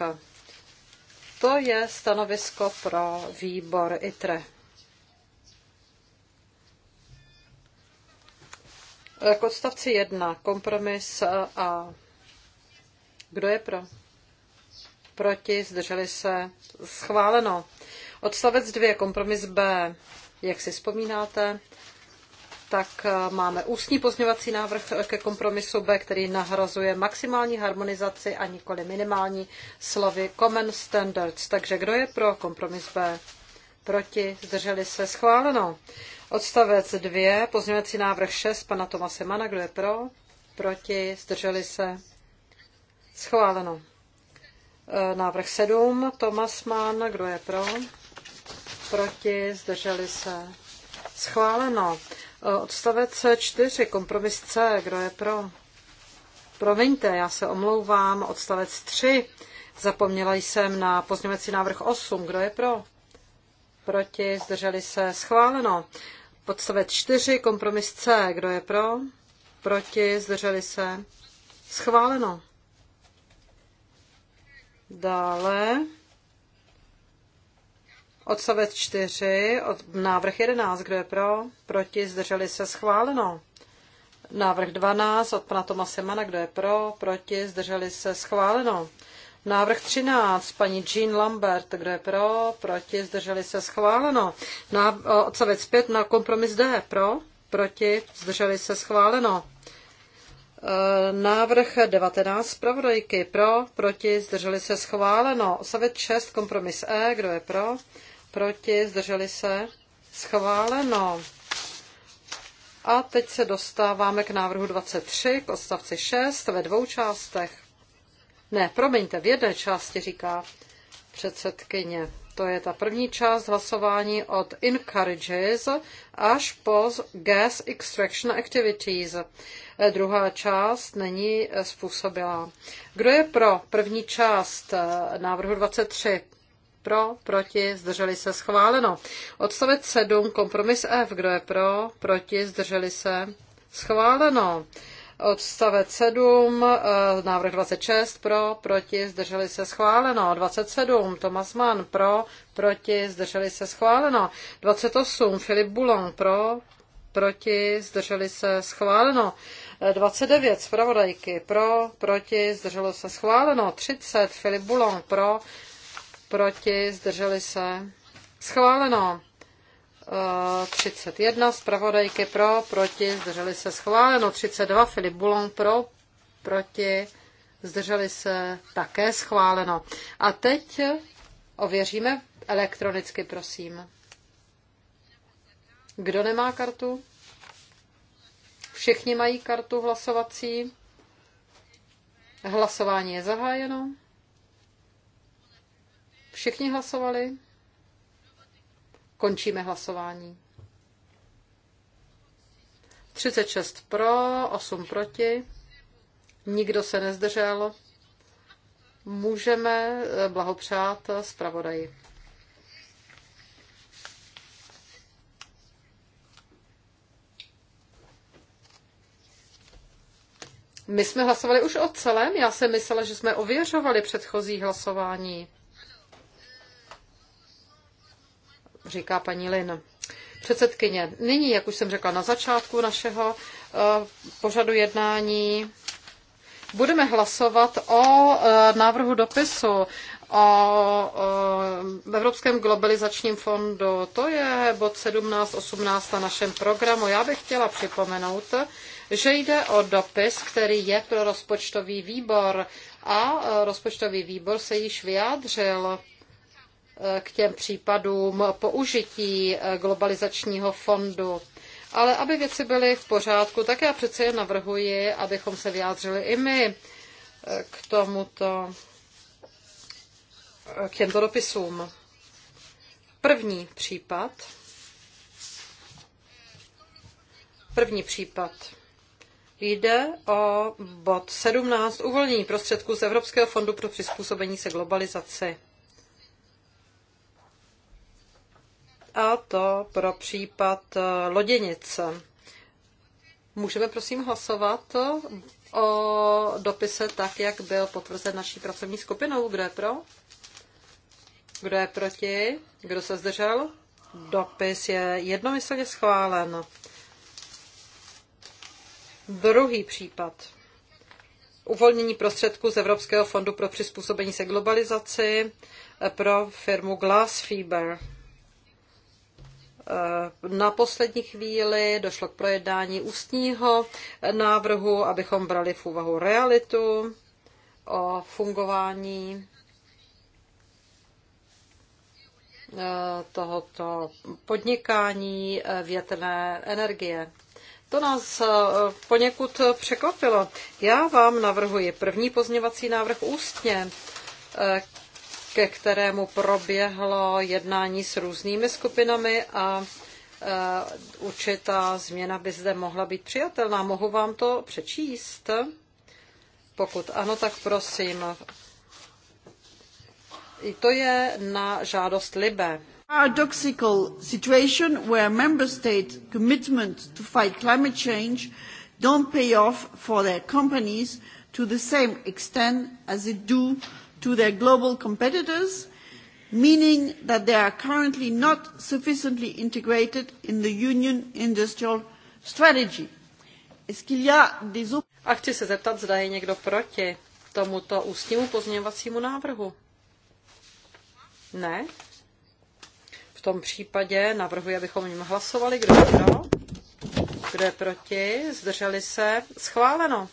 To je stanovisko pro výbor ITRE. K odstavci jedna, Kompromis a kdo je pro? Proti, zdrželi se, schváleno. Odstavec dvě Kompromis B. Jak si vzpomínáte, tak eh, máme ústní pozměvací návrh ke kompromisu B, který nahrazuje maximální harmonizaci a nikoli minimální slovy Common Standards. Takže kdo je pro kompromis B? Proti, zdrželi se, schváleno. Odstavec 2, pozměňovací návrh 6 pana Tomase Mana, kdo je pro? Proti, zdrželi se. Schváleno. E, návrh 7, Tomas Mann, kdo je pro? Proti, zdrželi se. Schváleno. E, odstavec 4, kompromis C, kdo je pro? Promiňte, já se omlouvám, odstavec 3. Zapomněla jsem na pozměňovací návrh 8. Kdo je pro? Proti, zdrželi se, schváleno. Podstavec 4, kompromis C. Kdo je pro? Proti? Zdrželi se? Schváleno. Dále. Odstavec 4, od, návrh 11, kdo je pro? Proti? Zdrželi se? Schváleno. Návrh 12 od pana Tomase Mana, kdo je pro? Proti? Zdrželi se? Schváleno. Návrh 13, paní Jean Lambert, kdo je pro, proti, zdrželi se schváleno. Na, eh, odsavec 5 na kompromis D, pro, proti, zdrželi se schváleno. Eh, návrh 19 zpravodajky pro, proti, zdrželi se schváleno. Odsavec 6, kompromis E, kdo je pro, proti, zdrželi se schváleno. A teď se dostáváme k návrhu 23, k odstavci 6 ve dvou částech. Ne, promiňte, v jedné části říká předsedkyně. To je ta první část hlasování od encourages až po gas extraction activities. Eh, druhá část není eh, způsobilá. Kdo je pro první část eh, návrhu 23? Pro, proti, zdrželi se, schváleno. Odstavec 7, kompromis F. Kdo je pro, proti, zdrželi se, schváleno. Odstavec 7, eh, návrh 26 pro, proti, zdrželi se schváleno. 27, Tomas Mann pro, proti, zdrželi se schváleno. 28, Filip Boulon pro, proti, zdrželi se schváleno. 29, eh, zpravodajky pro, proti, zdrželo se schváleno. 30, Filip Boulon pro, proti, zdrželi se schváleno. 31 zpravodajky pro, proti, zdrželi se schváleno. 32 Filip Boulon pro, proti, zdrželi se také schváleno. A teď ověříme elektronicky, prosím. Kdo nemá kartu? Všichni mají kartu hlasovací. Hlasování je zahájeno. Všichni hlasovali? Končíme hlasování. 36 pro, 8 proti, nikdo se nezdržel. Můžeme eh, blahopřát eh, zpravodaji. My jsme hlasovali už o celém. Já jsem myslela, že jsme ověřovali předchozí hlasování. říká paní Lin. Předsedkyně, nyní, jak už jsem řekla na začátku našeho eh, pořadu jednání, budeme hlasovat o eh, návrhu dopisu o eh, Evropském globalizačním fondu. To je bod 17.18 na našem programu. Já bych chtěla připomenout, že jde o dopis, který je pro rozpočtový výbor a rozpočtový výbor se již vyjádřil k těm případům použití eh, globalizačního fondu. Ale aby věci byly v pořádku, tak já přece jen navrhuji, abychom se vyjádřili i my eh, k tomuto, eh, k těmto dopisům. První případ. První případ. Jde o bod 17 uvolnění prostředků z Evropského fondu pro přizpůsobení se globalizaci. a to pro případ eh, loděnice. Můžeme prosím hlasovat o dopise tak, jak byl potvrzen naší pracovní skupinou. Kdo je pro? Kdo je proti? Kdo se zdržel? Dopis je jednomyslně schválen. Druhý případ. Uvolnění prostředků z Evropského fondu pro přizpůsobení se globalizaci pro firmu Glassfiber. Eh, na poslední chvíli došlo k projednání ústního návrhu, abychom brali v úvahu realitu o fungování eh, tohoto podnikání eh, větrné energie. To nás poněkud překvapilo. Já vám navrhuji první pozměvací návrh ústně, ke kterému proběhlo jednání s různými skupinami a e, určitá změna by zde mohla být přijatelná. Mohu vám to přečíst? Pokud ano, tak prosím. I to je na žádost Libe. Paradoxical situation where member state commitment to fight climate change don't pay off for their companies to the same extent as it do to their global competitors, meaning that they are currently not sufficiently integrated in the Union Industrial Strategy. A chci se zeptat, zda je někdo proti tomuto ústnímu pozměňovacímu návrhu. Ne? V tom případě navrhuji, abychom o něm hlasovali. Kdo je pro? Kdo je proti? Zdrželi se? Schváleno.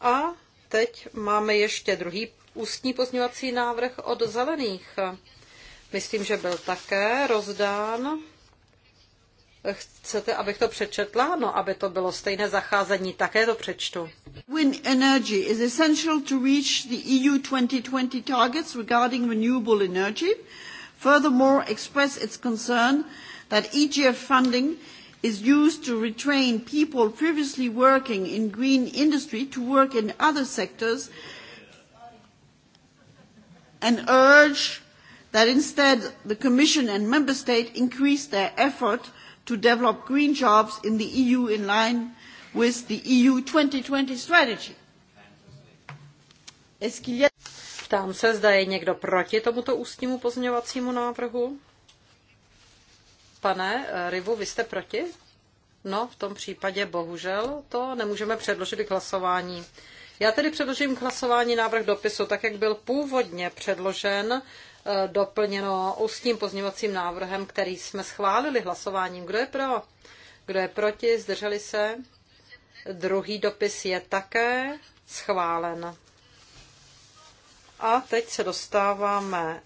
A teď máme ještě druhý ústní pozměňovací návrh od zelených. Myslím, že byl také rozdán. Chcete, abych to přečetla? No, aby to bylo stejné zacházení, také to přečtu. Wind energy is essential to reach the EU 2020 targets regarding renewable energy. Furthermore, express its concern that EGF funding is used to retrain people previously working in green industry to work in other sectors and urge that instead the Commission and Member States increase their effort to develop green jobs in the EU in line with the EU 2020 strategy. Ptám se, zda je někdo proti tomuto ústnímu pozměňovacímu návrhu? Pane eh, Rivu, vy jste proti? No, v tom případě bohužel to nemůžeme předložit k hlasování. Já tedy předložím k hlasování návrh dopisu, tak jak byl původně předložen, eh, doplněno ústním pozměňovacím návrhem, který jsme schválili hlasováním. Kdo je pro? Kdo je proti? Zdrželi se? Druhý dopis je také schválen. A teď se dostáváme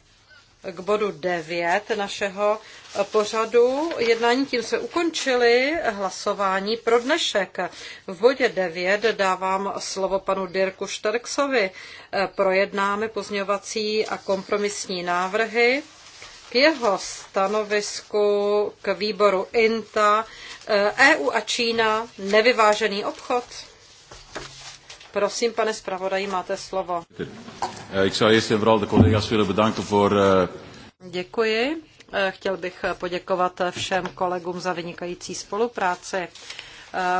k bodu 9 našeho eh, pořadu jednání. Tím se ukončili eh, hlasování pro dnešek. V bodě 9 dávám slovo panu Dirku Šterksovi. Eh, projednáme pozměvací a kompromisní návrhy k jeho stanovisku k výboru INTA EU e a Čína nevyvážený obchod. Prosím, pane zpravodaji, máte slovo. Eh, eh, Děkuji. Eh, chtěl bych poděkovat všem kolegům za vynikající spolupráci.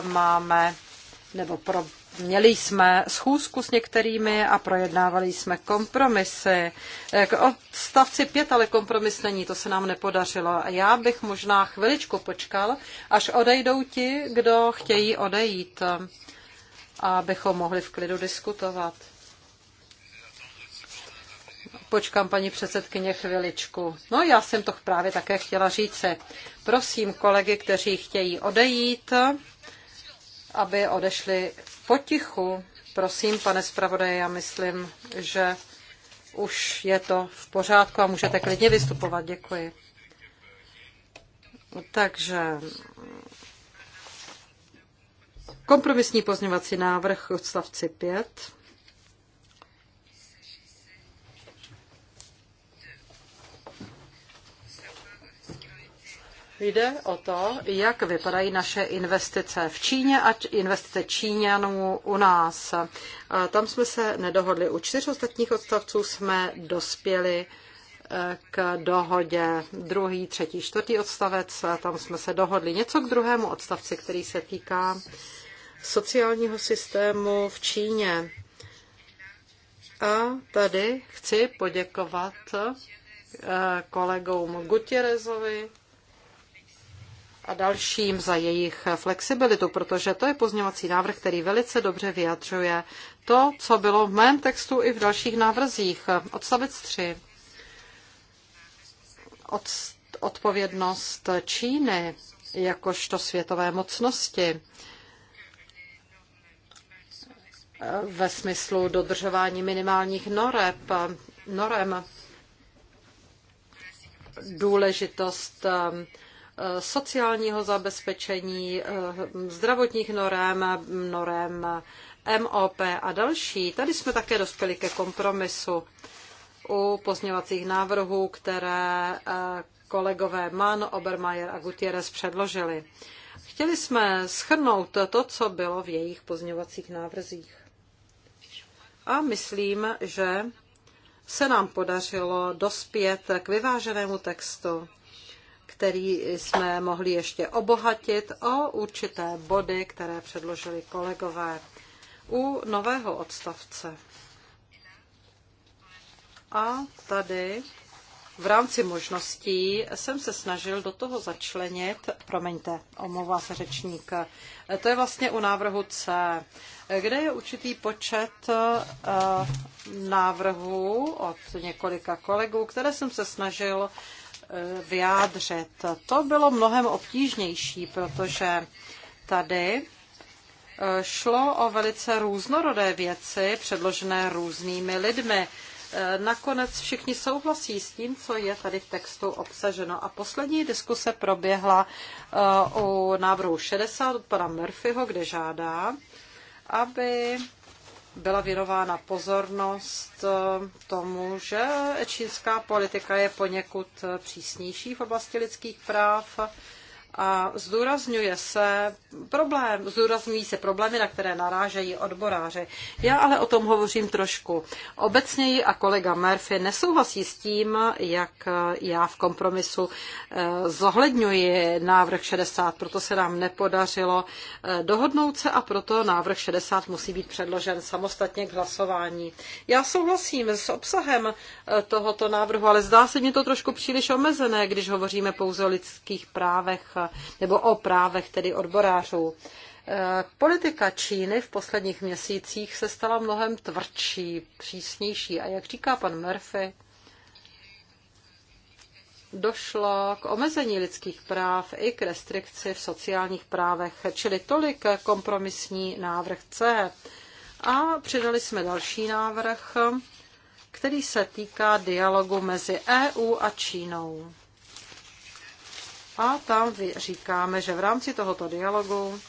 Máme, nebo pro, měli jsme schůzku s některými a projednávali jsme kompromisy. K odstavci pět, ale kompromis není, to se nám nepodařilo. Já bych možná chviličku počkal, až odejdou ti, kdo chtějí odejít abychom mohli v klidu diskutovat. Počkám, paní předsedkyně, chviličku. No, já jsem to právě také chtěla říci. Prosím kolegy, kteří chtějí odejít, aby odešli potichu. Prosím, pane zpravodaje, já myslím, že už je to v pořádku a můžete klidně vystupovat. Děkuji. Takže Kompromisní pozměňovací návrh odstavci 5. Jde o to, jak vypadají naše investice v Číně a investice Číňanů u nás. Tam jsme se nedohodli. U čtyř ostatních odstavců jsme dospěli e, k dohodě. Druhý, třetí, čtvrtý odstavec, tam jsme se dohodli. Něco k druhému odstavci, který se týká sociálního systému v Číně. A tady chci poděkovat eh, kolegům Gutierrezovi a dalším za jejich flexibilitu, protože to je pozněvací návrh, který velice dobře vyjadřuje to, co bylo v mém textu i v dalších návrzích. Odstavec 3. Od, odpovědnost Číny jakožto světové mocnosti ve smyslu dodržování minimálních noreb, norem. Důležitost um, sociálního zabezpečení, um, zdravotních norem, norem MOP a další. Tady jsme také dospěli ke kompromisu u pozněvacích návrhů, které uh, kolegové Mann, Obermeier a Gutierrez předložili. Chtěli jsme schrnout to, co bylo v jejich pozněvacích návrzích a myslím, že se nám podařilo dospět k vyváženému textu, který jsme mohli ještě obohatit o určité body, které předložili kolegové u nového odstavce. A tady v rámci možností jsem se snažil do toho začlenit, promiňte, omlouvá se řečník, to je vlastně u návrhu C kde je určitý počet eh, návrhů od několika kolegů, které jsem se snažil eh, vyjádřit. To bylo mnohem obtížnější, protože tady eh, šlo o velice různorodé věci, předložené různými lidmi. Nakonec všichni souhlasí s tím, co je tady v textu obsaženo. A poslední diskuse proběhla u návrhu 60 od pana Murphyho, kde žádá, aby byla věnována pozornost eh, tomu, že čínská politika je poněkud eh, přísnější v oblasti lidských práv a zdůrazňuje se problém, zdůrazňují se problémy, na které narážejí odboráři. Já ale o tom hovořím trošku obecněji a kolega Murphy nesouhlasí s tím, jak já v kompromisu eh, zohledňuji návrh 60, proto se nám nepodařilo eh, dohodnout se a proto návrh 60 musí být předložen samostatně k hlasování. Já souhlasím s obsahem eh, tohoto návrhu, ale zdá se mi to trošku příliš omezené, když hovoříme pouze o lidských právech nebo o právech tedy odborářů. E, politika Číny v posledních měsících se stala mnohem tvrdší, přísnější a jak říká pan Murphy, došlo k omezení lidských práv i k restrikci v sociálních právech, čili tolik kompromisní návrh C. A přidali jsme další návrh, který se týká dialogu mezi EU a Čínou. A tam říkáme, že v rámci tohoto dialogu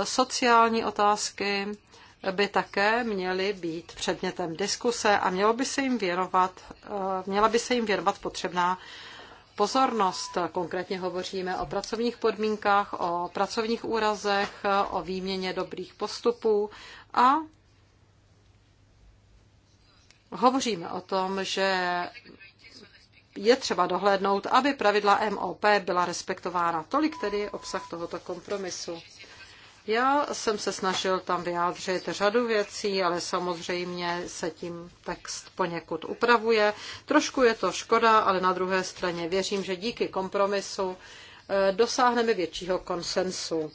e, sociální otázky by také měly být předmětem diskuse a mělo by se jim věnovat, e, měla by se jim věnovat potřebná pozornost. Konkrétně hovoříme o pracovních podmínkách, o pracovních úrazech, o výměně dobrých postupů a hovoříme o tom, že je třeba dohlédnout, aby pravidla MOP byla respektována. Tolik tedy je obsah tohoto kompromisu. Já jsem se snažil tam vyjádřit řadu věcí, ale samozřejmě se tím text poněkud upravuje. Trošku je to škoda, ale na druhé straně věřím, že díky kompromisu eh, dosáhneme většího konsensu.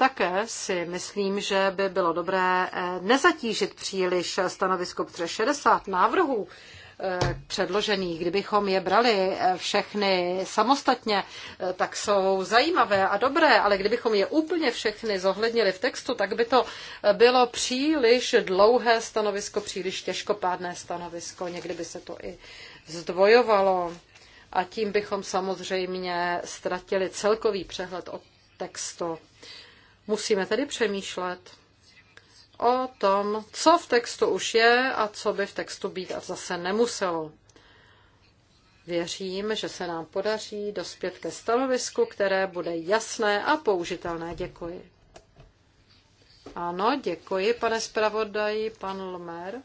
Také si myslím, že by bylo dobré eh, nezatížit příliš stanovisko, protože 60 návrhů eh, předložených, kdybychom je brali eh, všechny samostatně, tak jsou zajímavé a dobré, ale kdybychom je úplně všechny zohlednili v textu, tak by to bylo příliš dlouhé stanovisko, příliš těžkopádné stanovisko, někdy by se to i zdvojovalo a tím bychom samozřejmě ztratili celkový přehled o textu. Musíme tedy přemýšlet o tom, co v textu už je a co by v textu být a zase nemuselo. Věřím, že se nám podaří dospět ke stanovisku, které bude jasné a použitelné. Děkuji. Ano, děkuji, pane zpravodaji, pan Lmer.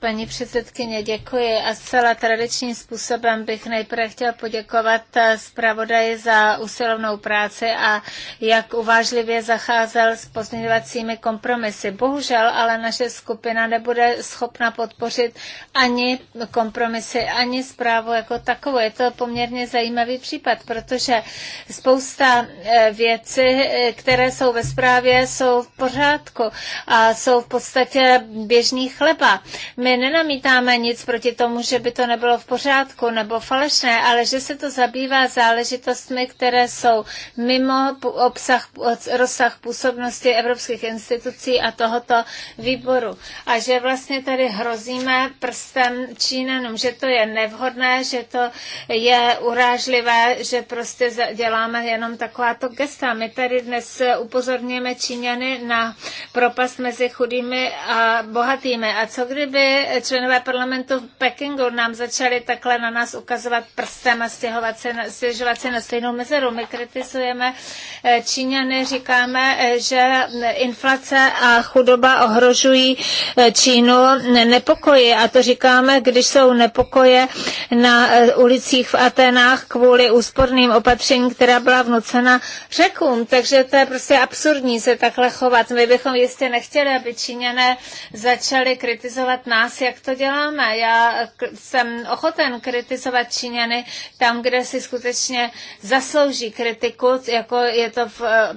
Paní předsedkyně, děkuji a zcela tradičním způsobem bych nejprve chtěl poděkovat eh, zpravodaji za usilovnou práci a jak uvážlivě zacházel s pozměňovacími kompromisy. Bohužel ale naše skupina nebude schopna podpořit ani kompromisy, ani zprávu jako takovou. Je to poměrně zajímavý případ, protože spousta eh, věcí, eh, které jsou ve zprávě, jsou v pořádku a jsou v podstatě běžný chleba. My my nenamítáme nic proti tomu, že by to nebylo v pořádku nebo falešné, ale že se to zabývá záležitostmi, které jsou mimo obsah, rozsah působnosti evropských institucí a tohoto výboru. A že vlastně tady hrozíme prstem Čínanům, že to je nevhodné, že to je urážlivé, že prostě děláme jenom takováto gesta. My tady dnes upozorníme Číňany na propast mezi chudými a bohatými. A co kdyby členové parlamentu v Pekingu nám začali takhle na nás ukazovat prstem a stěhovat se, stěžovat se na stejnou mezeru. My kritizujeme eh, Číňany, říkáme, eh, že inflace a chudoba ohrožují eh, Čínu nepokoji a to říkáme, když jsou nepokoje na ulicích v Atenách kvůli úsporným opatřením, která byla vnucena řekům. Takže to je prostě absurdní se takhle chovat. My bychom jistě nechtěli, aby Číňané začali kritizovat nás nás, jak to děláme. Já jsem ochoten kritizovat Číňany tam, kde si skutečně zaslouží kritiku, jako je to v, eh,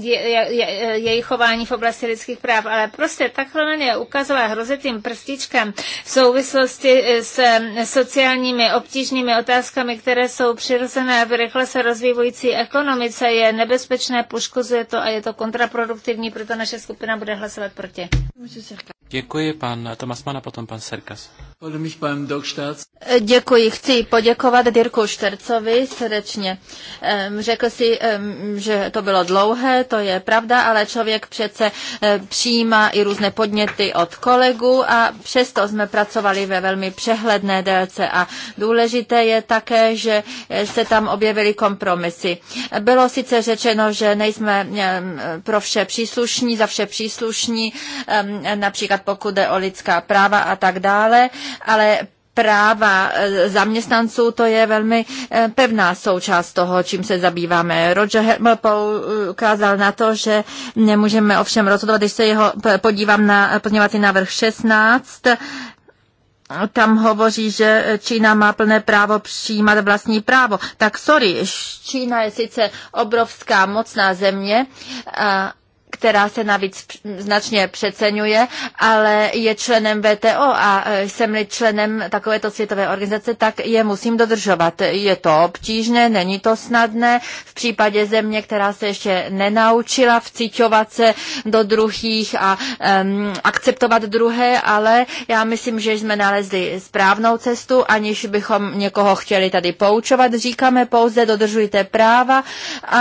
je, je, je, jejich chování v oblasti lidských práv, ale prostě takhle na ně ukazovat hrozitým prstičkem v souvislosti eh, s sociálními obtížnými otázkami, které jsou přirozené v rychle se rozvíjící ekonomice, je nebezpečné, poškozuje to a je to kontraproduktivní, proto naše skupina bude hlasovat proti. Děkuji, pan Tomas Mana, potom pan Serkas. Děkuji, chci poděkovat Dirku Štercovi srdečně. Řekl si, že to bylo dlouhé, to je pravda, ale člověk přece přijímá i různé podněty od kolegů a přesto jsme pracovali ve velmi přehledné délce a důležité je také, že se tam objevily kompromisy. Bylo sice řečeno, že nejsme pro vše příslušní, za vše příslušní, například pokud jde o lidská práva a tak dále, ale práva eh, zaměstnanců, to je velmi eh, pevná součást toho, čím se zabýváme. Roger Hermel poukázal eh, na to, že nemůžeme ovšem rozhodovat, když se jeho podívám na podněvatý návrh 16, tam hovoří, že Čína má plné právo přijímat vlastní právo. Tak sorry, Čína je sice obrovská mocná země, která se navíc značně přeceňuje, ale je členem VTO a e, jsem-li členem takovéto světové organizace, tak je musím dodržovat. Je to obtížné, není to snadné. V případě země, která se ještě nenaučila vciťovat se do druhých a um, akceptovat druhé, ale já myslím, že jsme nalezli správnou cestu, aniž bychom někoho chtěli tady poučovat. Říkáme pouze, dodržujte práva a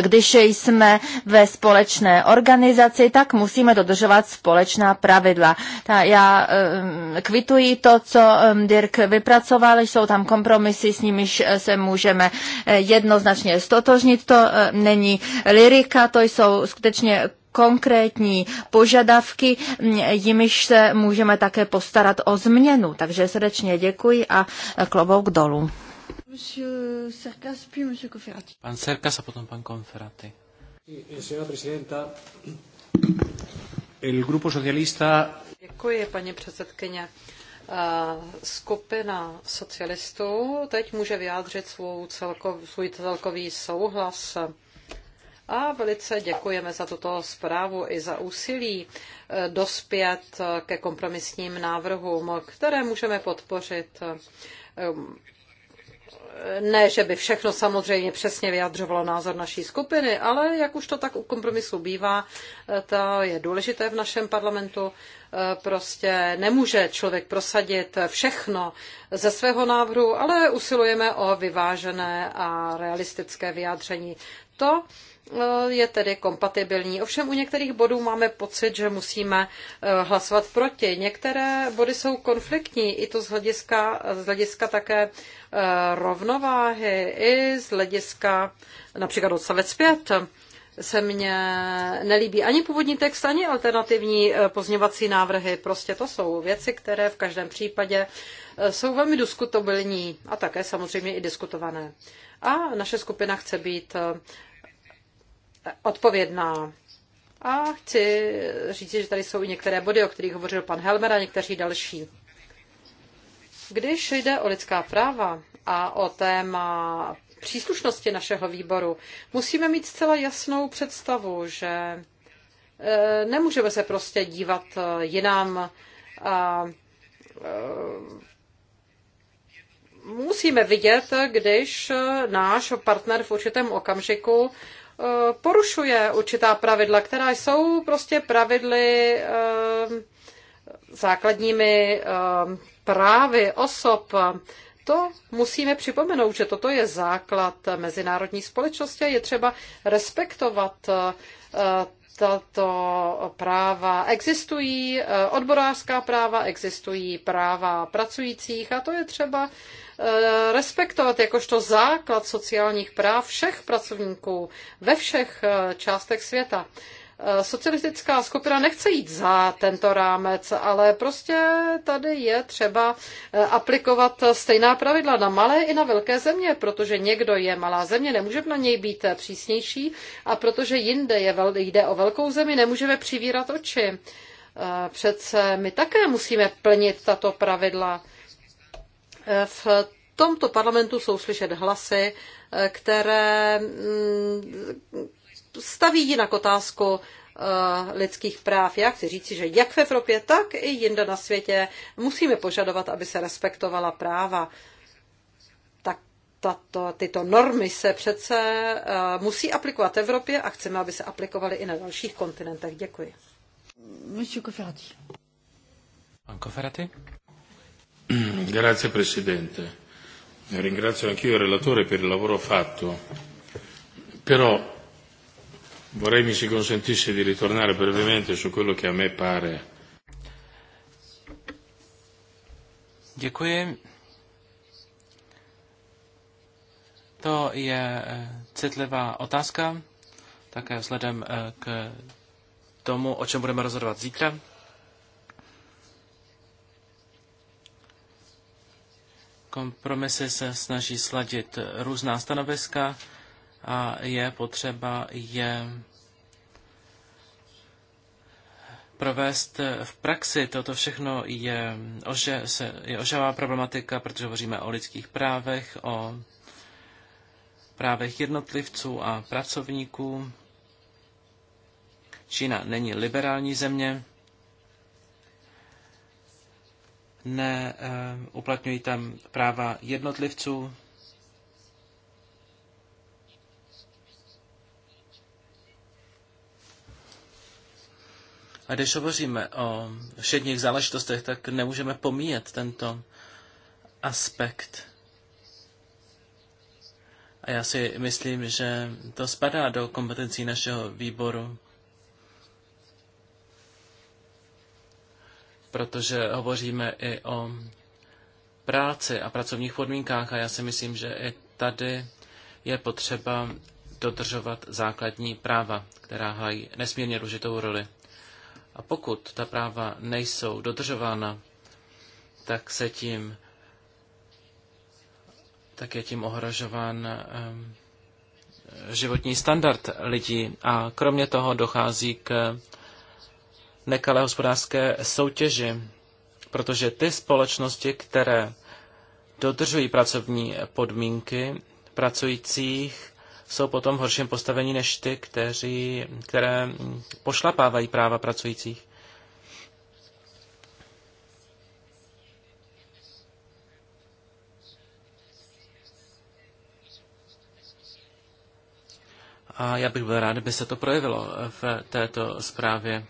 když jsme ve společné organizaci, tak musíme dodržovat společná pravidla. Ta, já eh, kvituji to, co eh, Dirk vypracoval, jsou tam kompromisy, s nimiž eh, se můžeme jednoznačně stotožnit. To není lirika, to jsou skutečně konkrétní požadavky, jimiž se můžeme také postarat o změnu. Takže srdečně děkuji a klobouk dolů. Monsieur Serkas, puis Monsieur Koferati. Pan Serkas a potom pan Konferaty. Eh, señora presidenta, el grupo socialista... Děkuji, paní předsedkyně. Eh, skupina socialistů teď může vyjádřit svou celkov, svůj celkový souhlas a velice děkujeme za tuto zprávu i za úsilí eh, dospět ke kompromisním návrhům, které můžeme podpořit ne, že by všechno samozřejmě přesně vyjadřovalo názor naší skupiny, ale jak už to tak u kompromisu bývá, eh, to je důležité v našem parlamentu. Eh, prostě nemůže člověk prosadit všechno ze svého návrhu, ale usilujeme o vyvážené a realistické vyjádření. To eh, je tedy kompatibilní. Ovšem u některých bodů máme pocit, že musíme hlasovat proti. Některé body jsou konfliktní, i to z hlediska, z hlediska také Eh, rovnováhy i z hlediska například odstavec 5 se mně nelíbí ani původní text, ani alternativní eh, pozněvací návrhy. Prostě to jsou věci, které v každém případě eh, jsou velmi diskutabilní a také samozřejmě i diskutované. A naše skupina chce být odpovědná. A chci říct, že tady jsou i některé body, o kterých hovořil pan Helmer a někteří další. Když jde o lidská práva a o téma příslušnosti našeho výboru, musíme mít zcela jasnou představu, že e, nemůžeme se prostě dívat e, jinam a e, musíme vidět, když náš partner v určitém okamžiku porušuje určitá pravidla, která jsou prostě pravidly základními právy osob. To musíme připomenout, že toto je základ mezinárodní společnosti a je třeba respektovat eh, tato práva. Existují eh, odborářská práva, existují práva pracujících a to je třeba eh, respektovat jakožto základ sociálních práv všech pracovníků ve všech částech světa. Eh, socialistická skupina nechce jít za tento rámec, ale prostě tady je třeba eh, aplikovat stejná pravidla na malé i na velké země, protože někdo je malá země, nemůže na něj být eh, přísnější a protože jinde je, jde o velkou zemi, nemůžeme přivírat oči. Přece my také musíme plnit tato pravidla. V tomto parlamentu jsou slyšet hlasy, které mm, staví jinak otázku eh, lidských práv. Já chci říci, že jak v Evropě, tak i jinde na světě musíme požadovat, aby se respektovala práva. Tak tato, tyto normy se přece eh, musí aplikovat v Evropě a chceme, aby se aplikovaly i na dalších kontinentech. Děkuji. Monsieur Cofferati. Pan Cofferati. Grazie Presidente. Ringrazio anch'io il relatore per il lavoro fatto. Però Vorrei mi si consentisse di ritornare brevemente su quello che a me pare. Děkuji. To je eh, citlivá otázka, také vzhledem eh, k tomu, o čem budeme rozhodovat zítra. Kompromisy se snaží sladit různá stanoviska a je potřeba je provést v praxi. Toto všechno je, ože, se, je ožává problematika, protože hovoříme o lidských právech, o právech jednotlivců a pracovníků. Čína není liberální země, ne, eh, uplatňují tam práva jednotlivců, A když hovoříme o všedních záležitostech, tak nemůžeme pomíjet tento aspekt. A já si myslím, že to spadá do kompetencí našeho výboru, protože hovoříme i o práci a pracovních podmínkách a já si myslím, že i tady je potřeba dodržovat základní práva, která hrají nesmírně důležitou roli. A pokud ta práva nejsou dodržována, tak se tím tak je tím ohrožován ehm, životní standard lidí. A kromě toho dochází k nekalé hospodářské soutěži, protože ty společnosti, které dodržují pracovní podmínky pracujících, jsou potom v horším postavení než ty, kteří, které pošlapávají práva pracujících. A já bych byl rád, by se to projevilo v této zprávě.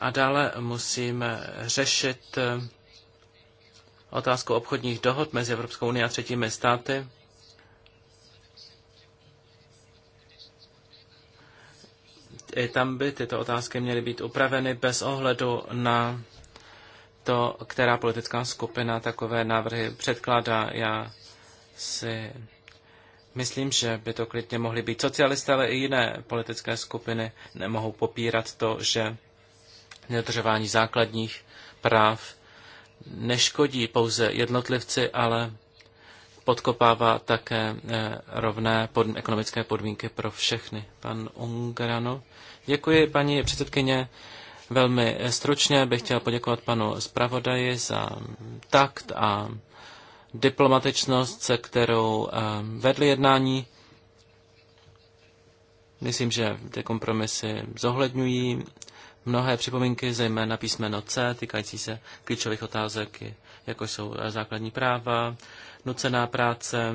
A dále musíme řešit otázku obchodních dohod mezi Evropskou unii a třetími státy. i tam by tyto otázky měly být upraveny bez ohledu na to, která politická skupina takové návrhy předkládá. Já si myslím, že by to klidně mohly být socialisté, ale i jiné politické skupiny nemohou popírat to, že nedržování základních práv neškodí pouze jednotlivci, ale podkopává také eh, rovné pod, ekonomické podmínky pro všechny. Pan Ungrano. Děkuji, paní předsedkyně. Velmi eh, stručně bych chtěl poděkovat panu zpravodaji za takt a diplomatičnost, se kterou eh, vedli jednání. Myslím, že ty kompromisy zohledňují mnohé připomínky, zejména písmeno C, týkající se klíčových otázek, jako jsou základní práva, nucená práce,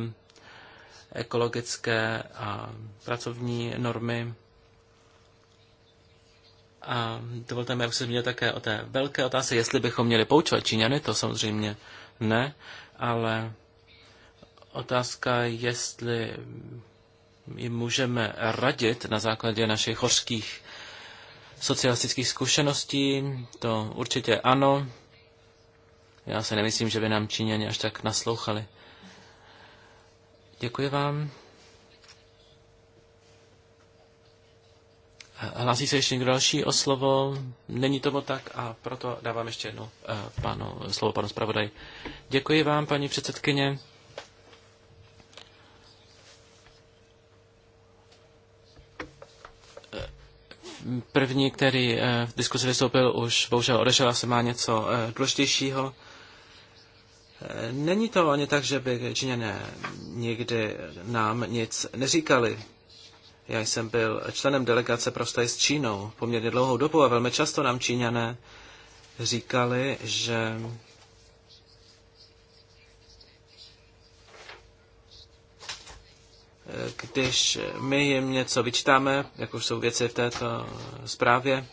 ekologické a pracovní normy. A dovolte mi, abych se měl také o té velké otázce, jestli bychom měli poučovat Číňany, to samozřejmě ne, ale otázka, jestli jim můžeme radit na základě našich hořkých socialistických zkušeností, to určitě ano. Já se nemyslím, že by nám Číňani až tak naslouchali. Děkuji vám. Hlásí se ještě někdo další o slovo? Není tomu tak a proto dávám ještě jednou eh, panu, slovo panu zpravodaj. Děkuji vám, paní předsedkyně. První, který eh, v diskuzi vystoupil, už bohužel odešel, asi má něco eh, důležitějšího. Není to ani tak, že by Číňané nikdy nám nic neříkali. Já jsem byl členem delegace prostě s Čínou poměrně dlouhou dobu a velmi často nám Číňané říkali, že když my jim něco vyčtáme, jako jsou věci v této zprávě,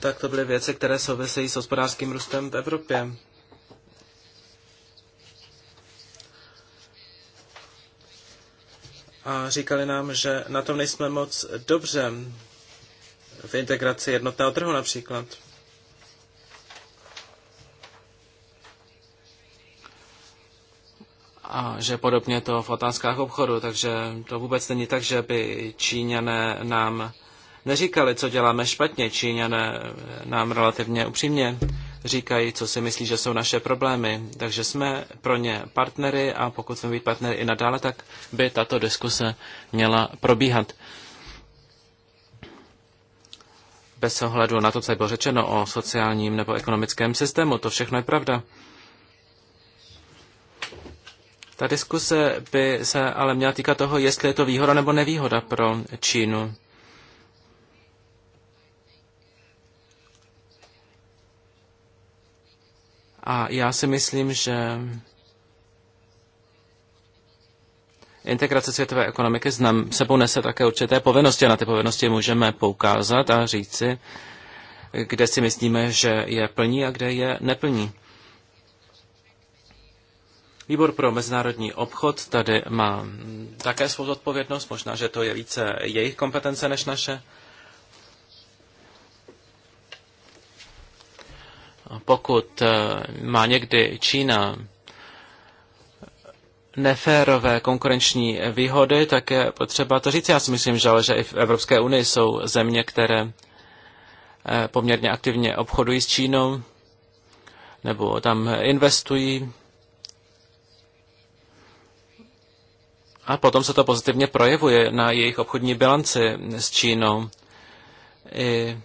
tak to byly věci, které souvisejí s hospodářským růstem v Evropě. A říkali nám, že na tom nejsme moc dobře v integraci jednotného trhu například. A že podobně to v otázkách obchodu, takže to vůbec není tak, že by Číňané nám neříkali, co děláme špatně. Číňané nám relativně upřímně říkají, co si myslí, že jsou naše problémy. Takže jsme pro ně partnery a pokud jsme být partnery i nadále, tak by tato diskuse měla probíhat. Bez ohledu na to, co bylo řečeno o sociálním nebo ekonomickém systému, to všechno je pravda. Ta diskuse by se ale měla týkat toho, jestli je to výhoda nebo nevýhoda pro Čínu. A já si myslím, že integrace světové ekonomiky znam, sebou nese také určité povinnosti a na ty povinnosti můžeme poukázat a říci, kde si myslíme, že je plní a kde je neplní. Výbor pro mezinárodní obchod tady má také svou odpovědnost, možná, že to je více jejich kompetence než naše. pokud eh, má někdy Čína neférové konkurenční výhody, tak je potřeba to říct. Já si myslím, že, ale že i v Evropské unii jsou země, které eh, poměrně aktivně obchodují s Čínou nebo tam investují. A potom se to pozitivně projevuje na jejich obchodní bilanci s Čínou. I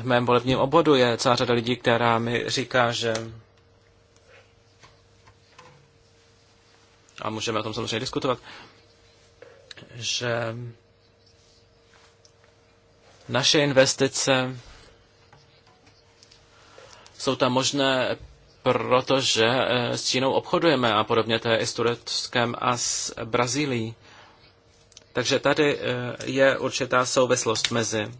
v mém volebním obvodu je celá řada lidí, která mi říká, že a můžeme o tom samozřejmě diskutovat, že naše investice jsou tam možné, protože eh, s Čínou obchodujeme a podobně to je i s Tureckem a s Brazílií. Takže tady eh, je určitá souvislost mezi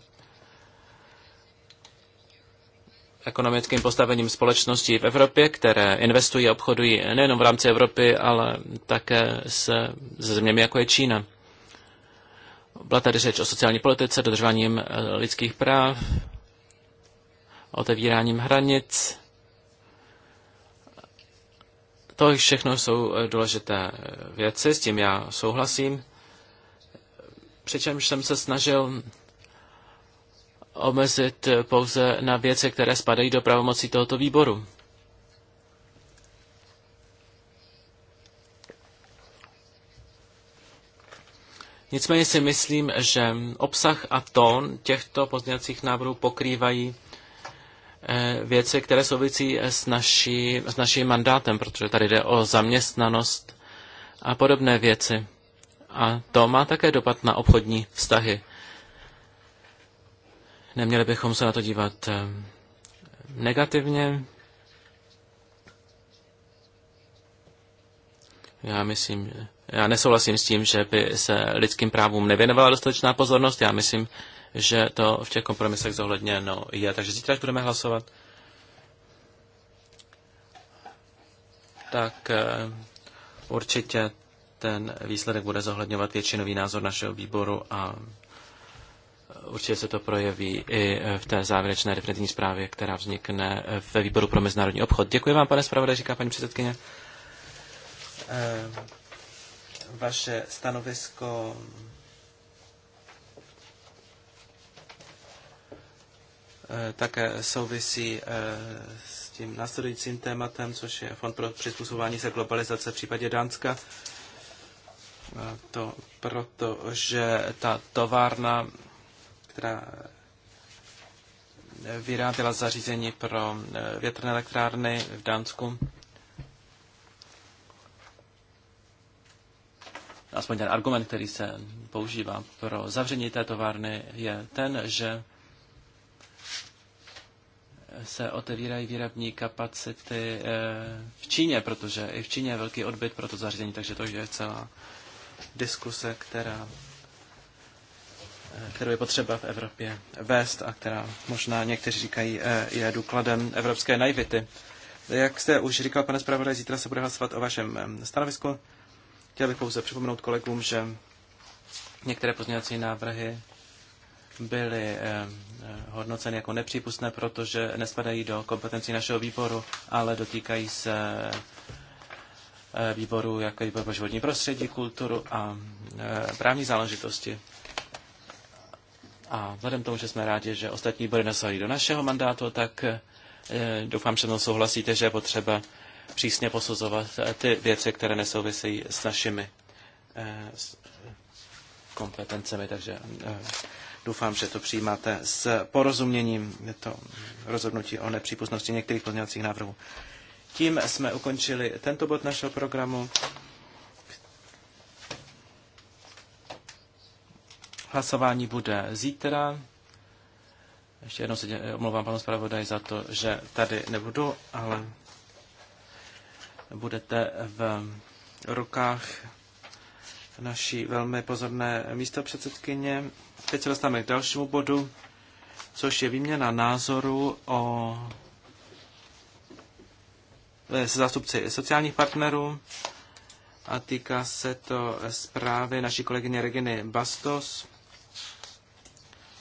ekonomickým postavením společností v Evropě, které investují a obchodují nejenom v rámci Evropy, ale také se, se zeměmi, jako je Čína. Byla tady řeč o sociální politice, dodržováním eh, lidských práv, otevíráním hranic. To všechno jsou eh, důležité eh, věci, s tím já souhlasím. Přičemž jsem se snažil omezit pouze na věci, které spadají do pravomocí tohoto výboru. Nicméně si myslím, že obsah a tón těchto pozměňovacích návrhů pokrývají eh, věci, které souvisí s, naší, s naším mandátem, protože tady jde o zaměstnanost a podobné věci. A to má také dopad na obchodní vztahy. Neměli bychom se na to dívat eh, negativně. Já myslím, já nesouhlasím s tím, že by se lidským právům nevěnovala dostatečná pozornost. Já myslím, že to v těch kompromisech zohledněno je. Takže zítra, až budeme hlasovat, tak eh, určitě ten výsledek bude zohledňovat většinový názor našeho výboru a určitě se to projeví i e, v té závěrečné definitivní zprávě, která vznikne e, ve výboru pro mezinárodní obchod. Děkuji vám, pane zpravodaj, říká paní předsedkyně. E, vaše stanovisko také souvisí s tím následujícím tématem, což je Fond pro přizpůsobování se globalizace v případě Dánska. To proto, že ta továrna která eh, vyráběla zařízení pro eh, větrné elektrárny v Dánsku. Aspoň ten argument, který se používá pro zavření té továrny, je ten, že se otevírají výrobní kapacity eh, v Číně, protože i v Číně je velký odbyt pro to zařízení, takže to je celá diskuse, která kterou je potřeba v Evropě vést a která možná někteří říkají eh, je důkladem evropské naivity. Jak jste už říkal, pane zpravodaj, zítra se bude hlasovat o vašem eh, stanovisku. Chtěl bych pouze připomenout kolegům, že některé pozměňovací návrhy byly eh, hodnoceny jako nepřípustné, protože nespadají do kompetencí našeho výboru, ale dotýkají se výboru jako výbor pro životní prostředí, kulturu a právní záležitosti. A vzhledem tomu, že jsme rádi, že ostatní body nasahují do našeho mandátu, tak eh, doufám, že mnou souhlasíte, že je potřeba přísně posuzovat eh, ty věci, které nesouvisejí s našimi eh, s kompetencemi. Takže doufám, že to přijímáte s porozuměním. Je to rozhodnutí o nepřípustnosti některých pozměňovacích návrhů. Tím jsme ukončili tento bod našeho programu. Hlasování bude zítra. Ještě jednou se omlouvám panu zpravodaj za to, že tady nebudu, ale budete v rukách naší velmi pozorné místo předsedkyně. Teď se dostáváme k dalšímu bodu, což je výměna názoru o eh, se zástupci sociálních partnerů a týká se to zprávy naší kolegyně Reginy Bastos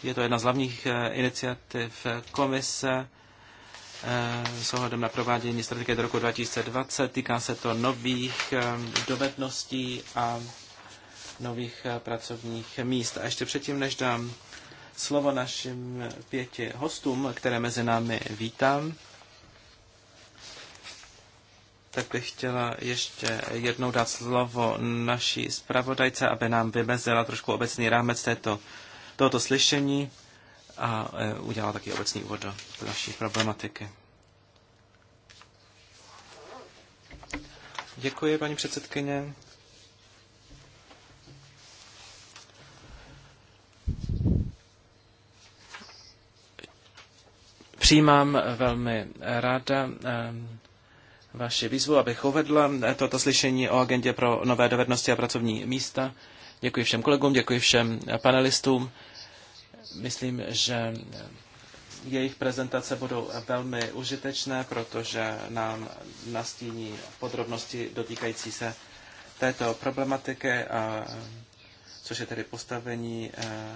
je to jedna z hlavních eh, iniciativ eh, komise eh, s ohledem na provádění strategie do roku 2020. Týká se to nových dovedností a nových pracovních míst. A ještě předtím, než dám slovo našim pěti hostům, které mezi námi vítám, tak bych chtěla ještě jednou dát slovo naší zpravodajce, aby nám vymezila trošku obecný rámec této tohoto slyšení a e, udělá taky obecný úvod do naší problematiky. Děkuji, paní předsedkyně. Přijímám velmi ráda e, vaši výzvu, abych uvedla toto slyšení o agendě pro nové dovednosti a pracovní místa. Děkuji všem kolegům, děkuji všem panelistům. Myslím, že jejich prezentace budou velmi užitečné, protože nám nastíní podrobnosti dotýkající se této problematiky, a, což je tedy postavení eh,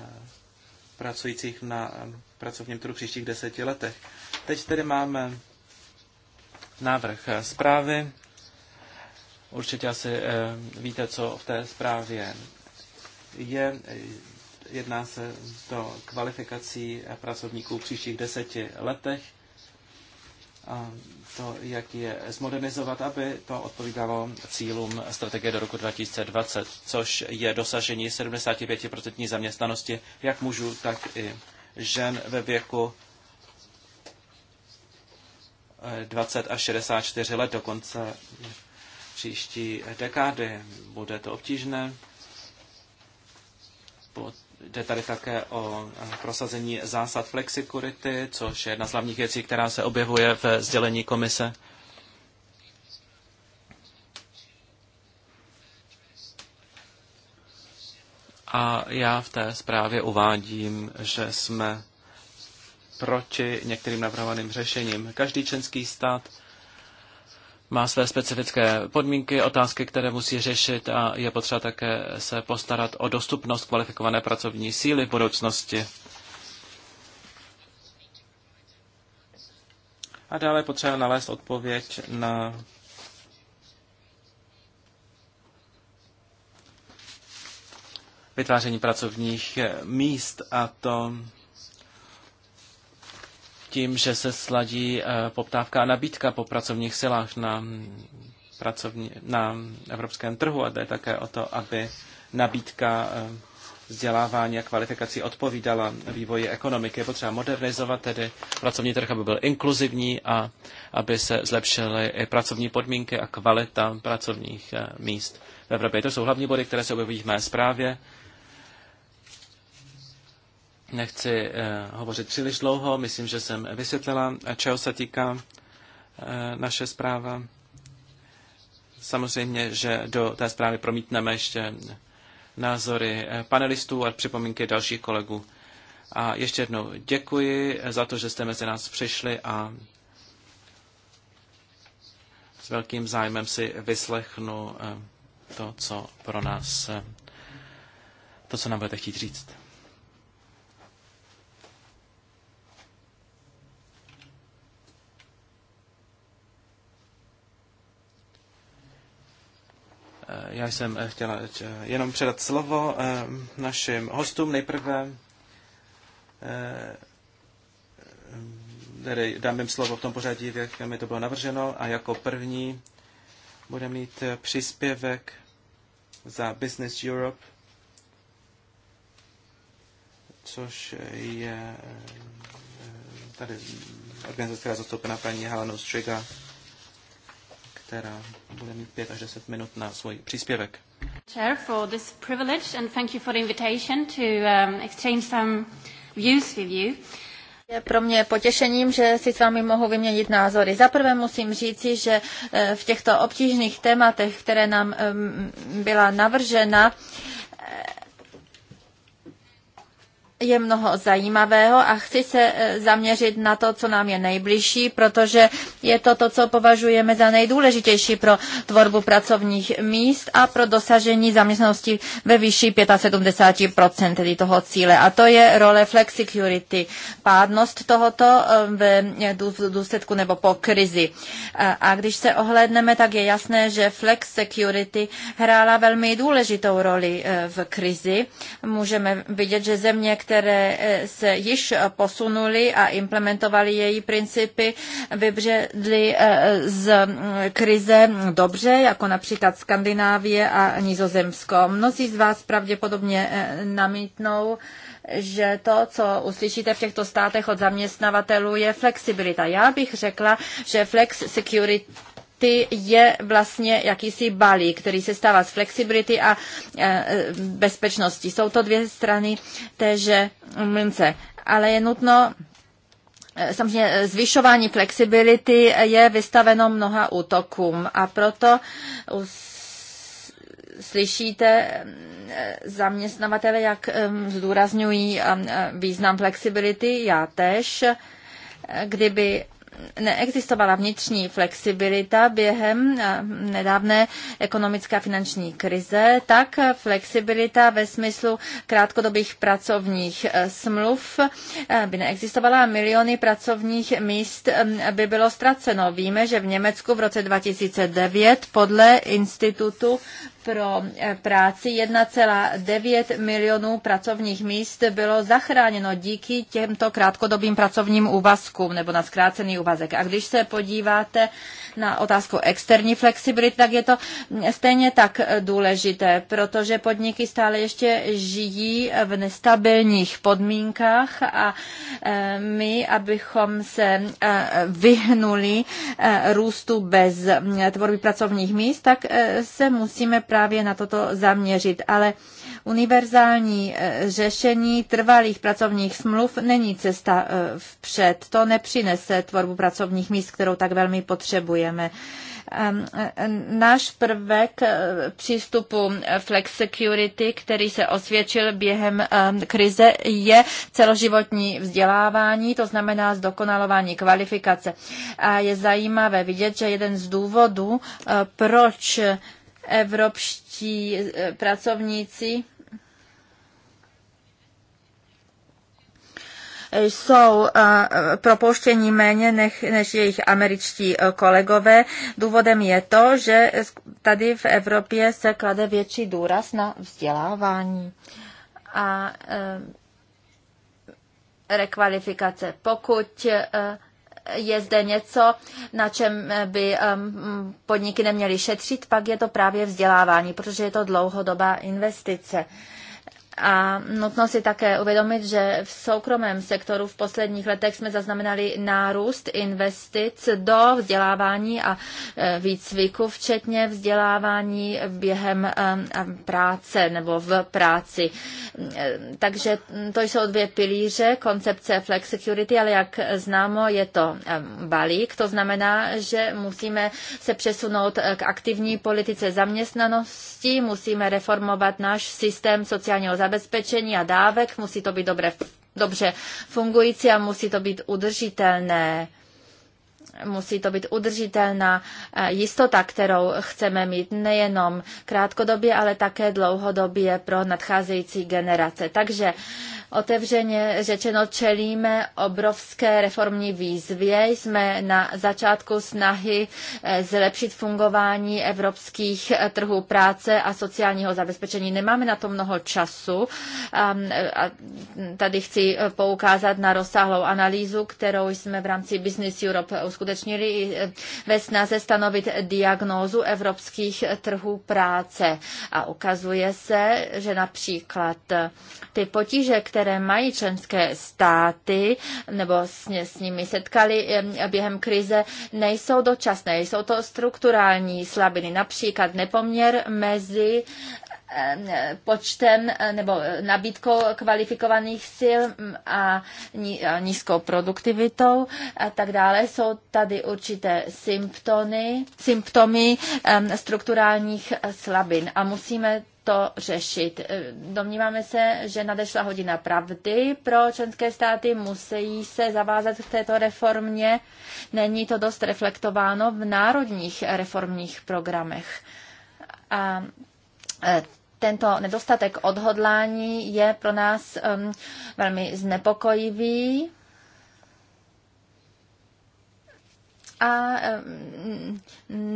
pracujících na pracovním trhu příštích deseti letech. Teď tedy máme návrh zprávy. Určitě asi eh, víte, co v té zprávě je, jedná se do kvalifikací pracovníků v příštích deseti letech a to, jak je zmodernizovat, aby to odpovídalo cílům strategie do roku 2020, což je dosažení 75% zaměstnanosti jak mužů, tak i žen ve věku 20 eh, až 64 let do konce příští dekády. Bude to obtížné. Jde tady také o eh, prosazení zásad flexikurity, což je jedna z hlavních věcí, která se objevuje v sdělení komise. A já v té zprávě uvádím, že jsme proti některým navrhovaným řešením. Každý členský stát má své specifické podmínky, otázky, které musí řešit a je potřeba také se postarat o dostupnost kvalifikované pracovní síly v budoucnosti. A dále potřeba nalézt odpověď na vytváření pracovních míst a to tím, že se sladí eh, poptávka a nabídka po pracovních silách na, pracovní, na evropském trhu a jde také o to, aby nabídka eh, vzdělávání a kvalifikací odpovídala vývoji ekonomiky. Je potřeba modernizovat tedy pracovní trh, aby byl inkluzivní a aby se zlepšily i pracovní podmínky a kvalita pracovních eh, míst v Evropě. To jsou hlavní body, které se objevují v mé zprávě. Nechci eh, hovořit příliš dlouho, myslím, že jsem vysvětlila, eh, čeho se týká eh, naše zpráva. Samozřejmě, že do té zprávy promítneme ještě názory panelistů a připomínky dalších kolegů. A ještě jednou děkuji za to, že jste mezi nás přišli a s velkým zájmem si vyslechnu to, co pro nás, to, co nám budete chtít říct. Já jsem eh, chtěla eh, jenom předat slovo eh, našim hostům. Nejprve tedy dám jim slovo v tom pořadí, v jakém mi to bylo navrženo. A jako první bude mít příspěvek za Business Europe, což je tady organizace, která zastoupena paní Helenou Striga která bude mít 5 až 10 minut na svůj příspěvek. Chair for this privilege and thank you for the invitation to um, exchange some views with you. Je pro mě potěšením, že si s vámi mohu vyměnit názory. Zaprvé musím říci, že eh, v těchto obtížných tématech, které nám byla navržena, je mnoho zajímavého a chci se e, zaměřit na to, co nám je nejbližší, protože je to to, co považujeme za nejdůležitější pro tvorbu pracovních míst a pro dosažení zaměstnanosti ve výši 75%, tedy toho cíle. A to je role flexicurity, pádnost tohoto e, v důsledku nebo po krizi. E, a když se ohlédneme, tak je jasné, že flex security hrála velmi důležitou roli v krizi. Můžeme vidět, že země, které eh, se již posunuly a implementovaly její principy, vybředly eh, z mm, krize dobře, jako například Skandinávie a Nizozemsko. Mnozí z vás pravděpodobně eh, namítnou, že to, co uslyšíte v těchto státech od zaměstnavatelů, je flexibilita. Já bych řekla, že flex security ty je vlastně jakýsi balík, který se stává z flexibility a e, bezpečnosti. Jsou to dvě strany téže mince. Ale je nutno e, Samozřejmě zvyšování flexibility je vystaveno mnoha útokům a proto slyšíte e, zaměstnavatele, jak zdůrazňují význam flexibility, já tež, kdyby neexistovala vnitřní flexibilita během eh, nedávné ekonomické a finanční krize, tak flexibilita ve smyslu krátkodobých pracovních eh, smluv eh, by neexistovala a miliony pracovních míst by bylo ztraceno. Víme, že v Německu v roce 2009 podle Institutu pro eh, práci 1,9 milionů pracovních míst bylo zachráněno díky těmto krátkodobým pracovním úvazkům nebo na zkrácený úvazek. A když se podíváte na otázku externí flexibility, tak je to stejně tak důležité, protože podniky stále ještě žijí v nestabilních podmínkách a e, my, abychom se e, vyhnuli e, růstu bez tvorby pracovních míst, tak se musíme právě na toto zaměřit. Ale univerzální eh, řešení trvalých pracovních smluv není cesta eh, vpřed. To nepřinese tvorbu pracovních míst, kterou tak velmi potřebujeme. Ehm, eh, náš prvek přístupu Flex Security, který se osvědčil během ehm, krize, je celoživotní vzdělávání, to znamená zdokonalování kvalifikace. A je zajímavé vidět, že jeden z důvodů, proč evropští pracovníci jsou eh, propouštěni méně než jejich američtí eh, kolegové. Důvodem je to, že tady v Evropě se klade větší důraz na vzdělávání. A eh, rekvalifikace. Pokud je zde něco, na čem by podniky neměly šetřit, pak je to právě vzdělávání, protože je to dlouhodobá investice. A nutno si také uvědomit, že v soukromém sektoru v posledních letech jsme zaznamenali nárůst investic do vzdělávání a e, výcviku, včetně vzdělávání během e, práce nebo v práci. E, takže to jsou dvě pilíře koncepce flex security, ale jak známo, je to balík. To znamená, že musíme se přesunout k aktivní politice zaměstnanosti, musíme reformovat náš systém sociálního zaměstnanosti, zabezpečení a dávek, musí to být dobré, dobře fungující a musí to být udržitelné musí to být udržitelná eh, jistota, kterou chceme mít nejenom krátkodobě, ale také dlouhodobě pro nadcházející generace. Takže Otevřeně řečeno čelíme obrovské reformní výzvě. Jsme na začátku snahy eh, zlepšit fungování evropských eh, trhů práce a sociálního zabezpečení. Nemáme na to mnoho času. Eh, a tady chci poukázat na rozsáhlou analýzu, kterou jsme v rámci Business Europe uskutečnili ve snaze stanovit diagnózu evropských trhů práce. A ukazuje se, že například ty potíže, které které mají členské státy, nebo s, s nimi setkali během krize, nejsou dočasné. Jsou to strukturální slabiny, například nepoměr mezi počtem nebo e, nabídkou kvalifikovaných sil a nízkou produktivitou a tak dále. Jsou tady určité symptomy, symptomy strukturálních e, slabin a musíme to řešit. Eh, domníváme se, že nadešla hodina pravdy pro členské státy, musí se zavázat k této reformě. Není to dost reflektováno v národních reformních programech. A eh, tento nedostatek odhodlání je pro nás um, velmi znepokojivý a mm,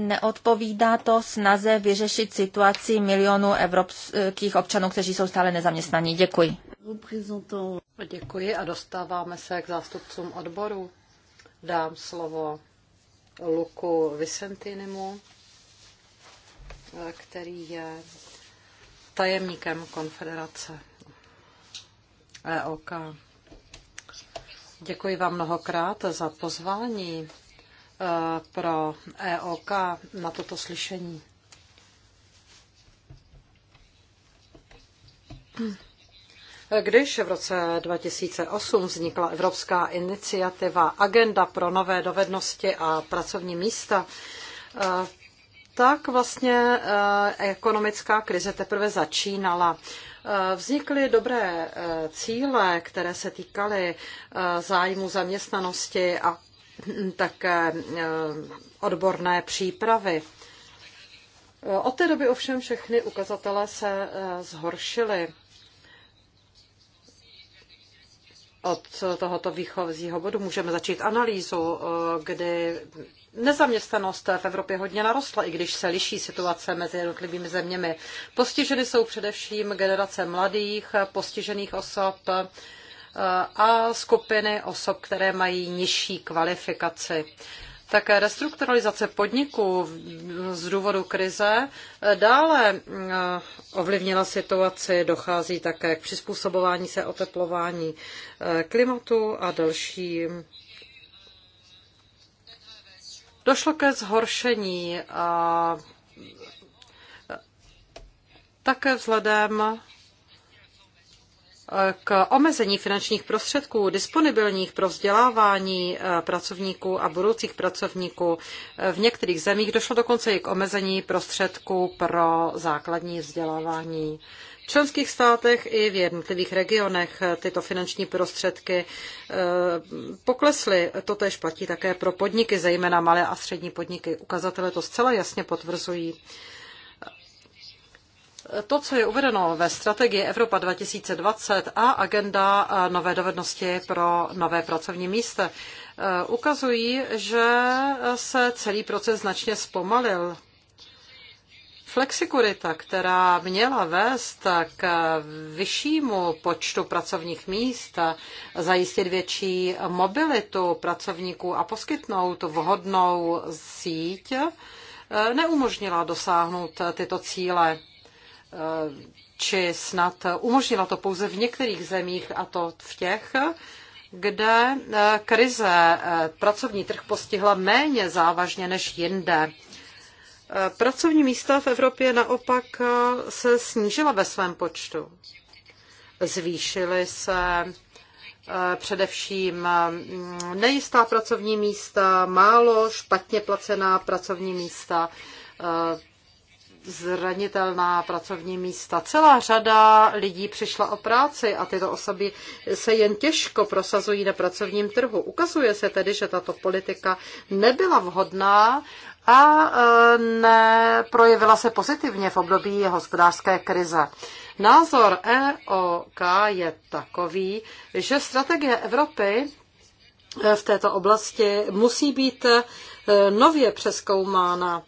neodpovídá to snaze vyřešit situaci milionů evropských občanů, kteří jsou stále nezaměstnaní. Děkuji. Děkuji a dostáváme se k zástupcům odboru. Dám slovo Luku Vicentinimu, který je tajemníkem konfederace EOK. Děkuji vám mnohokrát za pozvání Eh, pro EOK na toto slyšení. Když v roce 2008 vznikla evropská iniciativa Agenda pro nové dovednosti a pracovní místa, eh, tak vlastně eh, ekonomická krize teprve začínala. Vznikly dobré cíle, které se týkaly zájmu zaměstnanosti a také eh, odborné přípravy. Eh, od té doby ovšem všechny ukazatele se eh, zhoršily. Od tohoto výchozího bodu můžeme začít analýzu, kdy Nezaměstnanost v Evropě hodně narostla, i když se liší situace mezi jednotlivými zeměmi. Postiženy jsou především generace mladých, postižených osob, a skupiny osob, které mají nižší kvalifikaci. Také restrukturalizace podniků z důvodu krize dále mm, ovlivnila situaci, dochází také k přizpůsobování se oteplování eh, klimatu a dalším. Došlo ke zhoršení a také vzhledem k omezení finančních prostředků disponibilních pro vzdělávání eh, pracovníků a budoucích pracovníků. V některých zemích došlo dokonce i k omezení prostředků pro základní vzdělávání. V členských státech i v jednotlivých regionech tyto finanční prostředky eh, poklesly. To tež platí také pro podniky, zejména malé a střední podniky. Ukazatele to zcela jasně potvrzují to, co je uvedeno ve strategii Evropa 2020 a agenda nové dovednosti pro nové pracovní místa, eh, ukazují, že se celý proces značně zpomalil. Flexikurita, která měla vést k vyššímu počtu pracovních míst, zajistit větší mobilitu pracovníků a poskytnout vhodnou síť, eh, neumožnila dosáhnout tyto cíle či snad umožnila to pouze v některých zemích, a to v těch, kde eh, krize eh, pracovní trh postihla méně závažně než jinde. Eh, pracovní místa v Evropě naopak se snížila ve svém počtu. Zvýšily se především mm, nejistá pracovní místa, málo špatně placená pracovní místa, zranitelná pracovní místa. Celá řada lidí přišla o práci a tyto osoby se jen těžko prosazují na pracovním trhu. Ukazuje se tedy, že tato politika nebyla vhodná a e, neprojevila se pozitivně v období hospodářské krize. Názor EOK je takový, že strategie Evropy e, v této oblasti musí být e, nově přeskoumána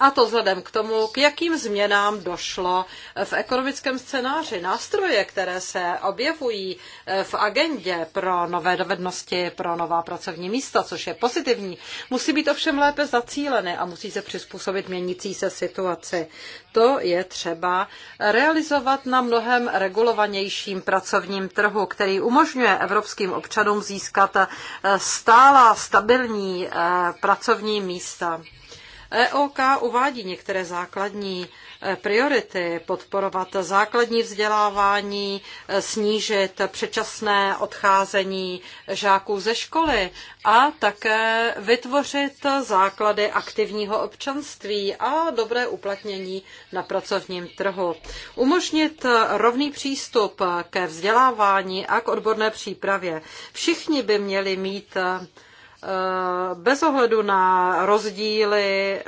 a to vzhledem k tomu, k jakým změnám došlo v ekonomickém scénáři. Nástroje, které se objevují eh, v agendě pro nové dovednosti, pro nová pracovní místa, což je pozitivní, musí být ovšem lépe zacíleny a musí se přizpůsobit měnící se situaci. To je třeba realizovat na mnohem regulovanějším pracovním trhu, který umožňuje evropským občanům získat eh, stálá, stabilní eh, pracovní místa. EOK uvádí některé základní e, priority, podporovat základní vzdělávání, e, snížit předčasné odcházení žáků ze školy a také vytvořit základy aktivního občanství a dobré uplatnění na pracovním trhu. Umožnit rovný přístup ke vzdělávání a k odborné přípravě. Všichni by měli mít e, Eh, bez ohledu na rozdíly eh,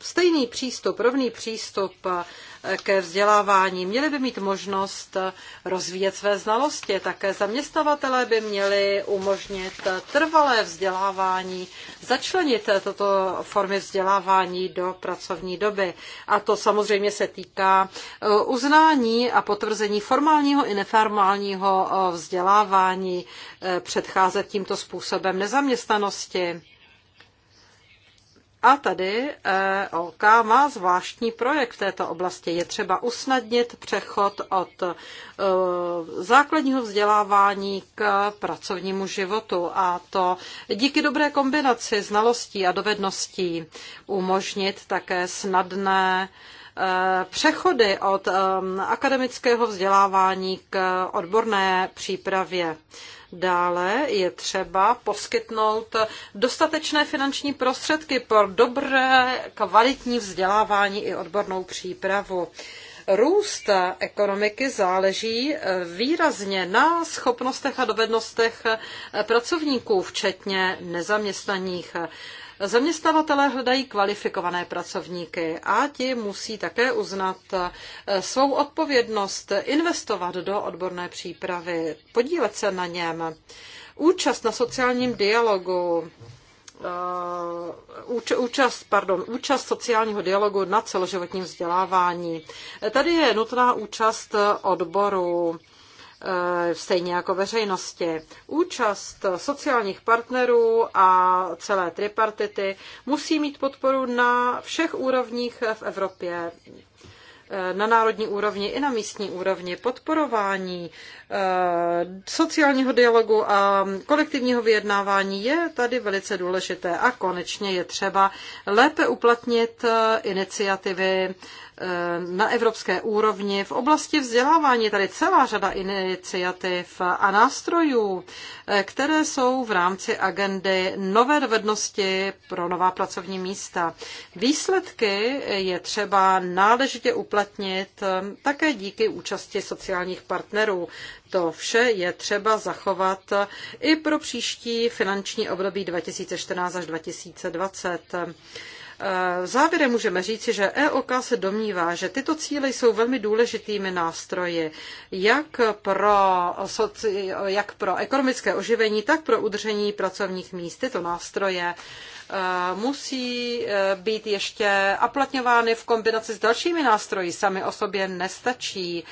stejný přístup, rovný přístup eh, ke vzdělávání, měli by mít možnost rozvíjet své znalosti. Také zaměstnavatelé by měli umožnit trvalé vzdělávání, začlenit toto formy vzdělávání do pracovní doby. A to samozřejmě se týká eh, uznání a potvrzení formálního i neformálního eh, vzdělávání, eh, předcházet tímto způsobem nezaměstnanosti. A tady eh, OK má zvláštní projekt v této oblasti. Je třeba usnadnit přechod od eh, základního vzdělávání k pracovnímu životu a to díky dobré kombinaci znalostí a dovedností umožnit také snadné eh, přechody od akademického vzdělávání k odborné přípravě. Dále je třeba poskytnout dostatečné finanční prostředky pro dobré kvalitní vzdělávání i odbornou přípravu. Růst ekonomiky záleží eh, výrazně na schopnostech a dovednostech eh, pracovníků, včetně nezaměstnaných. Zaměstnavatelé hledají kvalifikované pracovníky a ti musí také uznat eh, svou odpovědnost investovat do odborné přípravy, podílet se na něm. Účast na sociálním dialogu, eh, účast, pardon, účast sociálního dialogu na celoživotním vzdělávání. Tady je nutná účast odboru Eh, stejně jako veřejnosti. Účast sociálních partnerů a celé tripartity musí mít podporu na všech úrovních v Evropě eh, na národní úrovni i na místní úrovni podporování eh, sociálního dialogu a kolektivního vyjednávání je tady velice důležité. A konečně je třeba lépe uplatnit iniciativy Eh, na evropské úrovni. V oblasti vzdělávání tady celá řada iniciativ a nástrojů, eh, které jsou v rámci agendy nové dovednosti pro nová pracovní místa. Výsledky je třeba náležitě uplatnit eh, také díky účasti sociálních partnerů. To vše je třeba zachovat i pro příští finanční období 2014 až 2020. Eh, závěrem můžeme říci, že EOK se domnívá, že tyto cíle jsou velmi důležitými nástroji jak pro, soci, jak pro ekonomické oživení, tak pro udržení pracovních míst. Tyto nástroje eh, musí eh, být ještě aplatňovány v kombinaci s dalšími nástroji. Sami o sobě nestačí.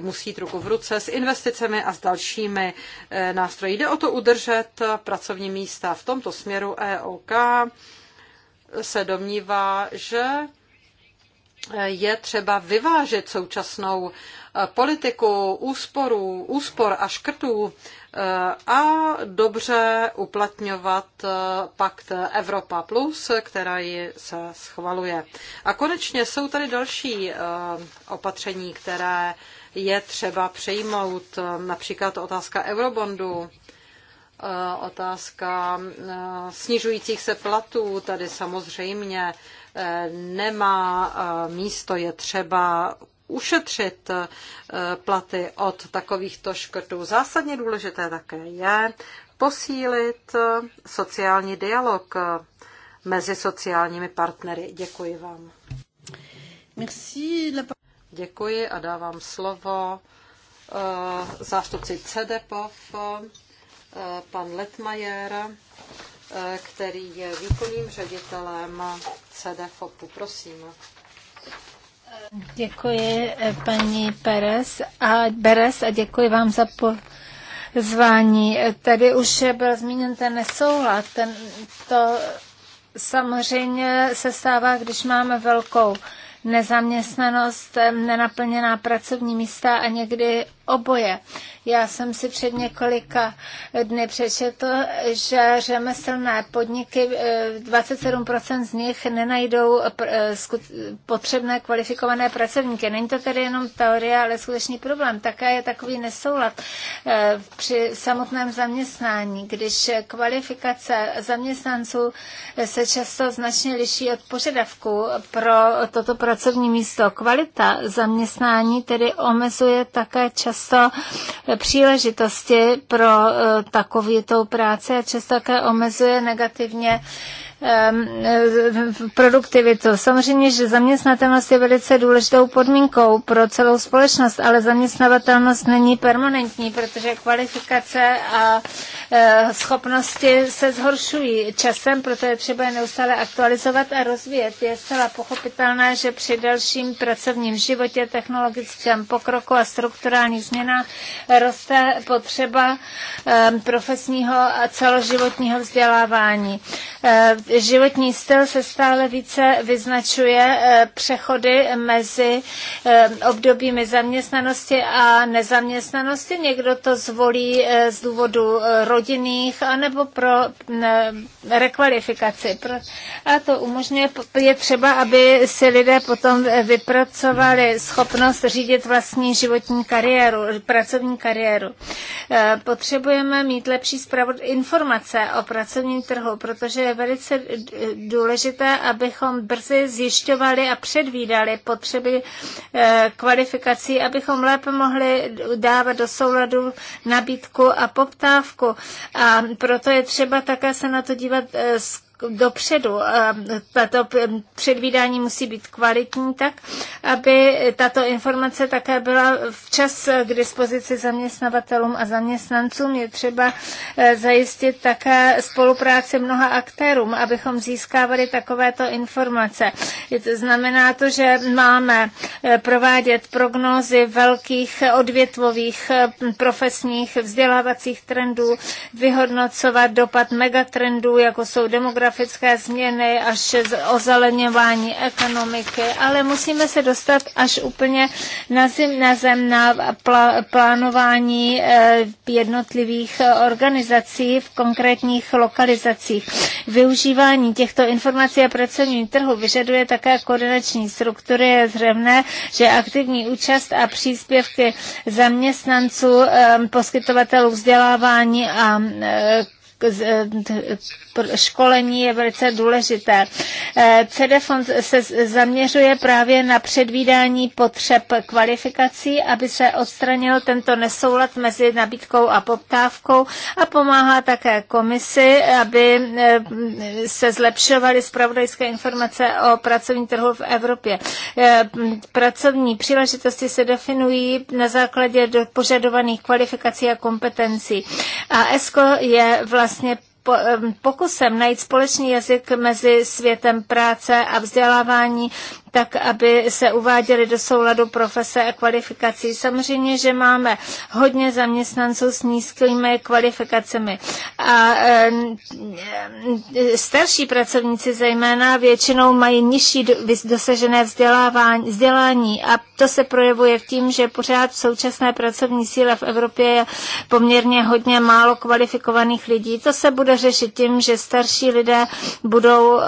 Musí jít ruku v ruce s investicemi a s dalšími nástroji. Jde o to udržet pracovní místa. V tomto směru EOK se domnívá, že je třeba vyvážet současnou eh, politiku úsporu, úspor a škrtů eh, a dobře uplatňovat eh, pakt Evropa Plus, který se schvaluje. A konečně jsou tady další opatření, které je třeba přijmout, například otázka eurobondu Eh, otázka eh, snižujících se platů tady samozřejmě eh, nemá místo, je třeba ušetřit platy od takovýchto škrtů. Zásadně důležité také je posílit sociální dialog mezi sociálními partnery. Děkuji vám. Merci. Děkuji a dávám slovo zástupci CEDEPOV. Eh, pan Letmajer, eh, který je výkonným ředitelem CDFOPu. Prosím. Děkuji eh, paní Perez a, Beres a děkuji vám za pozvání. zvání. Tady už byl zmíněn ten nesoulad. Ten, to samozřejmě se stává, když máme velkou nezaměstnanost, nenaplněná pracovní místa a někdy oboje. Já jsem si před několika dny přečetl, že řemeslné podniky, 27% eh, z nich nenajdou eh, eh, potřebné kvalifikované pracovníky. Není to tedy jenom teorie, ale skutečný problém. Také je takový nesoulad při samotném zaměstnání, když kvalifikace zaměstnanců se často značně liší od požadavků pro toto pracovní místo. Kvalita zaměstnání tedy omezuje také čas často příležitosti pro eh, takovou práci a často také omezuje negativně Ehm, produktivitu. Samozřejmě, že zaměstnatelnost je velice důležitou podmínkou pro celou společnost, ale zaměstnavatelnost není permanentní, protože kvalifikace a e, schopnosti se zhoršují časem, proto je třeba je neustále aktualizovat a rozvíjet. Je zcela pochopitelné, že při dalším pracovním životě, technologickém pokroku a strukturálních změnách roste potřeba ehm, profesního a celoživotního vzdělávání. Ehm, životní styl se stále více vyznačuje eh, přechody mezi eh, obdobími zaměstnanosti a nezaměstnanosti. Někdo to zvolí eh, z důvodu rodinných anebo pro mm, rekvalifikaci. A to umožňuje, je třeba, aby si lidé potom vypracovali schopnost řídit vlastní životní kariéru, pracovní kariéru. Potřebujeme mít lepší informace o pracovním trhu, protože je velice důležité, abychom brzy zjišťovali a předvídali potřeby eh, kvalifikací, abychom lépe mohli dávat do souladu nabídku a poptávku. A proto je třeba také se na to dívat eh, z dopředu. Ehm, tato ehm, předvídání musí být kvalitní tak, aby tato informace také byla včas k dispozici zaměstnavatelům a zaměstnancům. Je třeba eh, zajistit také spolupráci mnoha aktérům, abychom získávali takovéto informace. To znamená to, že máme eh, provádět prognózy velkých eh, odvětvových profesních vzdělávacích trendů, vyhodnocovat dopad megatrendů, jako jsou demografické demografické změny, až ozeleňování ekonomiky, ale musíme se dostat až úplně na, zem na zem na plánování eh, jednotlivých eh, organizací v konkrétních lokalizacích. Využívání těchto informací a pracovní trhu vyžaduje také koordinační struktury. Je zřejmé, že aktivní účast a příspěvky zaměstnanců, eh, poskytovatelů vzdělávání a Eh, školení je velice důležité. Eh, CDFON se zaměřuje právě na předvídání potřeb kvalifikací, aby se odstranil tento nesoulad mezi nabídkou a poptávkou a pomáhá také komisi, aby eh, se zlepšovaly zpravodajské informace o pracovní trhu v Evropě. Pracovní příležitosti se definují na základě požadovaných kvalifikací a kompetencí. A ESCO je vlastně vlastně pokusem najít společný jazyk mezi světem práce a vzdělávání tak aby se uváděly do souladu profese a kvalifikací. Samozřejmě, že máme hodně zaměstnanců s nízkými kvalifikacemi a starší pracovníci zejména většinou mají nižší dosažené vzdělávání, vzdělání a to se projevuje v tím, že pořád v současné pracovní síle v Evropě je poměrně hodně málo kvalifikovaných lidí. To se bude řešit tím, že starší lidé budou um,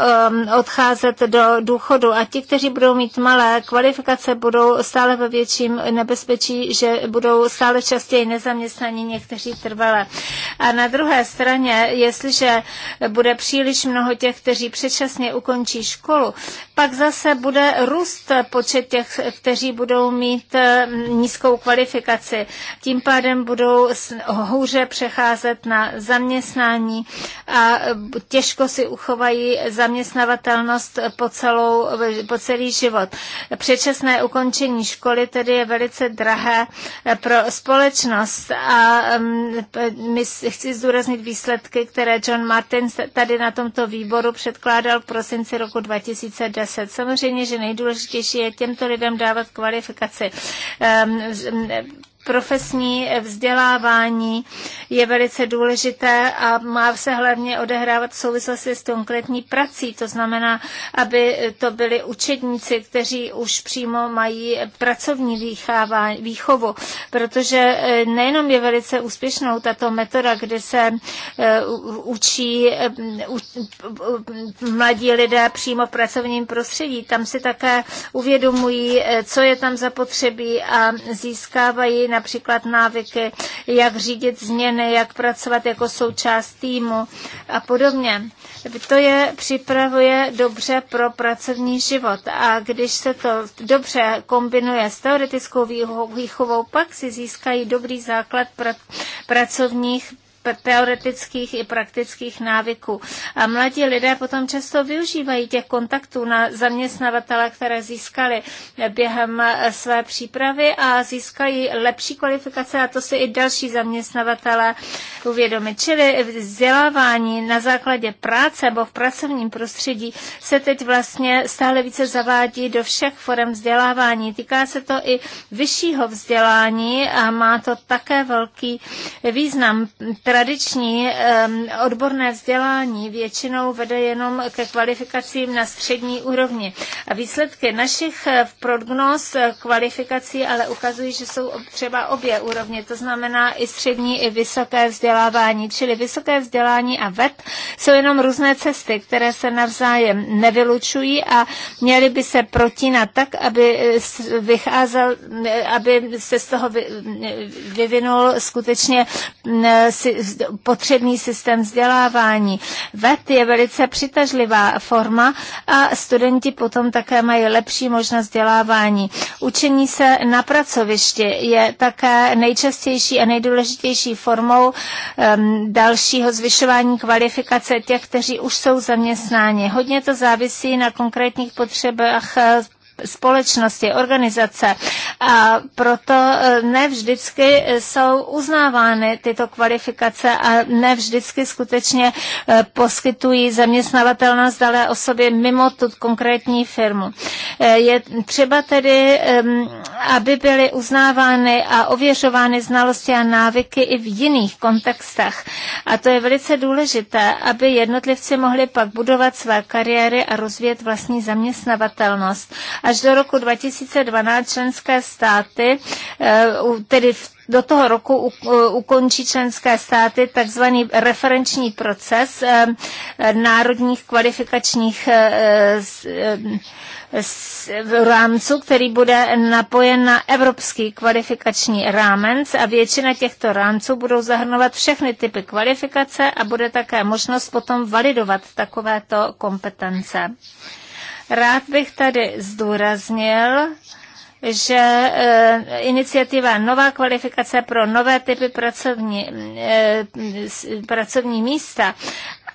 odcházet do důchodu a ti, kteří budou mít malé kvalifikace, budou stále ve větším nebezpečí, že budou stále častěji nezaměstnaní někteří trvale. A na druhé straně, jestliže bude příliš mnoho těch, kteří předčasně ukončí školu, pak zase bude růst počet těch, kteří budou mít eh, nízkou kvalifikaci. Tím pádem budou hůře přecházet na zaměstnání a těžko si uchovají zaměstnavatelnost po, celou, po celý celý život. Předčasné ukončení školy tedy je velice drahé eh, pro společnost a mm, my chci zdůraznit výsledky, které John Martin tady na tomto výboru předkládal v prosinci roku 2010. Samozřejmě, že nejdůležitější je těmto lidem dávat kvalifikaci ehm, profesní vzdělávání je velice důležité a má se hlavně odehrávat v souvislosti s konkrétní prací. To znamená, aby to byli učedníci, kteří už přímo mají pracovní výchovu, protože eh, nejenom je velice úspěšnou tato metoda, kdy se eh, učí eh, mladí lidé přímo v pracovním prostředí. Tam si také uvědomují, co je tam zapotřebí a získávají například návyky, jak řídit změny, jak pracovat jako součást týmu a podobně. To je připravuje dobře pro pracovní život a když se to dobře kombinuje s teoretickou výchovou, pak si získají dobrý základ pr- pracovních teoretických i praktických návyků. A mladí lidé potom často využívají těch kontaktů na zaměstnavatele, které získali během eh, své přípravy a získají lepší kvalifikace a to si i další zaměstnavatele uvědomí. Čili vzdělávání na základě práce nebo v pracovním prostředí se teď vlastně stále více zavádí do všech forem vzdělávání. Týká se to i vyššího vzdělání a má to také velký význam Tradiční odborné vzdělání většinou vede jenom ke kvalifikacím na střední úrovni. A výsledky našich eh, prognóz eh, kvalifikací ale ukazují, že jsou třeba obě úrovně, to znamená i střední, i vysoké vzdělávání. Čili vysoké vzdělání a VET jsou jenom různé cesty, které se navzájem nevylučují a měly by se protínat tak, aby eh, vycházel, aby se z toho vyvinul skutečně mm, potřebný systém vzdělávání. VET je velice přitažlivá forma a studenti potom také mají lepší možnost vzdělávání. Učení se na pracovišti je také nejčastější a nejdůležitější formou um, dalšího zvyšování kvalifikace těch, kteří už jsou zaměstnáni. Hodně to závisí na konkrétních potřebách společnosti, organizace a proto e, ne vždycky jsou uznávány tyto kvalifikace a ne vždycky skutečně e, poskytují zaměstnavatel na zdalé osobě mimo tu konkrétní firmu. E, je třeba tedy, aby byly uznávány a ověřovány znalosti a návyky i v jiných kontextech. A to je velice důležité, aby jednotlivci mohli pak budovat své kariéry a rozvíjet vlastní zaměstnavatelnost. A Až do roku 2012 členské státy, eh, tedy do toho roku eh, ukončí členské státy takzvaný referenční proces eh, národních kvalifikačních v rámcu, který bude napojen na evropský kvalifikační rámec a většina těchto rámců budou zahrnovat všechny typy kvalifikace a bude také možnost potom validovat takovéto kompetence. Rád bych tady zdůraznil, že e, iniciativa Nová kvalifikace pro nové typy pracovní, e, pracovní místa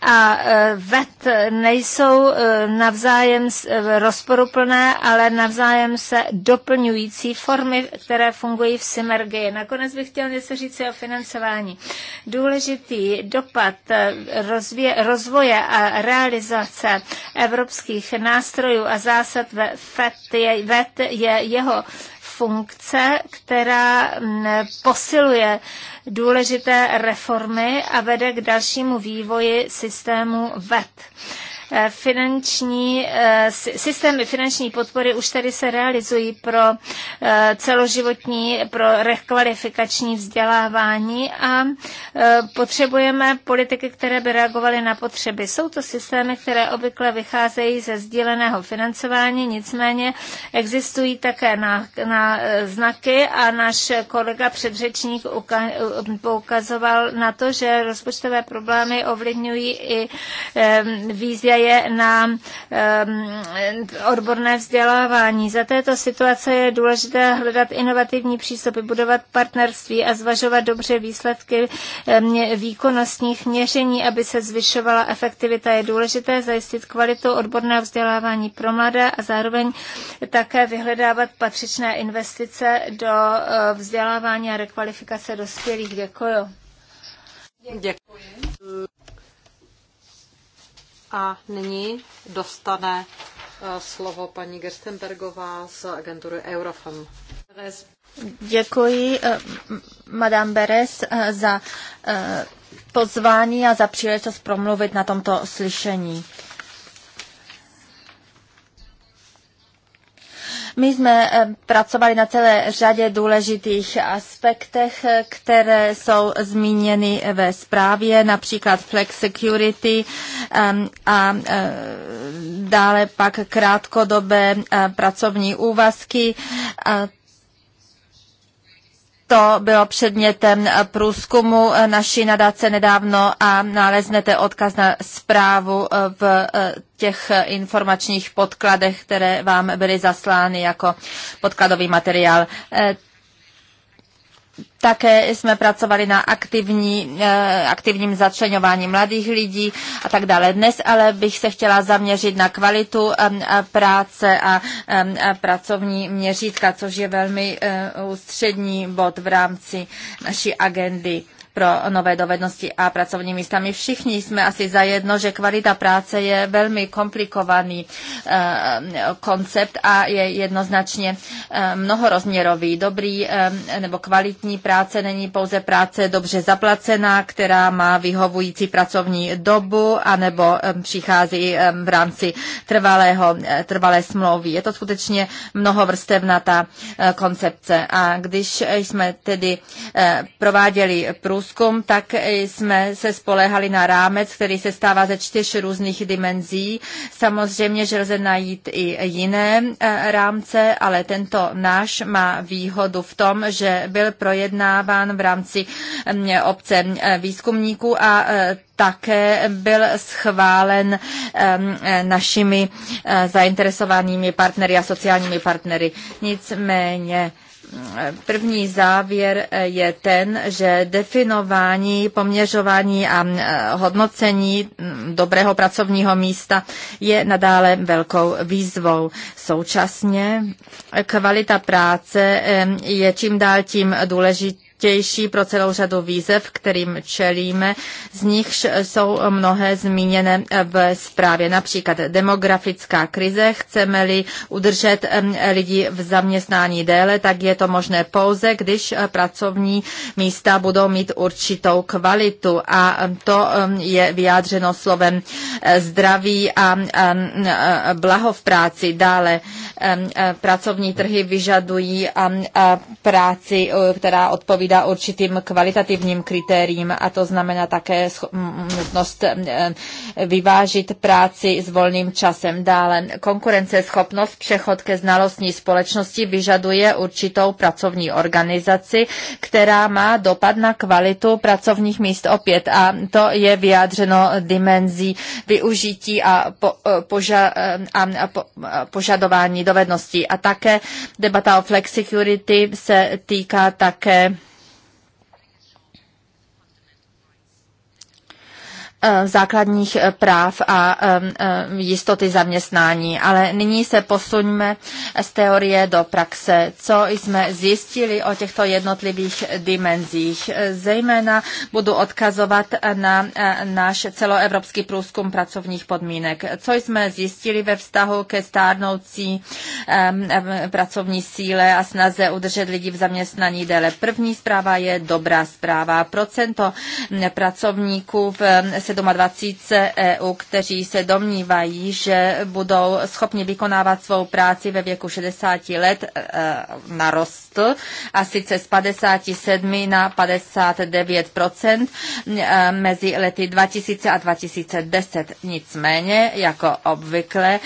a e, vet nejsou e, navzájem e, rozporuplné, ale navzájem se doplňující formy, které fungují v synergii. Nakonec bych chtěl něco říct o financování. Důležitý dopad rozvě, rozvoje a realizace evropských nástrojů a zásad ve FET je, VET je jeho funkce, která mm, posiluje důležité reformy a vede k dalšímu vývoji systému VET. Eh, finanční, eh, systémy finanční podpory už tady se realizují pro eh, celoživotní, pro rekvalifikační vzdělávání a potřebujeme politiky, které by reagovaly na potřeby. Jsou to systémy, které obvykle vycházejí ze sdíleného financování, nicméně existují také na, na znaky a náš kolega předřečník poukazoval na to, že rozpočtové problémy ovlivňují i výzvě výdaje na um, odborné vzdělávání. Za této situace je důležité hledat inovativní přístupy, budovat partnerství a zvažovat dobře výsledky ehm, výkonnostních měření, aby se zvyšovala efektivita. Je důležité zajistit kvalitu odborného vzdělávání pro mladé a zároveň také vyhledávat patřičné investice do eh, vzdělávání a rekvalifikace dospělých. Děkuji. Děkuji. A nyní dostane eh, slovo paní Gerstenbergová z agentury Eurofam. Děkuji, eh, madame Beres, eh, za pozvání a za příležitost promluvit na tomto slyšení. My jsme eh, pracovali na celé řadě důležitých aspektech, eh, které jsou zmíněny ve zprávě, například flex security ehm, a eh, dále pak krátkodobé pracovní úvazky to bylo předmětem průzkumu naší nadace nedávno a naleznete odkaz na zprávu v těch informačních podkladech, které vám byly zaslány jako podkladový materiál. Také jsme pracovali na aktivní, eh, aktivním začlenování mladých lidí a tak dále. Dnes ale bych se chtěla zaměřit na kvalitu eh, eh, práce a pracovní měřítka, což je velmi ústřední bod v rámci naší agendy pro nové dovednosti a pracovní místa. My všichni jsme asi zajedno, že kvalita práce je velmi komplikovaný eh, koncept a je jednoznačně eh, mnohorozměrový. Dobrý eh, nebo kvalitní práce není pouze práce dobře zaplacená, která má vyhovující pracovní dobu anebo přichází v rámci trvalého, trvalé smlouvy. Je to skutečně ta koncepce. A když jsme tedy prováděli průzkum, průzkum, tak jsme se spolehali na rámec, který se stává ze čtyř různých dimenzí. Samozřejmě, že lze najít i jiné eh, rámce, ale tento náš má výhodu v tom, že byl projednáván v rámci mm, obce eh, výzkumníků a eh, také byl schválen ehm, našimi zainteresovanými partnery a sociálními partnery. Nicméně První závěr eh, je ten, že definování, poměřování a eh, hodnocení mm, dobrého pracovního místa je nadále velkou výzvou. Současně kvalita práce eh, je čím dál tím důležitější těžší pro celou řadu výzev, kterým čelíme. Z nich jsou mnohé zmíněné v zprávě. Například demografická krize. Chceme-li udržet lidi v zaměstnání déle, tak je to možné pouze, když pracovní místa budou mít určitou kvalitu. A to je vyjádřeno slovem e, zdraví a e, blaho v práci. Dále e, pracovní trhy vyžadují práci, která odpovídá odpovídá určitým kvalitativním kritériím a to znamená také nutnost e, vyvážit práci s volným časem. Dále konkurenceschopnost, přechod ke znalostní společnosti vyžaduje určitou pracovní organizaci, která má dopad na kvalitu pracovních míst opět a to je vyjádřeno dimenzí využití a, po, e, poža, e, a, po, požadování dovedností. A také debata o flexicurity se týká také Eh, základních eh, práv a eh, jistoty zaměstnání. Ale nyní se posuňme z teorie do praxe. Co jsme zjistili o těchto jednotlivých dimenzích? Zejména budu odkazovat na náš celoevropský průzkum pracovních podmínek. Co jsme zjistili ve vztahu ke stárnoucí pracovní síle a snaze udržet lidi v zaměstnaní déle? První zpráva je dobrá zpráva. Procento pracovníků v 27 EU, kteří se domnívají, že budou schopni vykonávat svou práci ve věku 60 let, e, narostl a sice z 57 na 59 e, mezi lety 2000 a 2010. Nicméně, jako obvykle,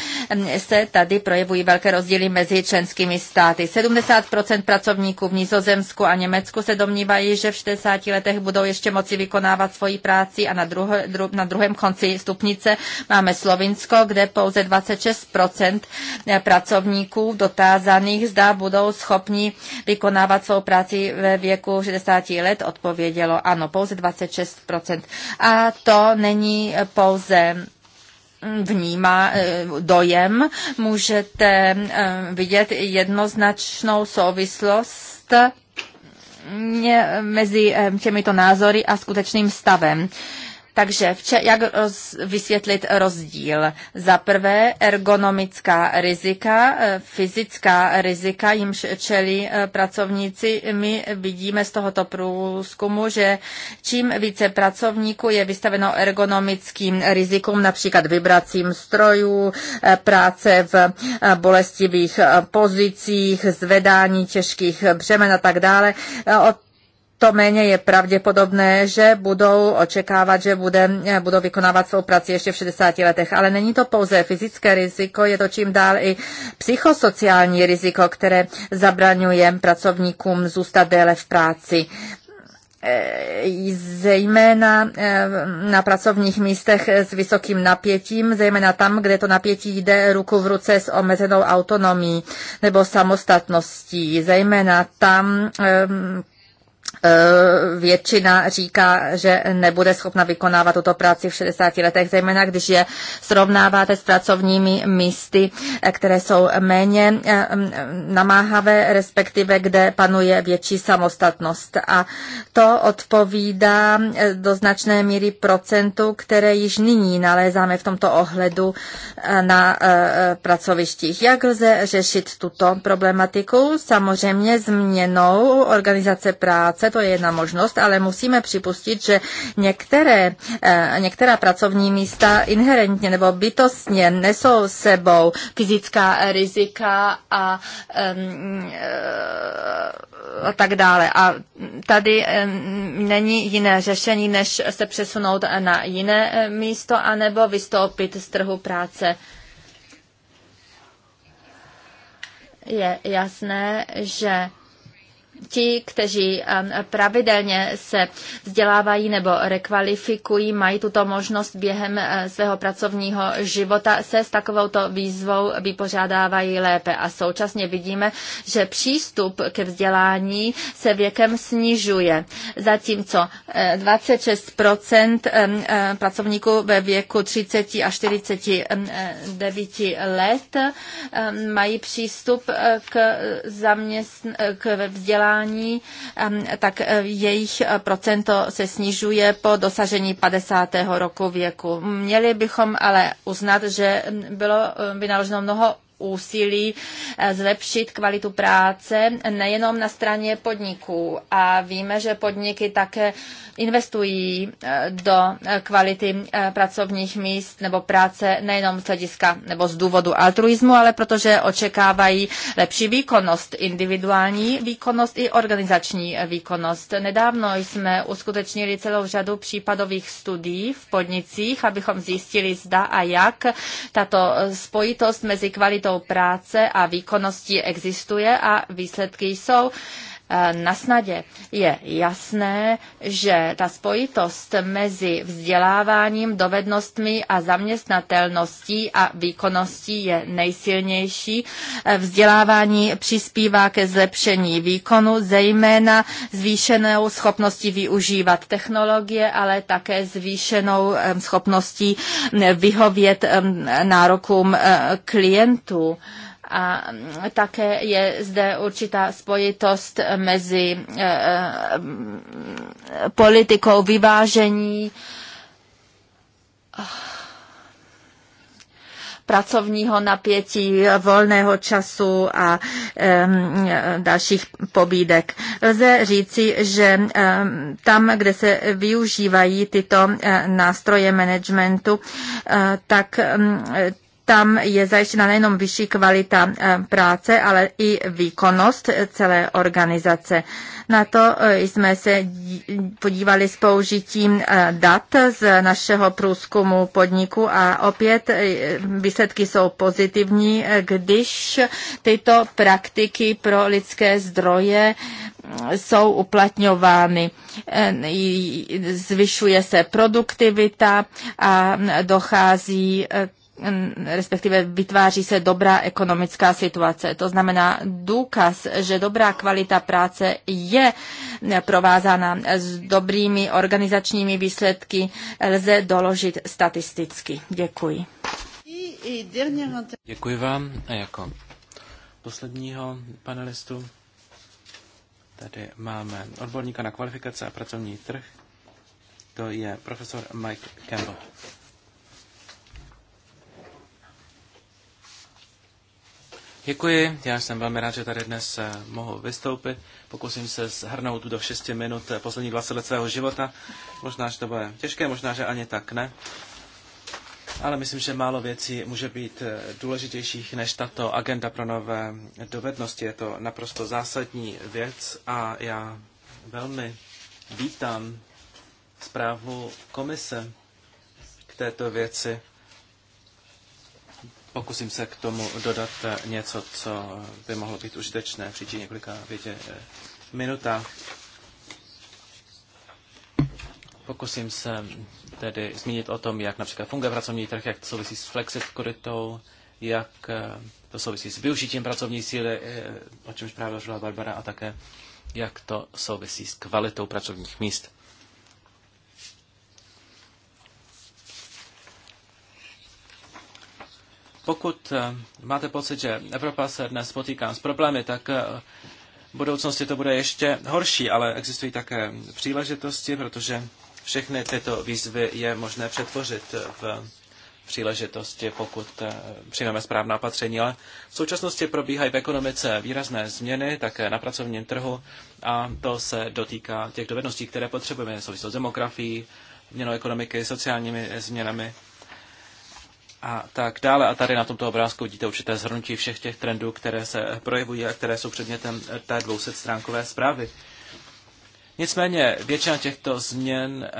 e, se tady projevují velké rozdíly mezi členskými státy. 70 pracovníků v Nizozemsku a Německu se domnívají, že v 60 letech budou ještě moci vykonávat svoji práci a na druhé na druhém konci stupnice máme Slovinsko, kde pouze 26 eh, pracovníků dotázaných zda budou schopni vykonávat svou práci ve věku 60 let, odpovědělo ano, pouze 26 A to není pouze mm, vnímá eh, dojem, můžete eh, vidět jednoznačnou souvislost mm, mezi těmito názory a skutečným stavem. Takže vče, jak roz, vysvětlit rozdíl? Za prvé ergonomická rizika, e, fyzická rizika, jimž čelí e, pracovníci. My vidíme z tohoto průzkumu, že čím více pracovníků je vystaveno ergonomickým rizikům, například vibracím strojů, e, práce v bolestivých pozicích, zvedání těžkých břemen a tak dále, o to méně je pravděpodobné, že budou očekávat, že bude, eh, budou vykonávat svou práci ještě v 60 letech. Ale není to pouze fyzické riziko, je to čím dál i psychosociální riziko, které zabraňuje pracovníkům zůstat déle v práci eh, zejména eh, na pracovních místech s vysokým napětím, zejména tam, kde to napětí jde ruku v ruce s omezenou autonomí nebo samostatností, zejména tam Eh, většina říká, že nebude schopna vykonávat tuto práci v 60 letech, zejména když je srovnáváte s pracovními místy, eh, které jsou méně eh, mm, namáhavé, respektive kde panuje větší samostatnost. A to odpovídá do značné míry procentu, které již nyní nalézáme v tomto ohledu na pracovištích. Jak lze řešit tuto problematiku? Samozřejmě změnou organizace práce, to je jedna možnost, ale musíme připustit, že některé, eh, některá pracovní místa inherentně nebo bytostně nesou sebou fyzická rizika a, eh, a tak dále. A tady není jiné řešení, než se přesunout na jiné eh, místo anebo vystoupit z trhu práce. je jasné, že ti, kteří um, pravidelně se vzdělávají nebo rekvalifikují, mají tuto možnost během eh, svého pracovního života se s takovouto výzvou vypořádávají lépe. A současně vidíme, že přístup ke vzdělání se věkem snižuje. Zatímco 26 eh, eh, pracovníků ve věku 30 a 49 let mají přístup k, zaměstn- k vzdělání očkování, tak eh, jejich eh, procento se snižuje po dosažení 50. roku věku. Měli bychom ale uznat, že mm, bylo eh, vynaloženo mnoho úsilí eh, zlepšit kvalitu práce nejenom na straně podniků. A víme, že podniky také investují eh, do eh, kvality pracovních míst nebo práce nejenom z hlediska nebo z důvodu altruismu, ale protože očekávají lepší výkonnost, individuální výkonnost i organizační výkonnost. Nedávno jsme uskutečnili celou řadu případových studií v podnicích, abychom zjistili, zda a jak tato spojitost mezi kvalitou kvalitou práce a výkonností existuje a výsledky jsou Eh, na snadě. Je jasné, že ta spojitost mezi vzděláváním, dovednostmi a zaměstnatelností a výkonností je nejsilnější. Eh, vzdělávání přispívá ke zlepšení výkonu, zejména zvýšenou schopností využívat technologie, ale také zvýšenou eh, schopností vyhovět nárokům klientů. A také je zde určitá spojitost mezi eh, eh, politikou vyvážení eh, pracovního napětí, volného času a e, dalších pobídek. Lze říci, že e, tam, kde se využívají tyto e, nástroje managementu, e, tak e, tam je zajištěna nejenom vyšší kvalita eh, práce, ale i výkonnost eh, celé organizace. Na to eh, jsme se podívali s použitím dat z našeho průzkumu podniku a opět výsledky jsou pozitivní, když tyto praktiky pro lidské zdroje mm, jsou uplatňovány. Zvyšuje se produktivita a mm, dochází respektive vytváří se dobrá ekonomická situace. To znamená důkaz, že dobrá kvalita práce je provázána s dobrými organizačními výsledky, lze doložit statisticky. Děkuji. Děkuji vám. A jako posledního panelistu tady máme odborníka na kvalifikace a pracovní trh. To je profesor Mike Campbell. Děkuji, já jsem velmi rád, že tady dnes eh, mohu vystoupit. Pokusím se zhrnout do 6 minut eh, poslední 20 let svého života. Možná, že to bude těžké, možná, že ani tak ne. Ale myslím, že málo věcí může být eh, důležitějších než tato agenda pro nové dovednosti. Je to naprosto zásadní věc a já velmi vítám zprávu komise k této věci. Pokusím se k tomu dodat eh, něco, co eh, by mohlo být užitečné v příští několika větě eh, minutách. Pokusím se tedy zmínit o tom, jak například funguje pracovní trh, jak to souvisí s flexibilitou, jak to souvisí s využitím pracovní síly, o čemž právě říkala Barbara, a také jak to souvisí s kvalitou pracovních míst. Pokud eh, máte pocit, že Evropa se dnes potýká s problémy, tak eh, v budoucnosti to bude ještě horší, ale existují také příležitosti, protože všechny tyto výzvy je možné přetvořit eh, v příležitosti, pokud přijmeme správná opatření. Ale v současnosti probíhají v ekonomice výrazné změny, také na pracovním trhu a to se dotýká těch dovedností, které potřebujeme. Jsou s demografií, měnou ekonomiky, sociálními změnami a tak dále. A tady na tomto obrázku vidíte určité zhrnutí všech těch trendů, které se projevují a které jsou předmětem té 200 stránkové zprávy. Nicméně většina těchto změn eh,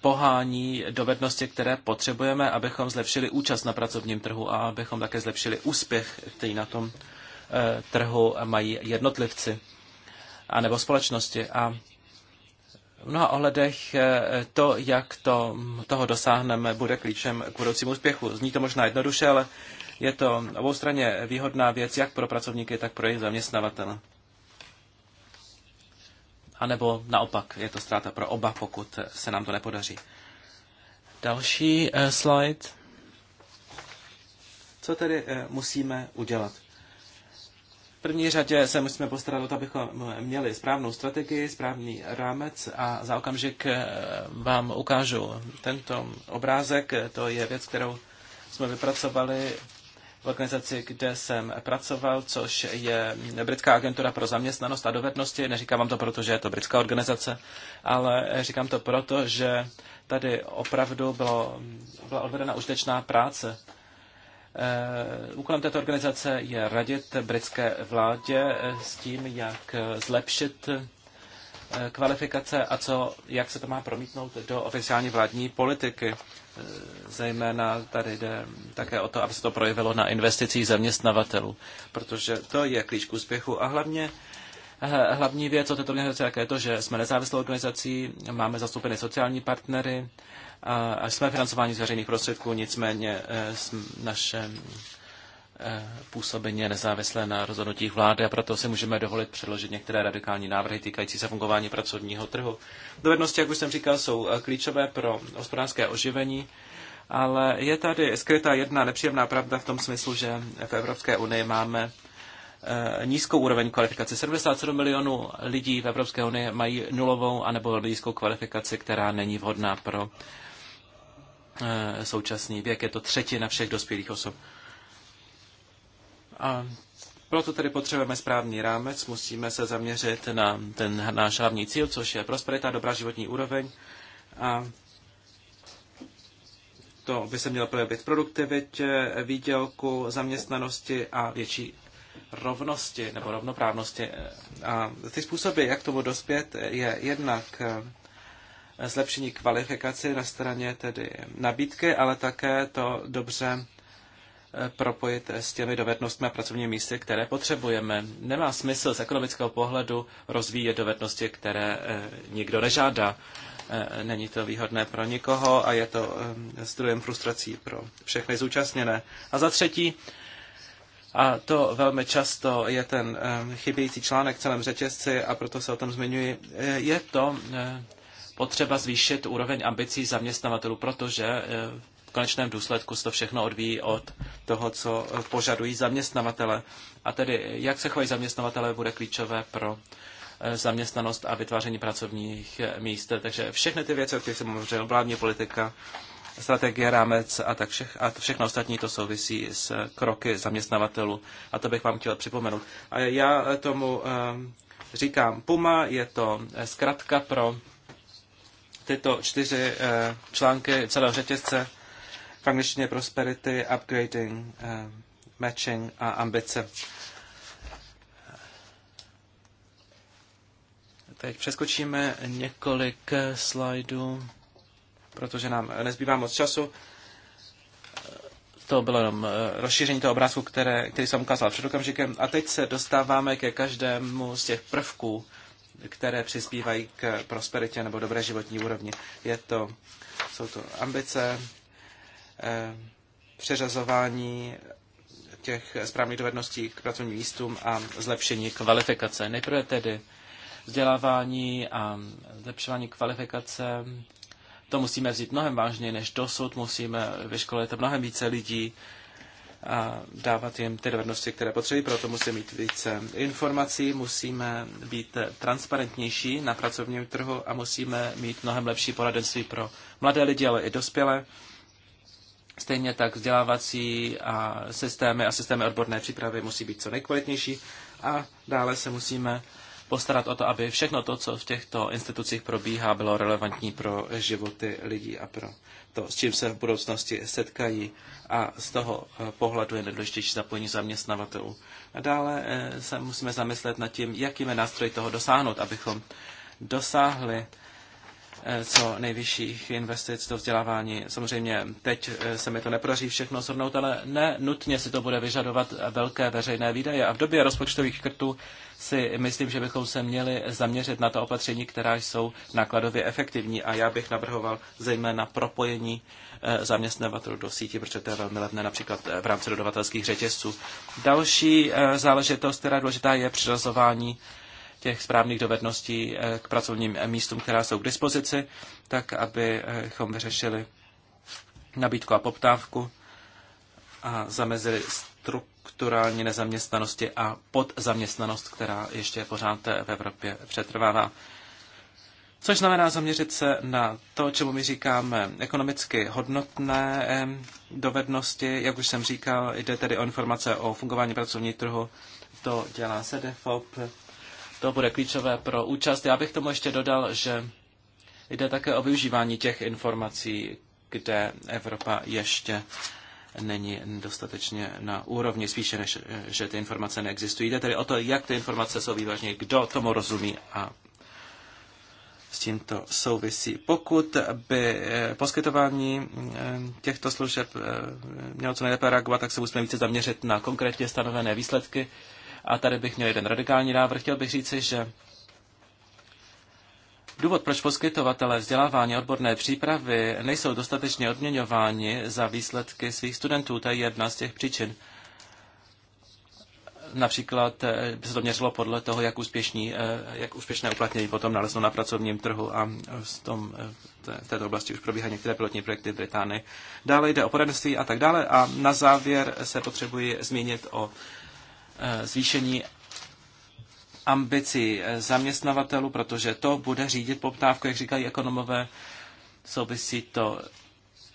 pohání dovednosti, které potřebujeme, abychom zlepšili účast na pracovním trhu a abychom také zlepšili úspěch, který na tom eh, trhu mají jednotlivci a nebo společnosti. A v mnoha ohledech eh, to, jak to, toho dosáhneme, bude klíčem k budoucímu úspěchu. Zní to možná jednoduše, ale je to straně výhodná věc jak pro pracovníky, tak pro jejich zaměstnavatele. A nebo naopak, je to ztráta pro oba, pokud se nám to nepodaří. Další eh, slide. Co tedy eh, musíme udělat? V první řadě se musíme postarat o to, abychom měli správnou strategii, správný rámec a za okamžik eh, vám ukážu tento obrázek. To je věc, kterou jsme vypracovali v organizaci, kde jsem pracoval, což je Britská agentura pro zaměstnanost a dovednosti. Neříkám vám to proto, že je to britská organizace, ale říkám to proto, že tady opravdu bylo, byla odvedena užitečná práce Eh, úkolem této organizace je radit britské vládě eh, s tím, jak eh, zlepšit kvalifikace a co, jak se to má promítnout do oficiální vládní politiky. Zejména tady jde také o to, aby se to projevilo na investicích zaměstnavatelů, protože to je klíč k úspěchu a hlavně Hlavní věc o této organizaci je to, že jsme nezávislou organizací, máme zastoupeny sociální partnery, jsme financováni z veřejných prostředků, nicméně e, naše e, působení je nezávislé na rozhodnutích vlády a proto si můžeme dovolit předložit některé radikální návrhy týkající se fungování pracovního trhu. Dovednosti, jak už jsem říkal, jsou e, klíčové pro hospodářské oživení, ale je tady skrytá jedna nepříjemná pravda v tom smyslu, že v Evropské unii máme nízkou úroveň kvalifikace. 77 milionů lidí v Evropské unii mají nulovou anebo nízkou kvalifikaci, která není vhodná pro Eh, současný věk. Je to třetina všech dospělých osob. A proto tedy potřebujeme správný rámec, musíme se zaměřit na ten náš hlavní cíl, což je prosperita, dobrá životní úroveň a to by se mělo projevit produktivitě, výdělku, zaměstnanosti a větší rovnosti nebo rovnoprávnosti. A ty způsoby, jak tomu dospět, je jednak eh, zlepšení kvalifikace na straně tedy nabídky, ale také to dobře eh, propojit s těmi dovednostmi a pracovními místy, které potřebujeme. Nemá smysl z ekonomického pohledu rozvíjet dovednosti, které eh, nikdo nežádá. Eh, není to výhodné pro nikoho a je to zdrojem frustrací pro všechny zúčastněné. A za třetí, a to velmi často je ten chybějící článek v celém řetězci a proto se o tom zmiňuji, je to potřeba zvýšit úroveň ambicí zaměstnavatelů, protože eh, v konečném důsledku se to všechno odvíjí od toho, co eh, požadují zaměstnavatele. A tedy, jak se chovají zaměstnavatele, bude klíčové pro eh, zaměstnanost a vytváření pracovních míst. Takže všechny ty věci, o kterých jsem mluvil, vládní politika, strategie, rámec a tak všech, a všechno ostatní to souvisí s kroky zaměstnavatelů. A to bych vám chtěl připomenout. A já tomu říkám PUMA, je to zkratka pro tyto čtyři eh, články celého řetězce v angličtině prosperity, upgrading, eh, matching a ambice. Teď přeskočíme několik eh, slajdů, protože nám nezbývá moc času. To bylo jenom rozšíření toho obrázku, které, který jsem ukázal před okamžikem. A teď se dostáváme ke každému z těch prvků které přispívají k prosperitě nebo dobré životní úrovni. Je to, jsou to ambice, eh, přeřazování těch správných dovedností k pracovním místům a zlepšení kvalifikace. Nejprve tedy vzdělávání a zlepšování kvalifikace. To musíme vzít mnohem vážněji než dosud, musíme vyškolit mnohem více lidí a dávat jim ty dovednosti, které potřebují. Proto musíme mít více informací, musíme být transparentnější na pracovním trhu a musíme mít mnohem lepší poradenství pro mladé lidi, ale i dospělé. Stejně tak vzdělávací a systémy a systémy odborné přípravy musí být co nejkvalitnější a dále se musíme postarat o to, aby všechno to, co v těchto institucích probíhá, bylo relevantní pro životy lidí a pro to, s čím se v budoucnosti setkají a z toho eh, pohledu je nedůležitější zapojení zaměstnavatelů. A dále eh, se musíme zamyslet nad tím, jakými nástroji toho dosáhnout, abychom dosáhli Eh, co nejvyšších investic do vzdělávání. Samozřejmě teď eh, se mi to nepodaří všechno shrnout, ale ne nutně si to bude vyžadovat velké veřejné výdaje. A v době rozpočtových krtů si myslím, že bychom se měli zaměřit na ta opatření, která jsou nákladově efektivní. A já bych navrhoval zejména propojení eh, zaměstnavatelů do sítí, protože to je velmi levné například v rámci dodavatelských řetězců. Další záležitost, která je důležitá, je přirazování těch správných dovedností eh, k pracovním eh, místům, která jsou k dispozici, tak abychom vyřešili nabídku a poptávku a zamezili strukturální nezaměstnanosti a podzaměstnanost, která ještě pořád eh, v Evropě přetrvává. Což znamená zaměřit se na to, čemu my říkáme ekonomicky hodnotné dovednosti. Jak už jsem říkal, jde tedy o informace o fungování pracovní trhu. To dělá SEDEFOP to bude klíčové pro účast. Já bych tomu ještě dodal, že jde také o využívání těch informací, kde Evropa ještě není dostatečně na úrovni, spíše než, že ty informace neexistují. Jde tedy o to, jak ty informace jsou vývažně, kdo tomu rozumí a s tímto souvisí. Pokud by eh, poskytování eh, těchto služeb eh, mělo co nejlépe reagovat, tak se musíme více zaměřit na konkrétně stanovené výsledky a tady bych měl jeden radikální návrh. Chtěl bych říci, že důvod, proč poskytovatele vzdělávání odborné přípravy nejsou dostatečně odměňováni za výsledky svých studentů, to je jedna z těch příčin. Například eh, se to měřilo podle toho, jak, úspěšní, eh, jak úspěšné uplatnění potom naleznou na pracovním trhu a v, tom, eh, v této oblasti už probíhají některé pilotní projekty v Británii. Dále jde o poradenství a tak dále a na závěr se potřebuji zmínit o Eh, zvýšení ambicí eh, zaměstnavatelů, protože to bude řídit poptávku, jak říkají ekonomové, souvisí to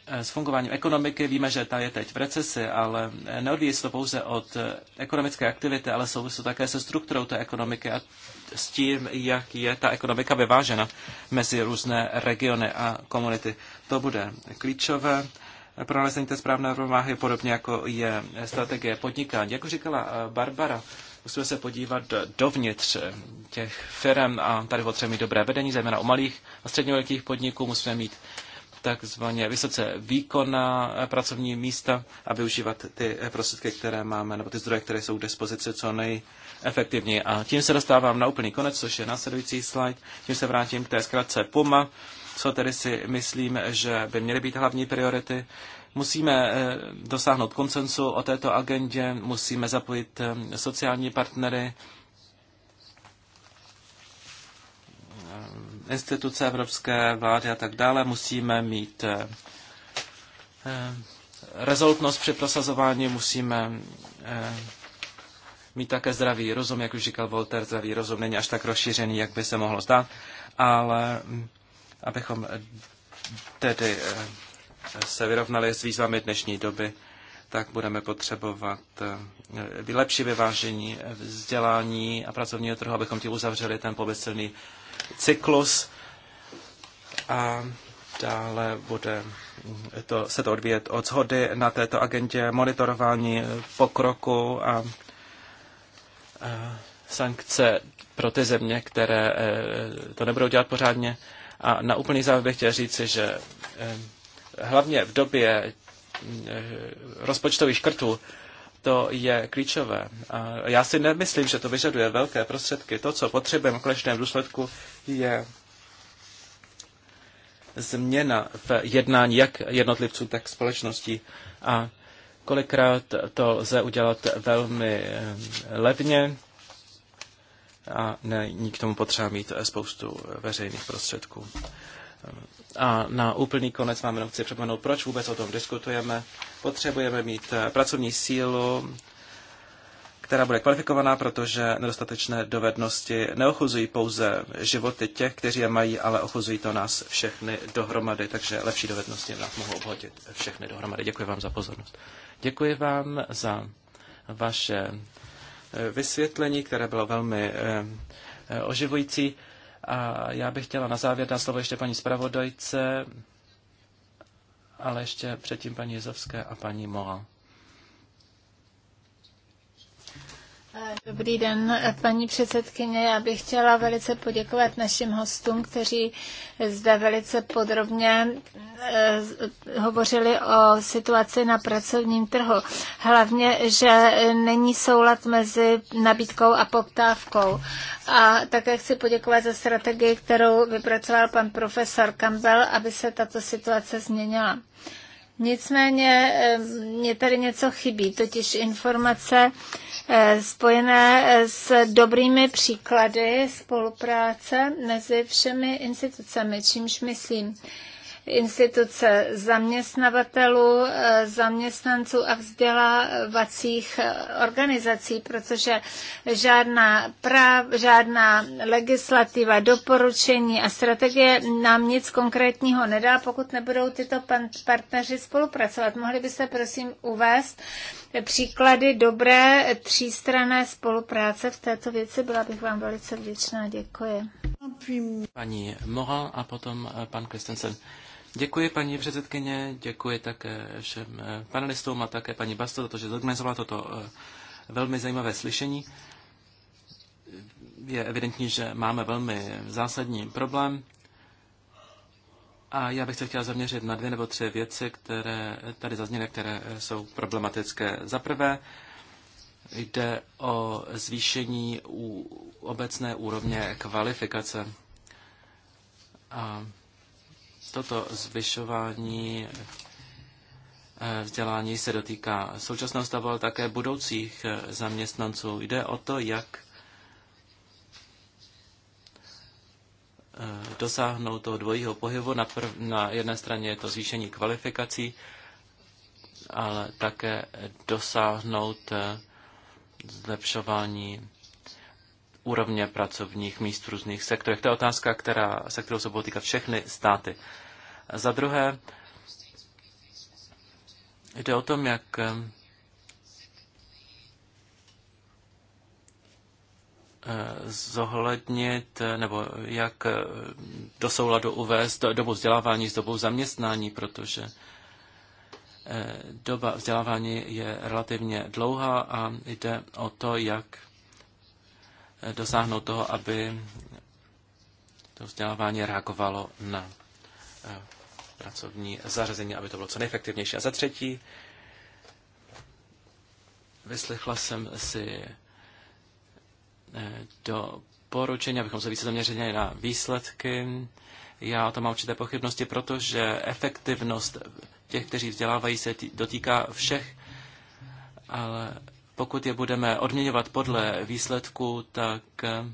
eh, s fungováním ekonomiky. Víme, že ta je teď v recesi, ale neodvíjí se to pouze od ekonomické aktivity, ale souvisí to také se strukturou té ekonomiky a s tím, jak je ta ekonomika vyvážena mezi různé regiony a komunity. To bude klíčové pro nalezení té správné rovnováhy, podobně jako je strategie podnikání. Jak říkala eh, Barbara, musíme se podívat dovnitř těch firm a tady potřebujeme mít dobré vedení, zejména u malých a středně velkých podniků musíme mít takzvaně vysoce výkonná eh, pracovní místa a využívat ty eh, prostředky, které máme, nebo ty zdroje, které jsou k dispozici, co nejefektivněji. A tím se dostávám na úplný konec, což je následující slide. Tím se vrátím k té zkratce PUMA co tedy si myslím, že by měly být hlavní priority. Musíme eh, dosáhnout koncensu o této agendě, musíme zapojit eh, sociální partnery, eh, instituce evropské vlády a tak dále. Musíme mít rezolutnost při prosazování, musíme mít také zdravý rozum, jak už říkal Volter zdravý rozum není až tak rozšířený, jak by se mohlo zdát, ale hm, abychom tedy eh, se vyrovnali s výzvami dnešní doby, tak budeme potřebovat eh, lepší vyvážení eh, vzdělání a pracovního trhu, abychom ti uzavřeli ten pomyslný cyklus. A dále bude to, se to odvíjet od shody na této agendě, monitorování pokroku a, sankce pro ty země, které to nebudou dělat pořádně. A na úplný závěr bych chtěl říct, že hlavně v době rozpočtových škrtů to je klíčové. A já si nemyslím, že to vyžaduje velké prostředky. To, co potřebujeme v konečném důsledku, je změna v jednání jak jednotlivců, tak společností. A kolikrát to lze udělat velmi levně a není k tomu potřeba mít eh, spoustu eh, veřejných prostředků. Ehm, a na úplný konec máme jenom chci připomenout, proč vůbec o tom diskutujeme. Potřebujeme mít eh, pracovní sílu, která bude kvalifikovaná, protože nedostatečné dovednosti neochuzují pouze životy těch, kteří je mají, ale ochuzují to nás všechny dohromady, takže lepší dovednosti nás mohou obhodit všechny dohromady. Děkuji vám za pozornost. Děkuji vám za vaše Eh, vysvětlení, které bylo velmi eh, eh, oživující. A já bych chtěla na závěr dát slovo ještě paní zpravodajce, ale ještě předtím paní Jezovské a paní Moa. Dobrý den, paní předsedkyně. Já bych chtěla velice poděkovat našim hostům, kteří zde velice podrobně eh, hovořili o situaci na pracovním trhu. Hlavně, že není soulad mezi nabídkou a poptávkou. A také chci poděkovat za strategii, kterou vypracoval pan profesor Campbell, aby se tato situace změnila. Nicméně eh, mě tady něco chybí, totiž informace, Eh, spojené eh, s dobrými příklady spolupráce mezi všemi institucemi, čímž myslím instituce zaměstnavatelů, eh, zaměstnanců a vzdělávacích organizací, protože žádná, práv, žádná legislativa, doporučení a strategie nám nic konkrétního nedá, pokud nebudou tyto partneři spolupracovat. Mohli byste prosím uvést, příklady dobré třístrané spolupráce v této věci. Byla bych vám velice vděčná. Děkuji. Paní Mohan a potom eh, pan Kristensen. Děkuji paní předsedkyně, děkuji také všem eh, panelistům a také paní Basto za to, že zorganizovala toto eh, velmi zajímavé slyšení. Je evidentní, že máme velmi zásadní problém a já bych se chtěl zaměřit na dvě nebo tři věci, které tady zazněly, které jsou problematické. Za prvé jde o zvýšení u obecné úrovně kvalifikace. A toto zvyšování eh, vzdělání se dotýká současného stavu, ale také budoucích eh, zaměstnanců. Jde o to, jak Eh, dosáhnout toho dvojího pohybu. Na, prv, na jedné straně je to zvýšení kvalifikací, ale také dosáhnout eh, zlepšování úrovně pracovních míst v různých sektorech. To je otázka, která, se kterou se budou týkat všechny státy. Za druhé, jde o tom, jak eh, zohlednit nebo jak do souladu uvést dobu vzdělávání s dobou zaměstnání, protože eh, doba vzdělávání je relativně dlouhá a jde o to, jak eh, dosáhnout toho, aby to vzdělávání reagovalo na eh, pracovní zařazení, aby to bylo co nejefektivnější. A za třetí, vyslechla jsem si do poručení. abychom se více zaměřili na výsledky. Já to mám určité pochybnosti, protože efektivnost těch, kteří vzdělávají, se dotýká všech, ale pokud je budeme odměňovat podle výsledku, tak eh,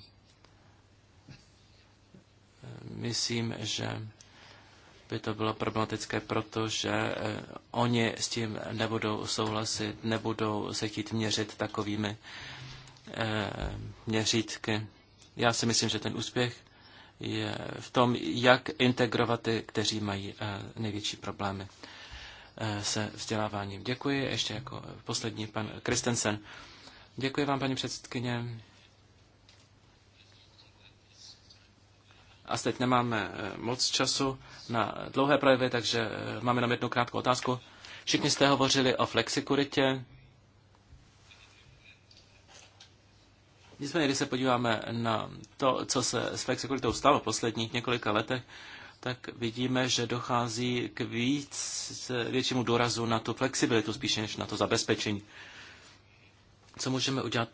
myslím, že by to bylo problematické, protože eh, oni s tím nebudou souhlasit, nebudou se chtít měřit takovými Eh, měřítky. Já si myslím, že ten úspěch je v tom, jak integrovat ty, kteří mají eh, největší problémy eh, se vzděláváním. Děkuji. Ještě jako poslední pan Kristensen. Děkuji vám, paní předsedkyně. A teď nemáme moc času na dlouhé projevy, takže máme jenom jednu krátkou otázku. Všichni jste hovořili o flexikuritě. Nicméně, když se podíváme na to, co se s flexikulitou stalo v posledních několika letech, tak vidíme, že dochází k víc, většímu důrazu na tu flexibilitu spíše než na to zabezpečení. Co můžeme udělat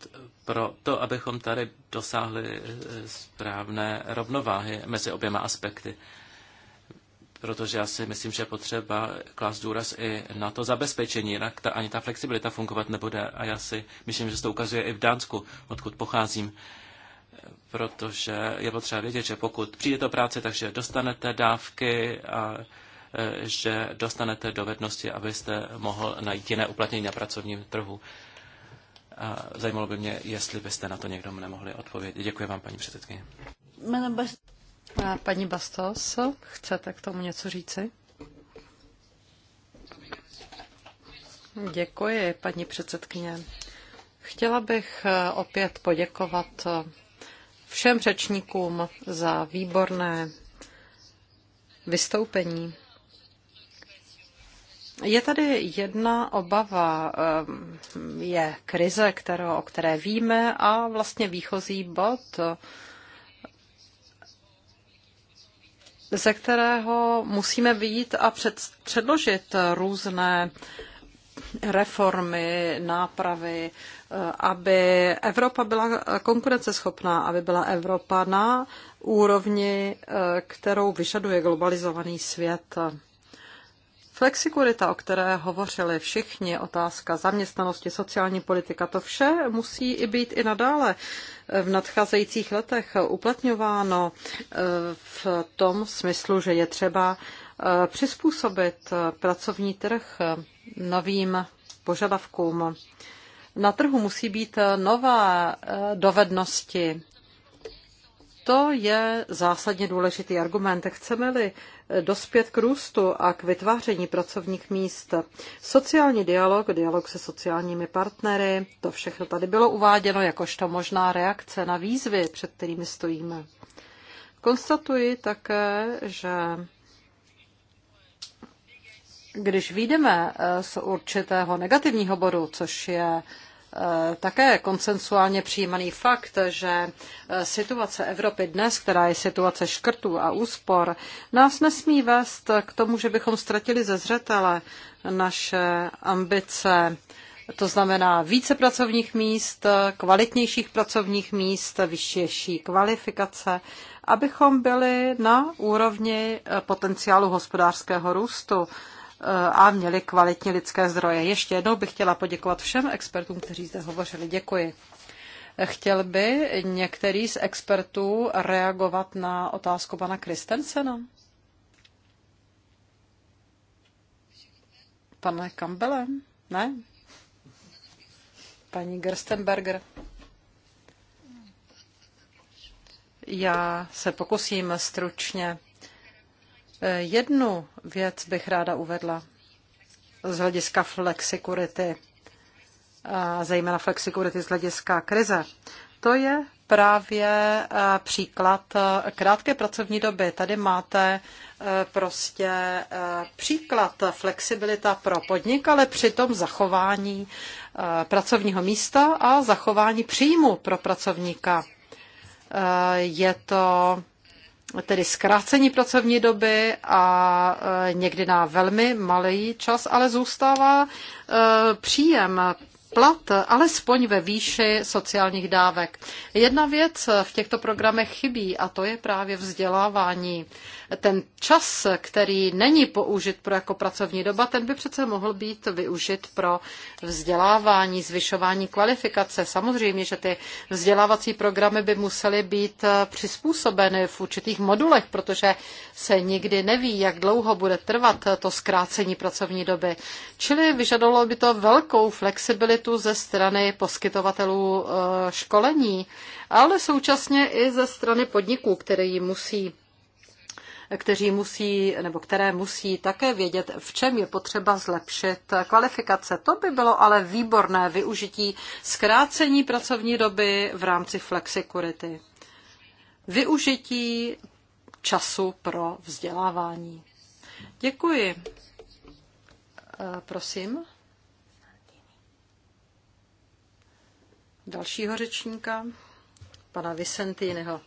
pro to, abychom tady dosáhli eh, správné rovnováhy mezi oběma aspekty? protože já si myslím, že je potřeba klást důraz i na to zabezpečení, jinak ta, ani ta flexibilita fungovat nebude. A já si myslím, že se to ukazuje i v Dánsku, odkud pocházím, protože je potřeba vědět, že pokud přijde do práce, takže dostanete dávky a e, že dostanete dovednosti, abyste mohl najít jiné uplatnění na pracovním trhu. A zajímalo by mě, jestli byste na to někdo nemohli odpovědět. Děkuji vám, paní předsedkyně. Paní Bastos, chcete k tomu něco říci? Děkuji, paní předsedkyně. Chtěla bych eh, opět poděkovat eh, všem řečníkům za výborné vystoupení. Je tady jedna obava, eh, je krize, kterou, o které víme a vlastně výchozí bod ze kterého musíme vyjít a před, předložit různé reformy, nápravy, eh, aby Evropa byla konkurenceschopná, aby byla Evropa na úrovni, eh, kterou vyžaduje globalizovaný svět. Flexikurita, o které hovořili všichni, otázka zaměstnanosti, sociální politika, to vše musí i být i nadále v nadcházejících letech uplatňováno eh, v tom smyslu, že je třeba eh, přizpůsobit eh, pracovní trh novým požadavkům. Na trhu musí být nové dovednosti, to je zásadně důležitý argument. Chceme-li dospět k růstu a k vytváření pracovních míst, sociální dialog, dialog se sociálními partnery, to všechno tady bylo uváděno jakožto možná reakce na výzvy, před kterými stojíme. Konstatuji také, že když výjdeme eh, z určitého negativního bodu, což je Eh, také konsensuálně přijímaný fakt, že eh, situace Evropy dnes, která je situace škrtů a úspor, nás nesmí vést k tomu, že bychom ztratili ze zřetele naše ambice to znamená více pracovních míst, kvalitnějších pracovních míst, vyšší kvalifikace, abychom byli na úrovni eh, potenciálu hospodářského růstu a měli kvalitní lidské zdroje. Ještě jednou bych chtěla poděkovat všem expertům, kteří zde hovořili. Děkuji. Chtěl by některý z expertů reagovat na otázku pana Kristensena? Pane Kambele? Ne? Paní Gerstenberger? Já se pokusím stručně Jednu věc bych ráda uvedla z hlediska flexikurity, a zejména flexikurity z hlediska krize. To je právě eh, příklad eh, krátké pracovní doby. Tady máte eh, prostě příklad flexibilita pro podnik, ale přitom zachování pracovního místa a zachování příjmu pro pracovníka. Je to tedy zkrácení pracovní doby a e, někdy na velmi malý čas, ale zůstává e, příjem plat alespoň ve výši sociálních dávek. Jedna věc v těchto programech chybí a to je právě vzdělávání. Ten čas, který není použit pro jako pracovní doba, ten by přece mohl být využit pro vzdělávání, zvyšování kvalifikace. Samozřejmě, že ty vzdělávací programy by musely být přizpůsobeny v určitých modulech, protože se nikdy neví, jak dlouho bude trvat to zkrácení pracovní doby. Čili vyžadovalo by to velkou flexibilitu kapacitu ze strany poskytovatelů eh, školení, ale současně i ze strany podniků, který musí kteří musí, nebo které musí také vědět, v čem je potřeba zlepšit kvalifikace. To by bylo ale výborné využití zkrácení pracovní doby v rámci flexikurity. Využití času pro vzdělávání. Děkuji. Eh, prosím. dalšího řečníka, pana Vicentýneho.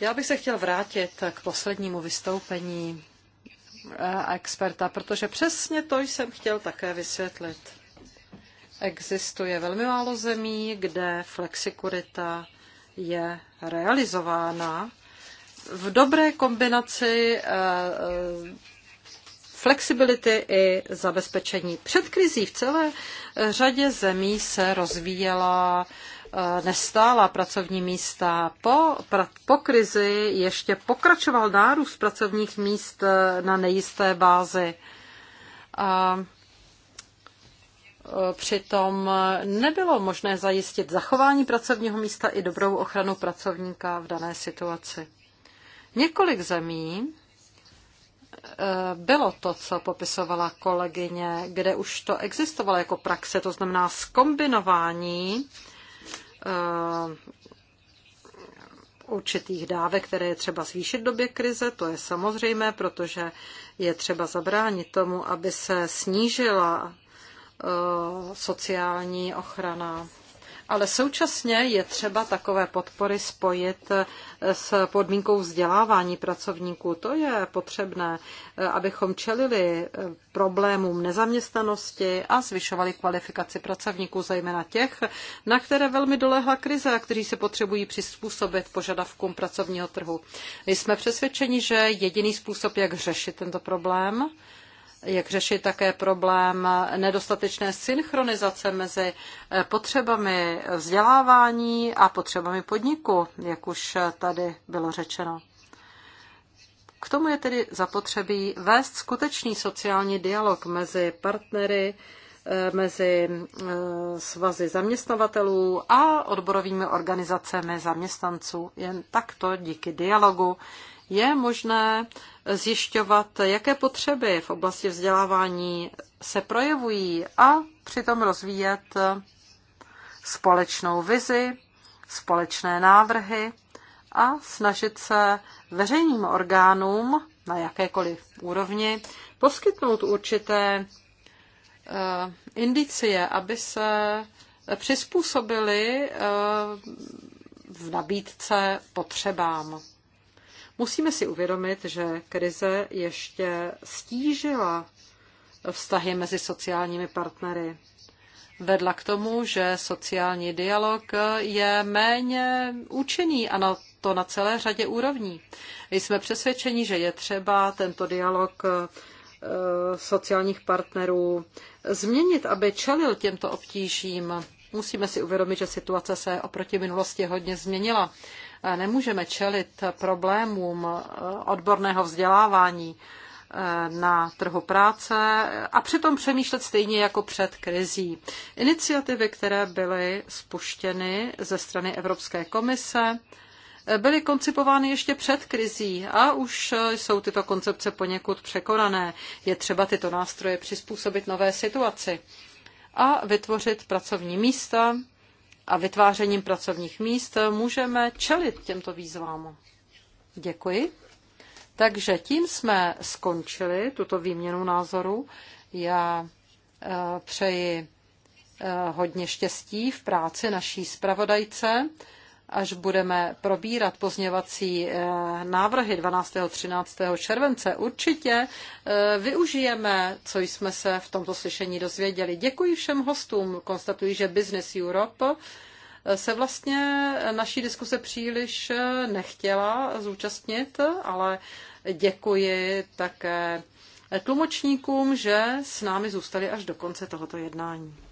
Já bych se chtěl vrátit k poslednímu vystoupení eh, experta, protože přesně to jsem chtěl také vysvětlit. Existuje velmi málo zemí, kde flexikurita je realizována v dobré kombinaci eh, flexibility i zabezpečení. Před krizí v celé eh, řadě zemí se rozvíjela eh, nestála pracovní místa. Po, pra, po krizi ještě pokračoval nárůst pracovních míst eh, na nejisté bázi. A přitom nebylo možné zajistit zachování pracovního místa i dobrou ochranu pracovníka v dané situaci. Několik zemí Eh, bylo to, co popisovala kolegyně, kde už to existovalo jako praxe, to znamená skombinování eh, určitých dávek, které je třeba zvýšit v době krize, to je samozřejmé, protože je třeba zabránit tomu, aby se snížila eh, sociální ochrana ale současně je třeba takové podpory spojit s podmínkou vzdělávání pracovníků. To je potřebné, abychom čelili problémům nezaměstnanosti a zvyšovali kvalifikaci pracovníků, zejména těch, na které velmi dolehla krize a kteří se potřebují přizpůsobit požadavkům pracovního trhu. Jsme přesvědčeni, že jediný způsob, jak řešit tento problém, jak řešit také problém nedostatečné synchronizace mezi eh, potřebami vzdělávání a potřebami podniku, jak už tady bylo řečeno. K tomu je tedy zapotřebí vést skutečný sociální dialog mezi partnery, eh, mezi eh, svazy zaměstnavatelů a odborovými organizacemi zaměstnanců. Jen takto díky dialogu je možné zjišťovat, jaké potřeby v oblasti vzdělávání se projevují a přitom rozvíjet společnou vizi, společné návrhy a snažit se veřejným orgánům na jakékoliv úrovni poskytnout určité eh, indicie, aby se přizpůsobili eh, v nabídce potřebám. Musíme si uvědomit, že krize ještě stížila vztahy mezi sociálními partnery. Vedla k tomu, že sociální dialog je méně účinný a na to na celé řadě úrovní. Jsme přesvědčeni, že je třeba tento dialog eh, sociálních partnerů změnit, aby čelil těmto obtížím. Musíme si uvědomit, že situace se oproti minulosti hodně změnila nemůžeme čelit problémům eh, odborného vzdělávání eh, na trhu práce a přitom přemýšlet stejně jako před krizí. Iniciativy, které byly spuštěny ze strany Evropské komise, eh, byly koncipovány ještě před krizí a už jsou tyto koncepce poněkud překonané. Je třeba tyto nástroje přizpůsobit nové situaci a vytvořit pracovní místa, a vytvářením pracovních míst můžeme čelit těmto výzvám. Děkuji. Takže tím jsme skončili tuto výměnu názoru. Já eh, přeji eh, hodně štěstí v práci naší zpravodajce až budeme probírat pozměvací eh, návrhy 12. 13. července, určitě eh, využijeme, co jsme se v tomto slyšení dozvěděli. Děkuji všem hostům. Konstatuji, že Business Europe eh, se vlastně naší diskuse příliš nechtěla zúčastnit, ale děkuji také tlumočníkům, že s námi zůstali až do konce tohoto jednání.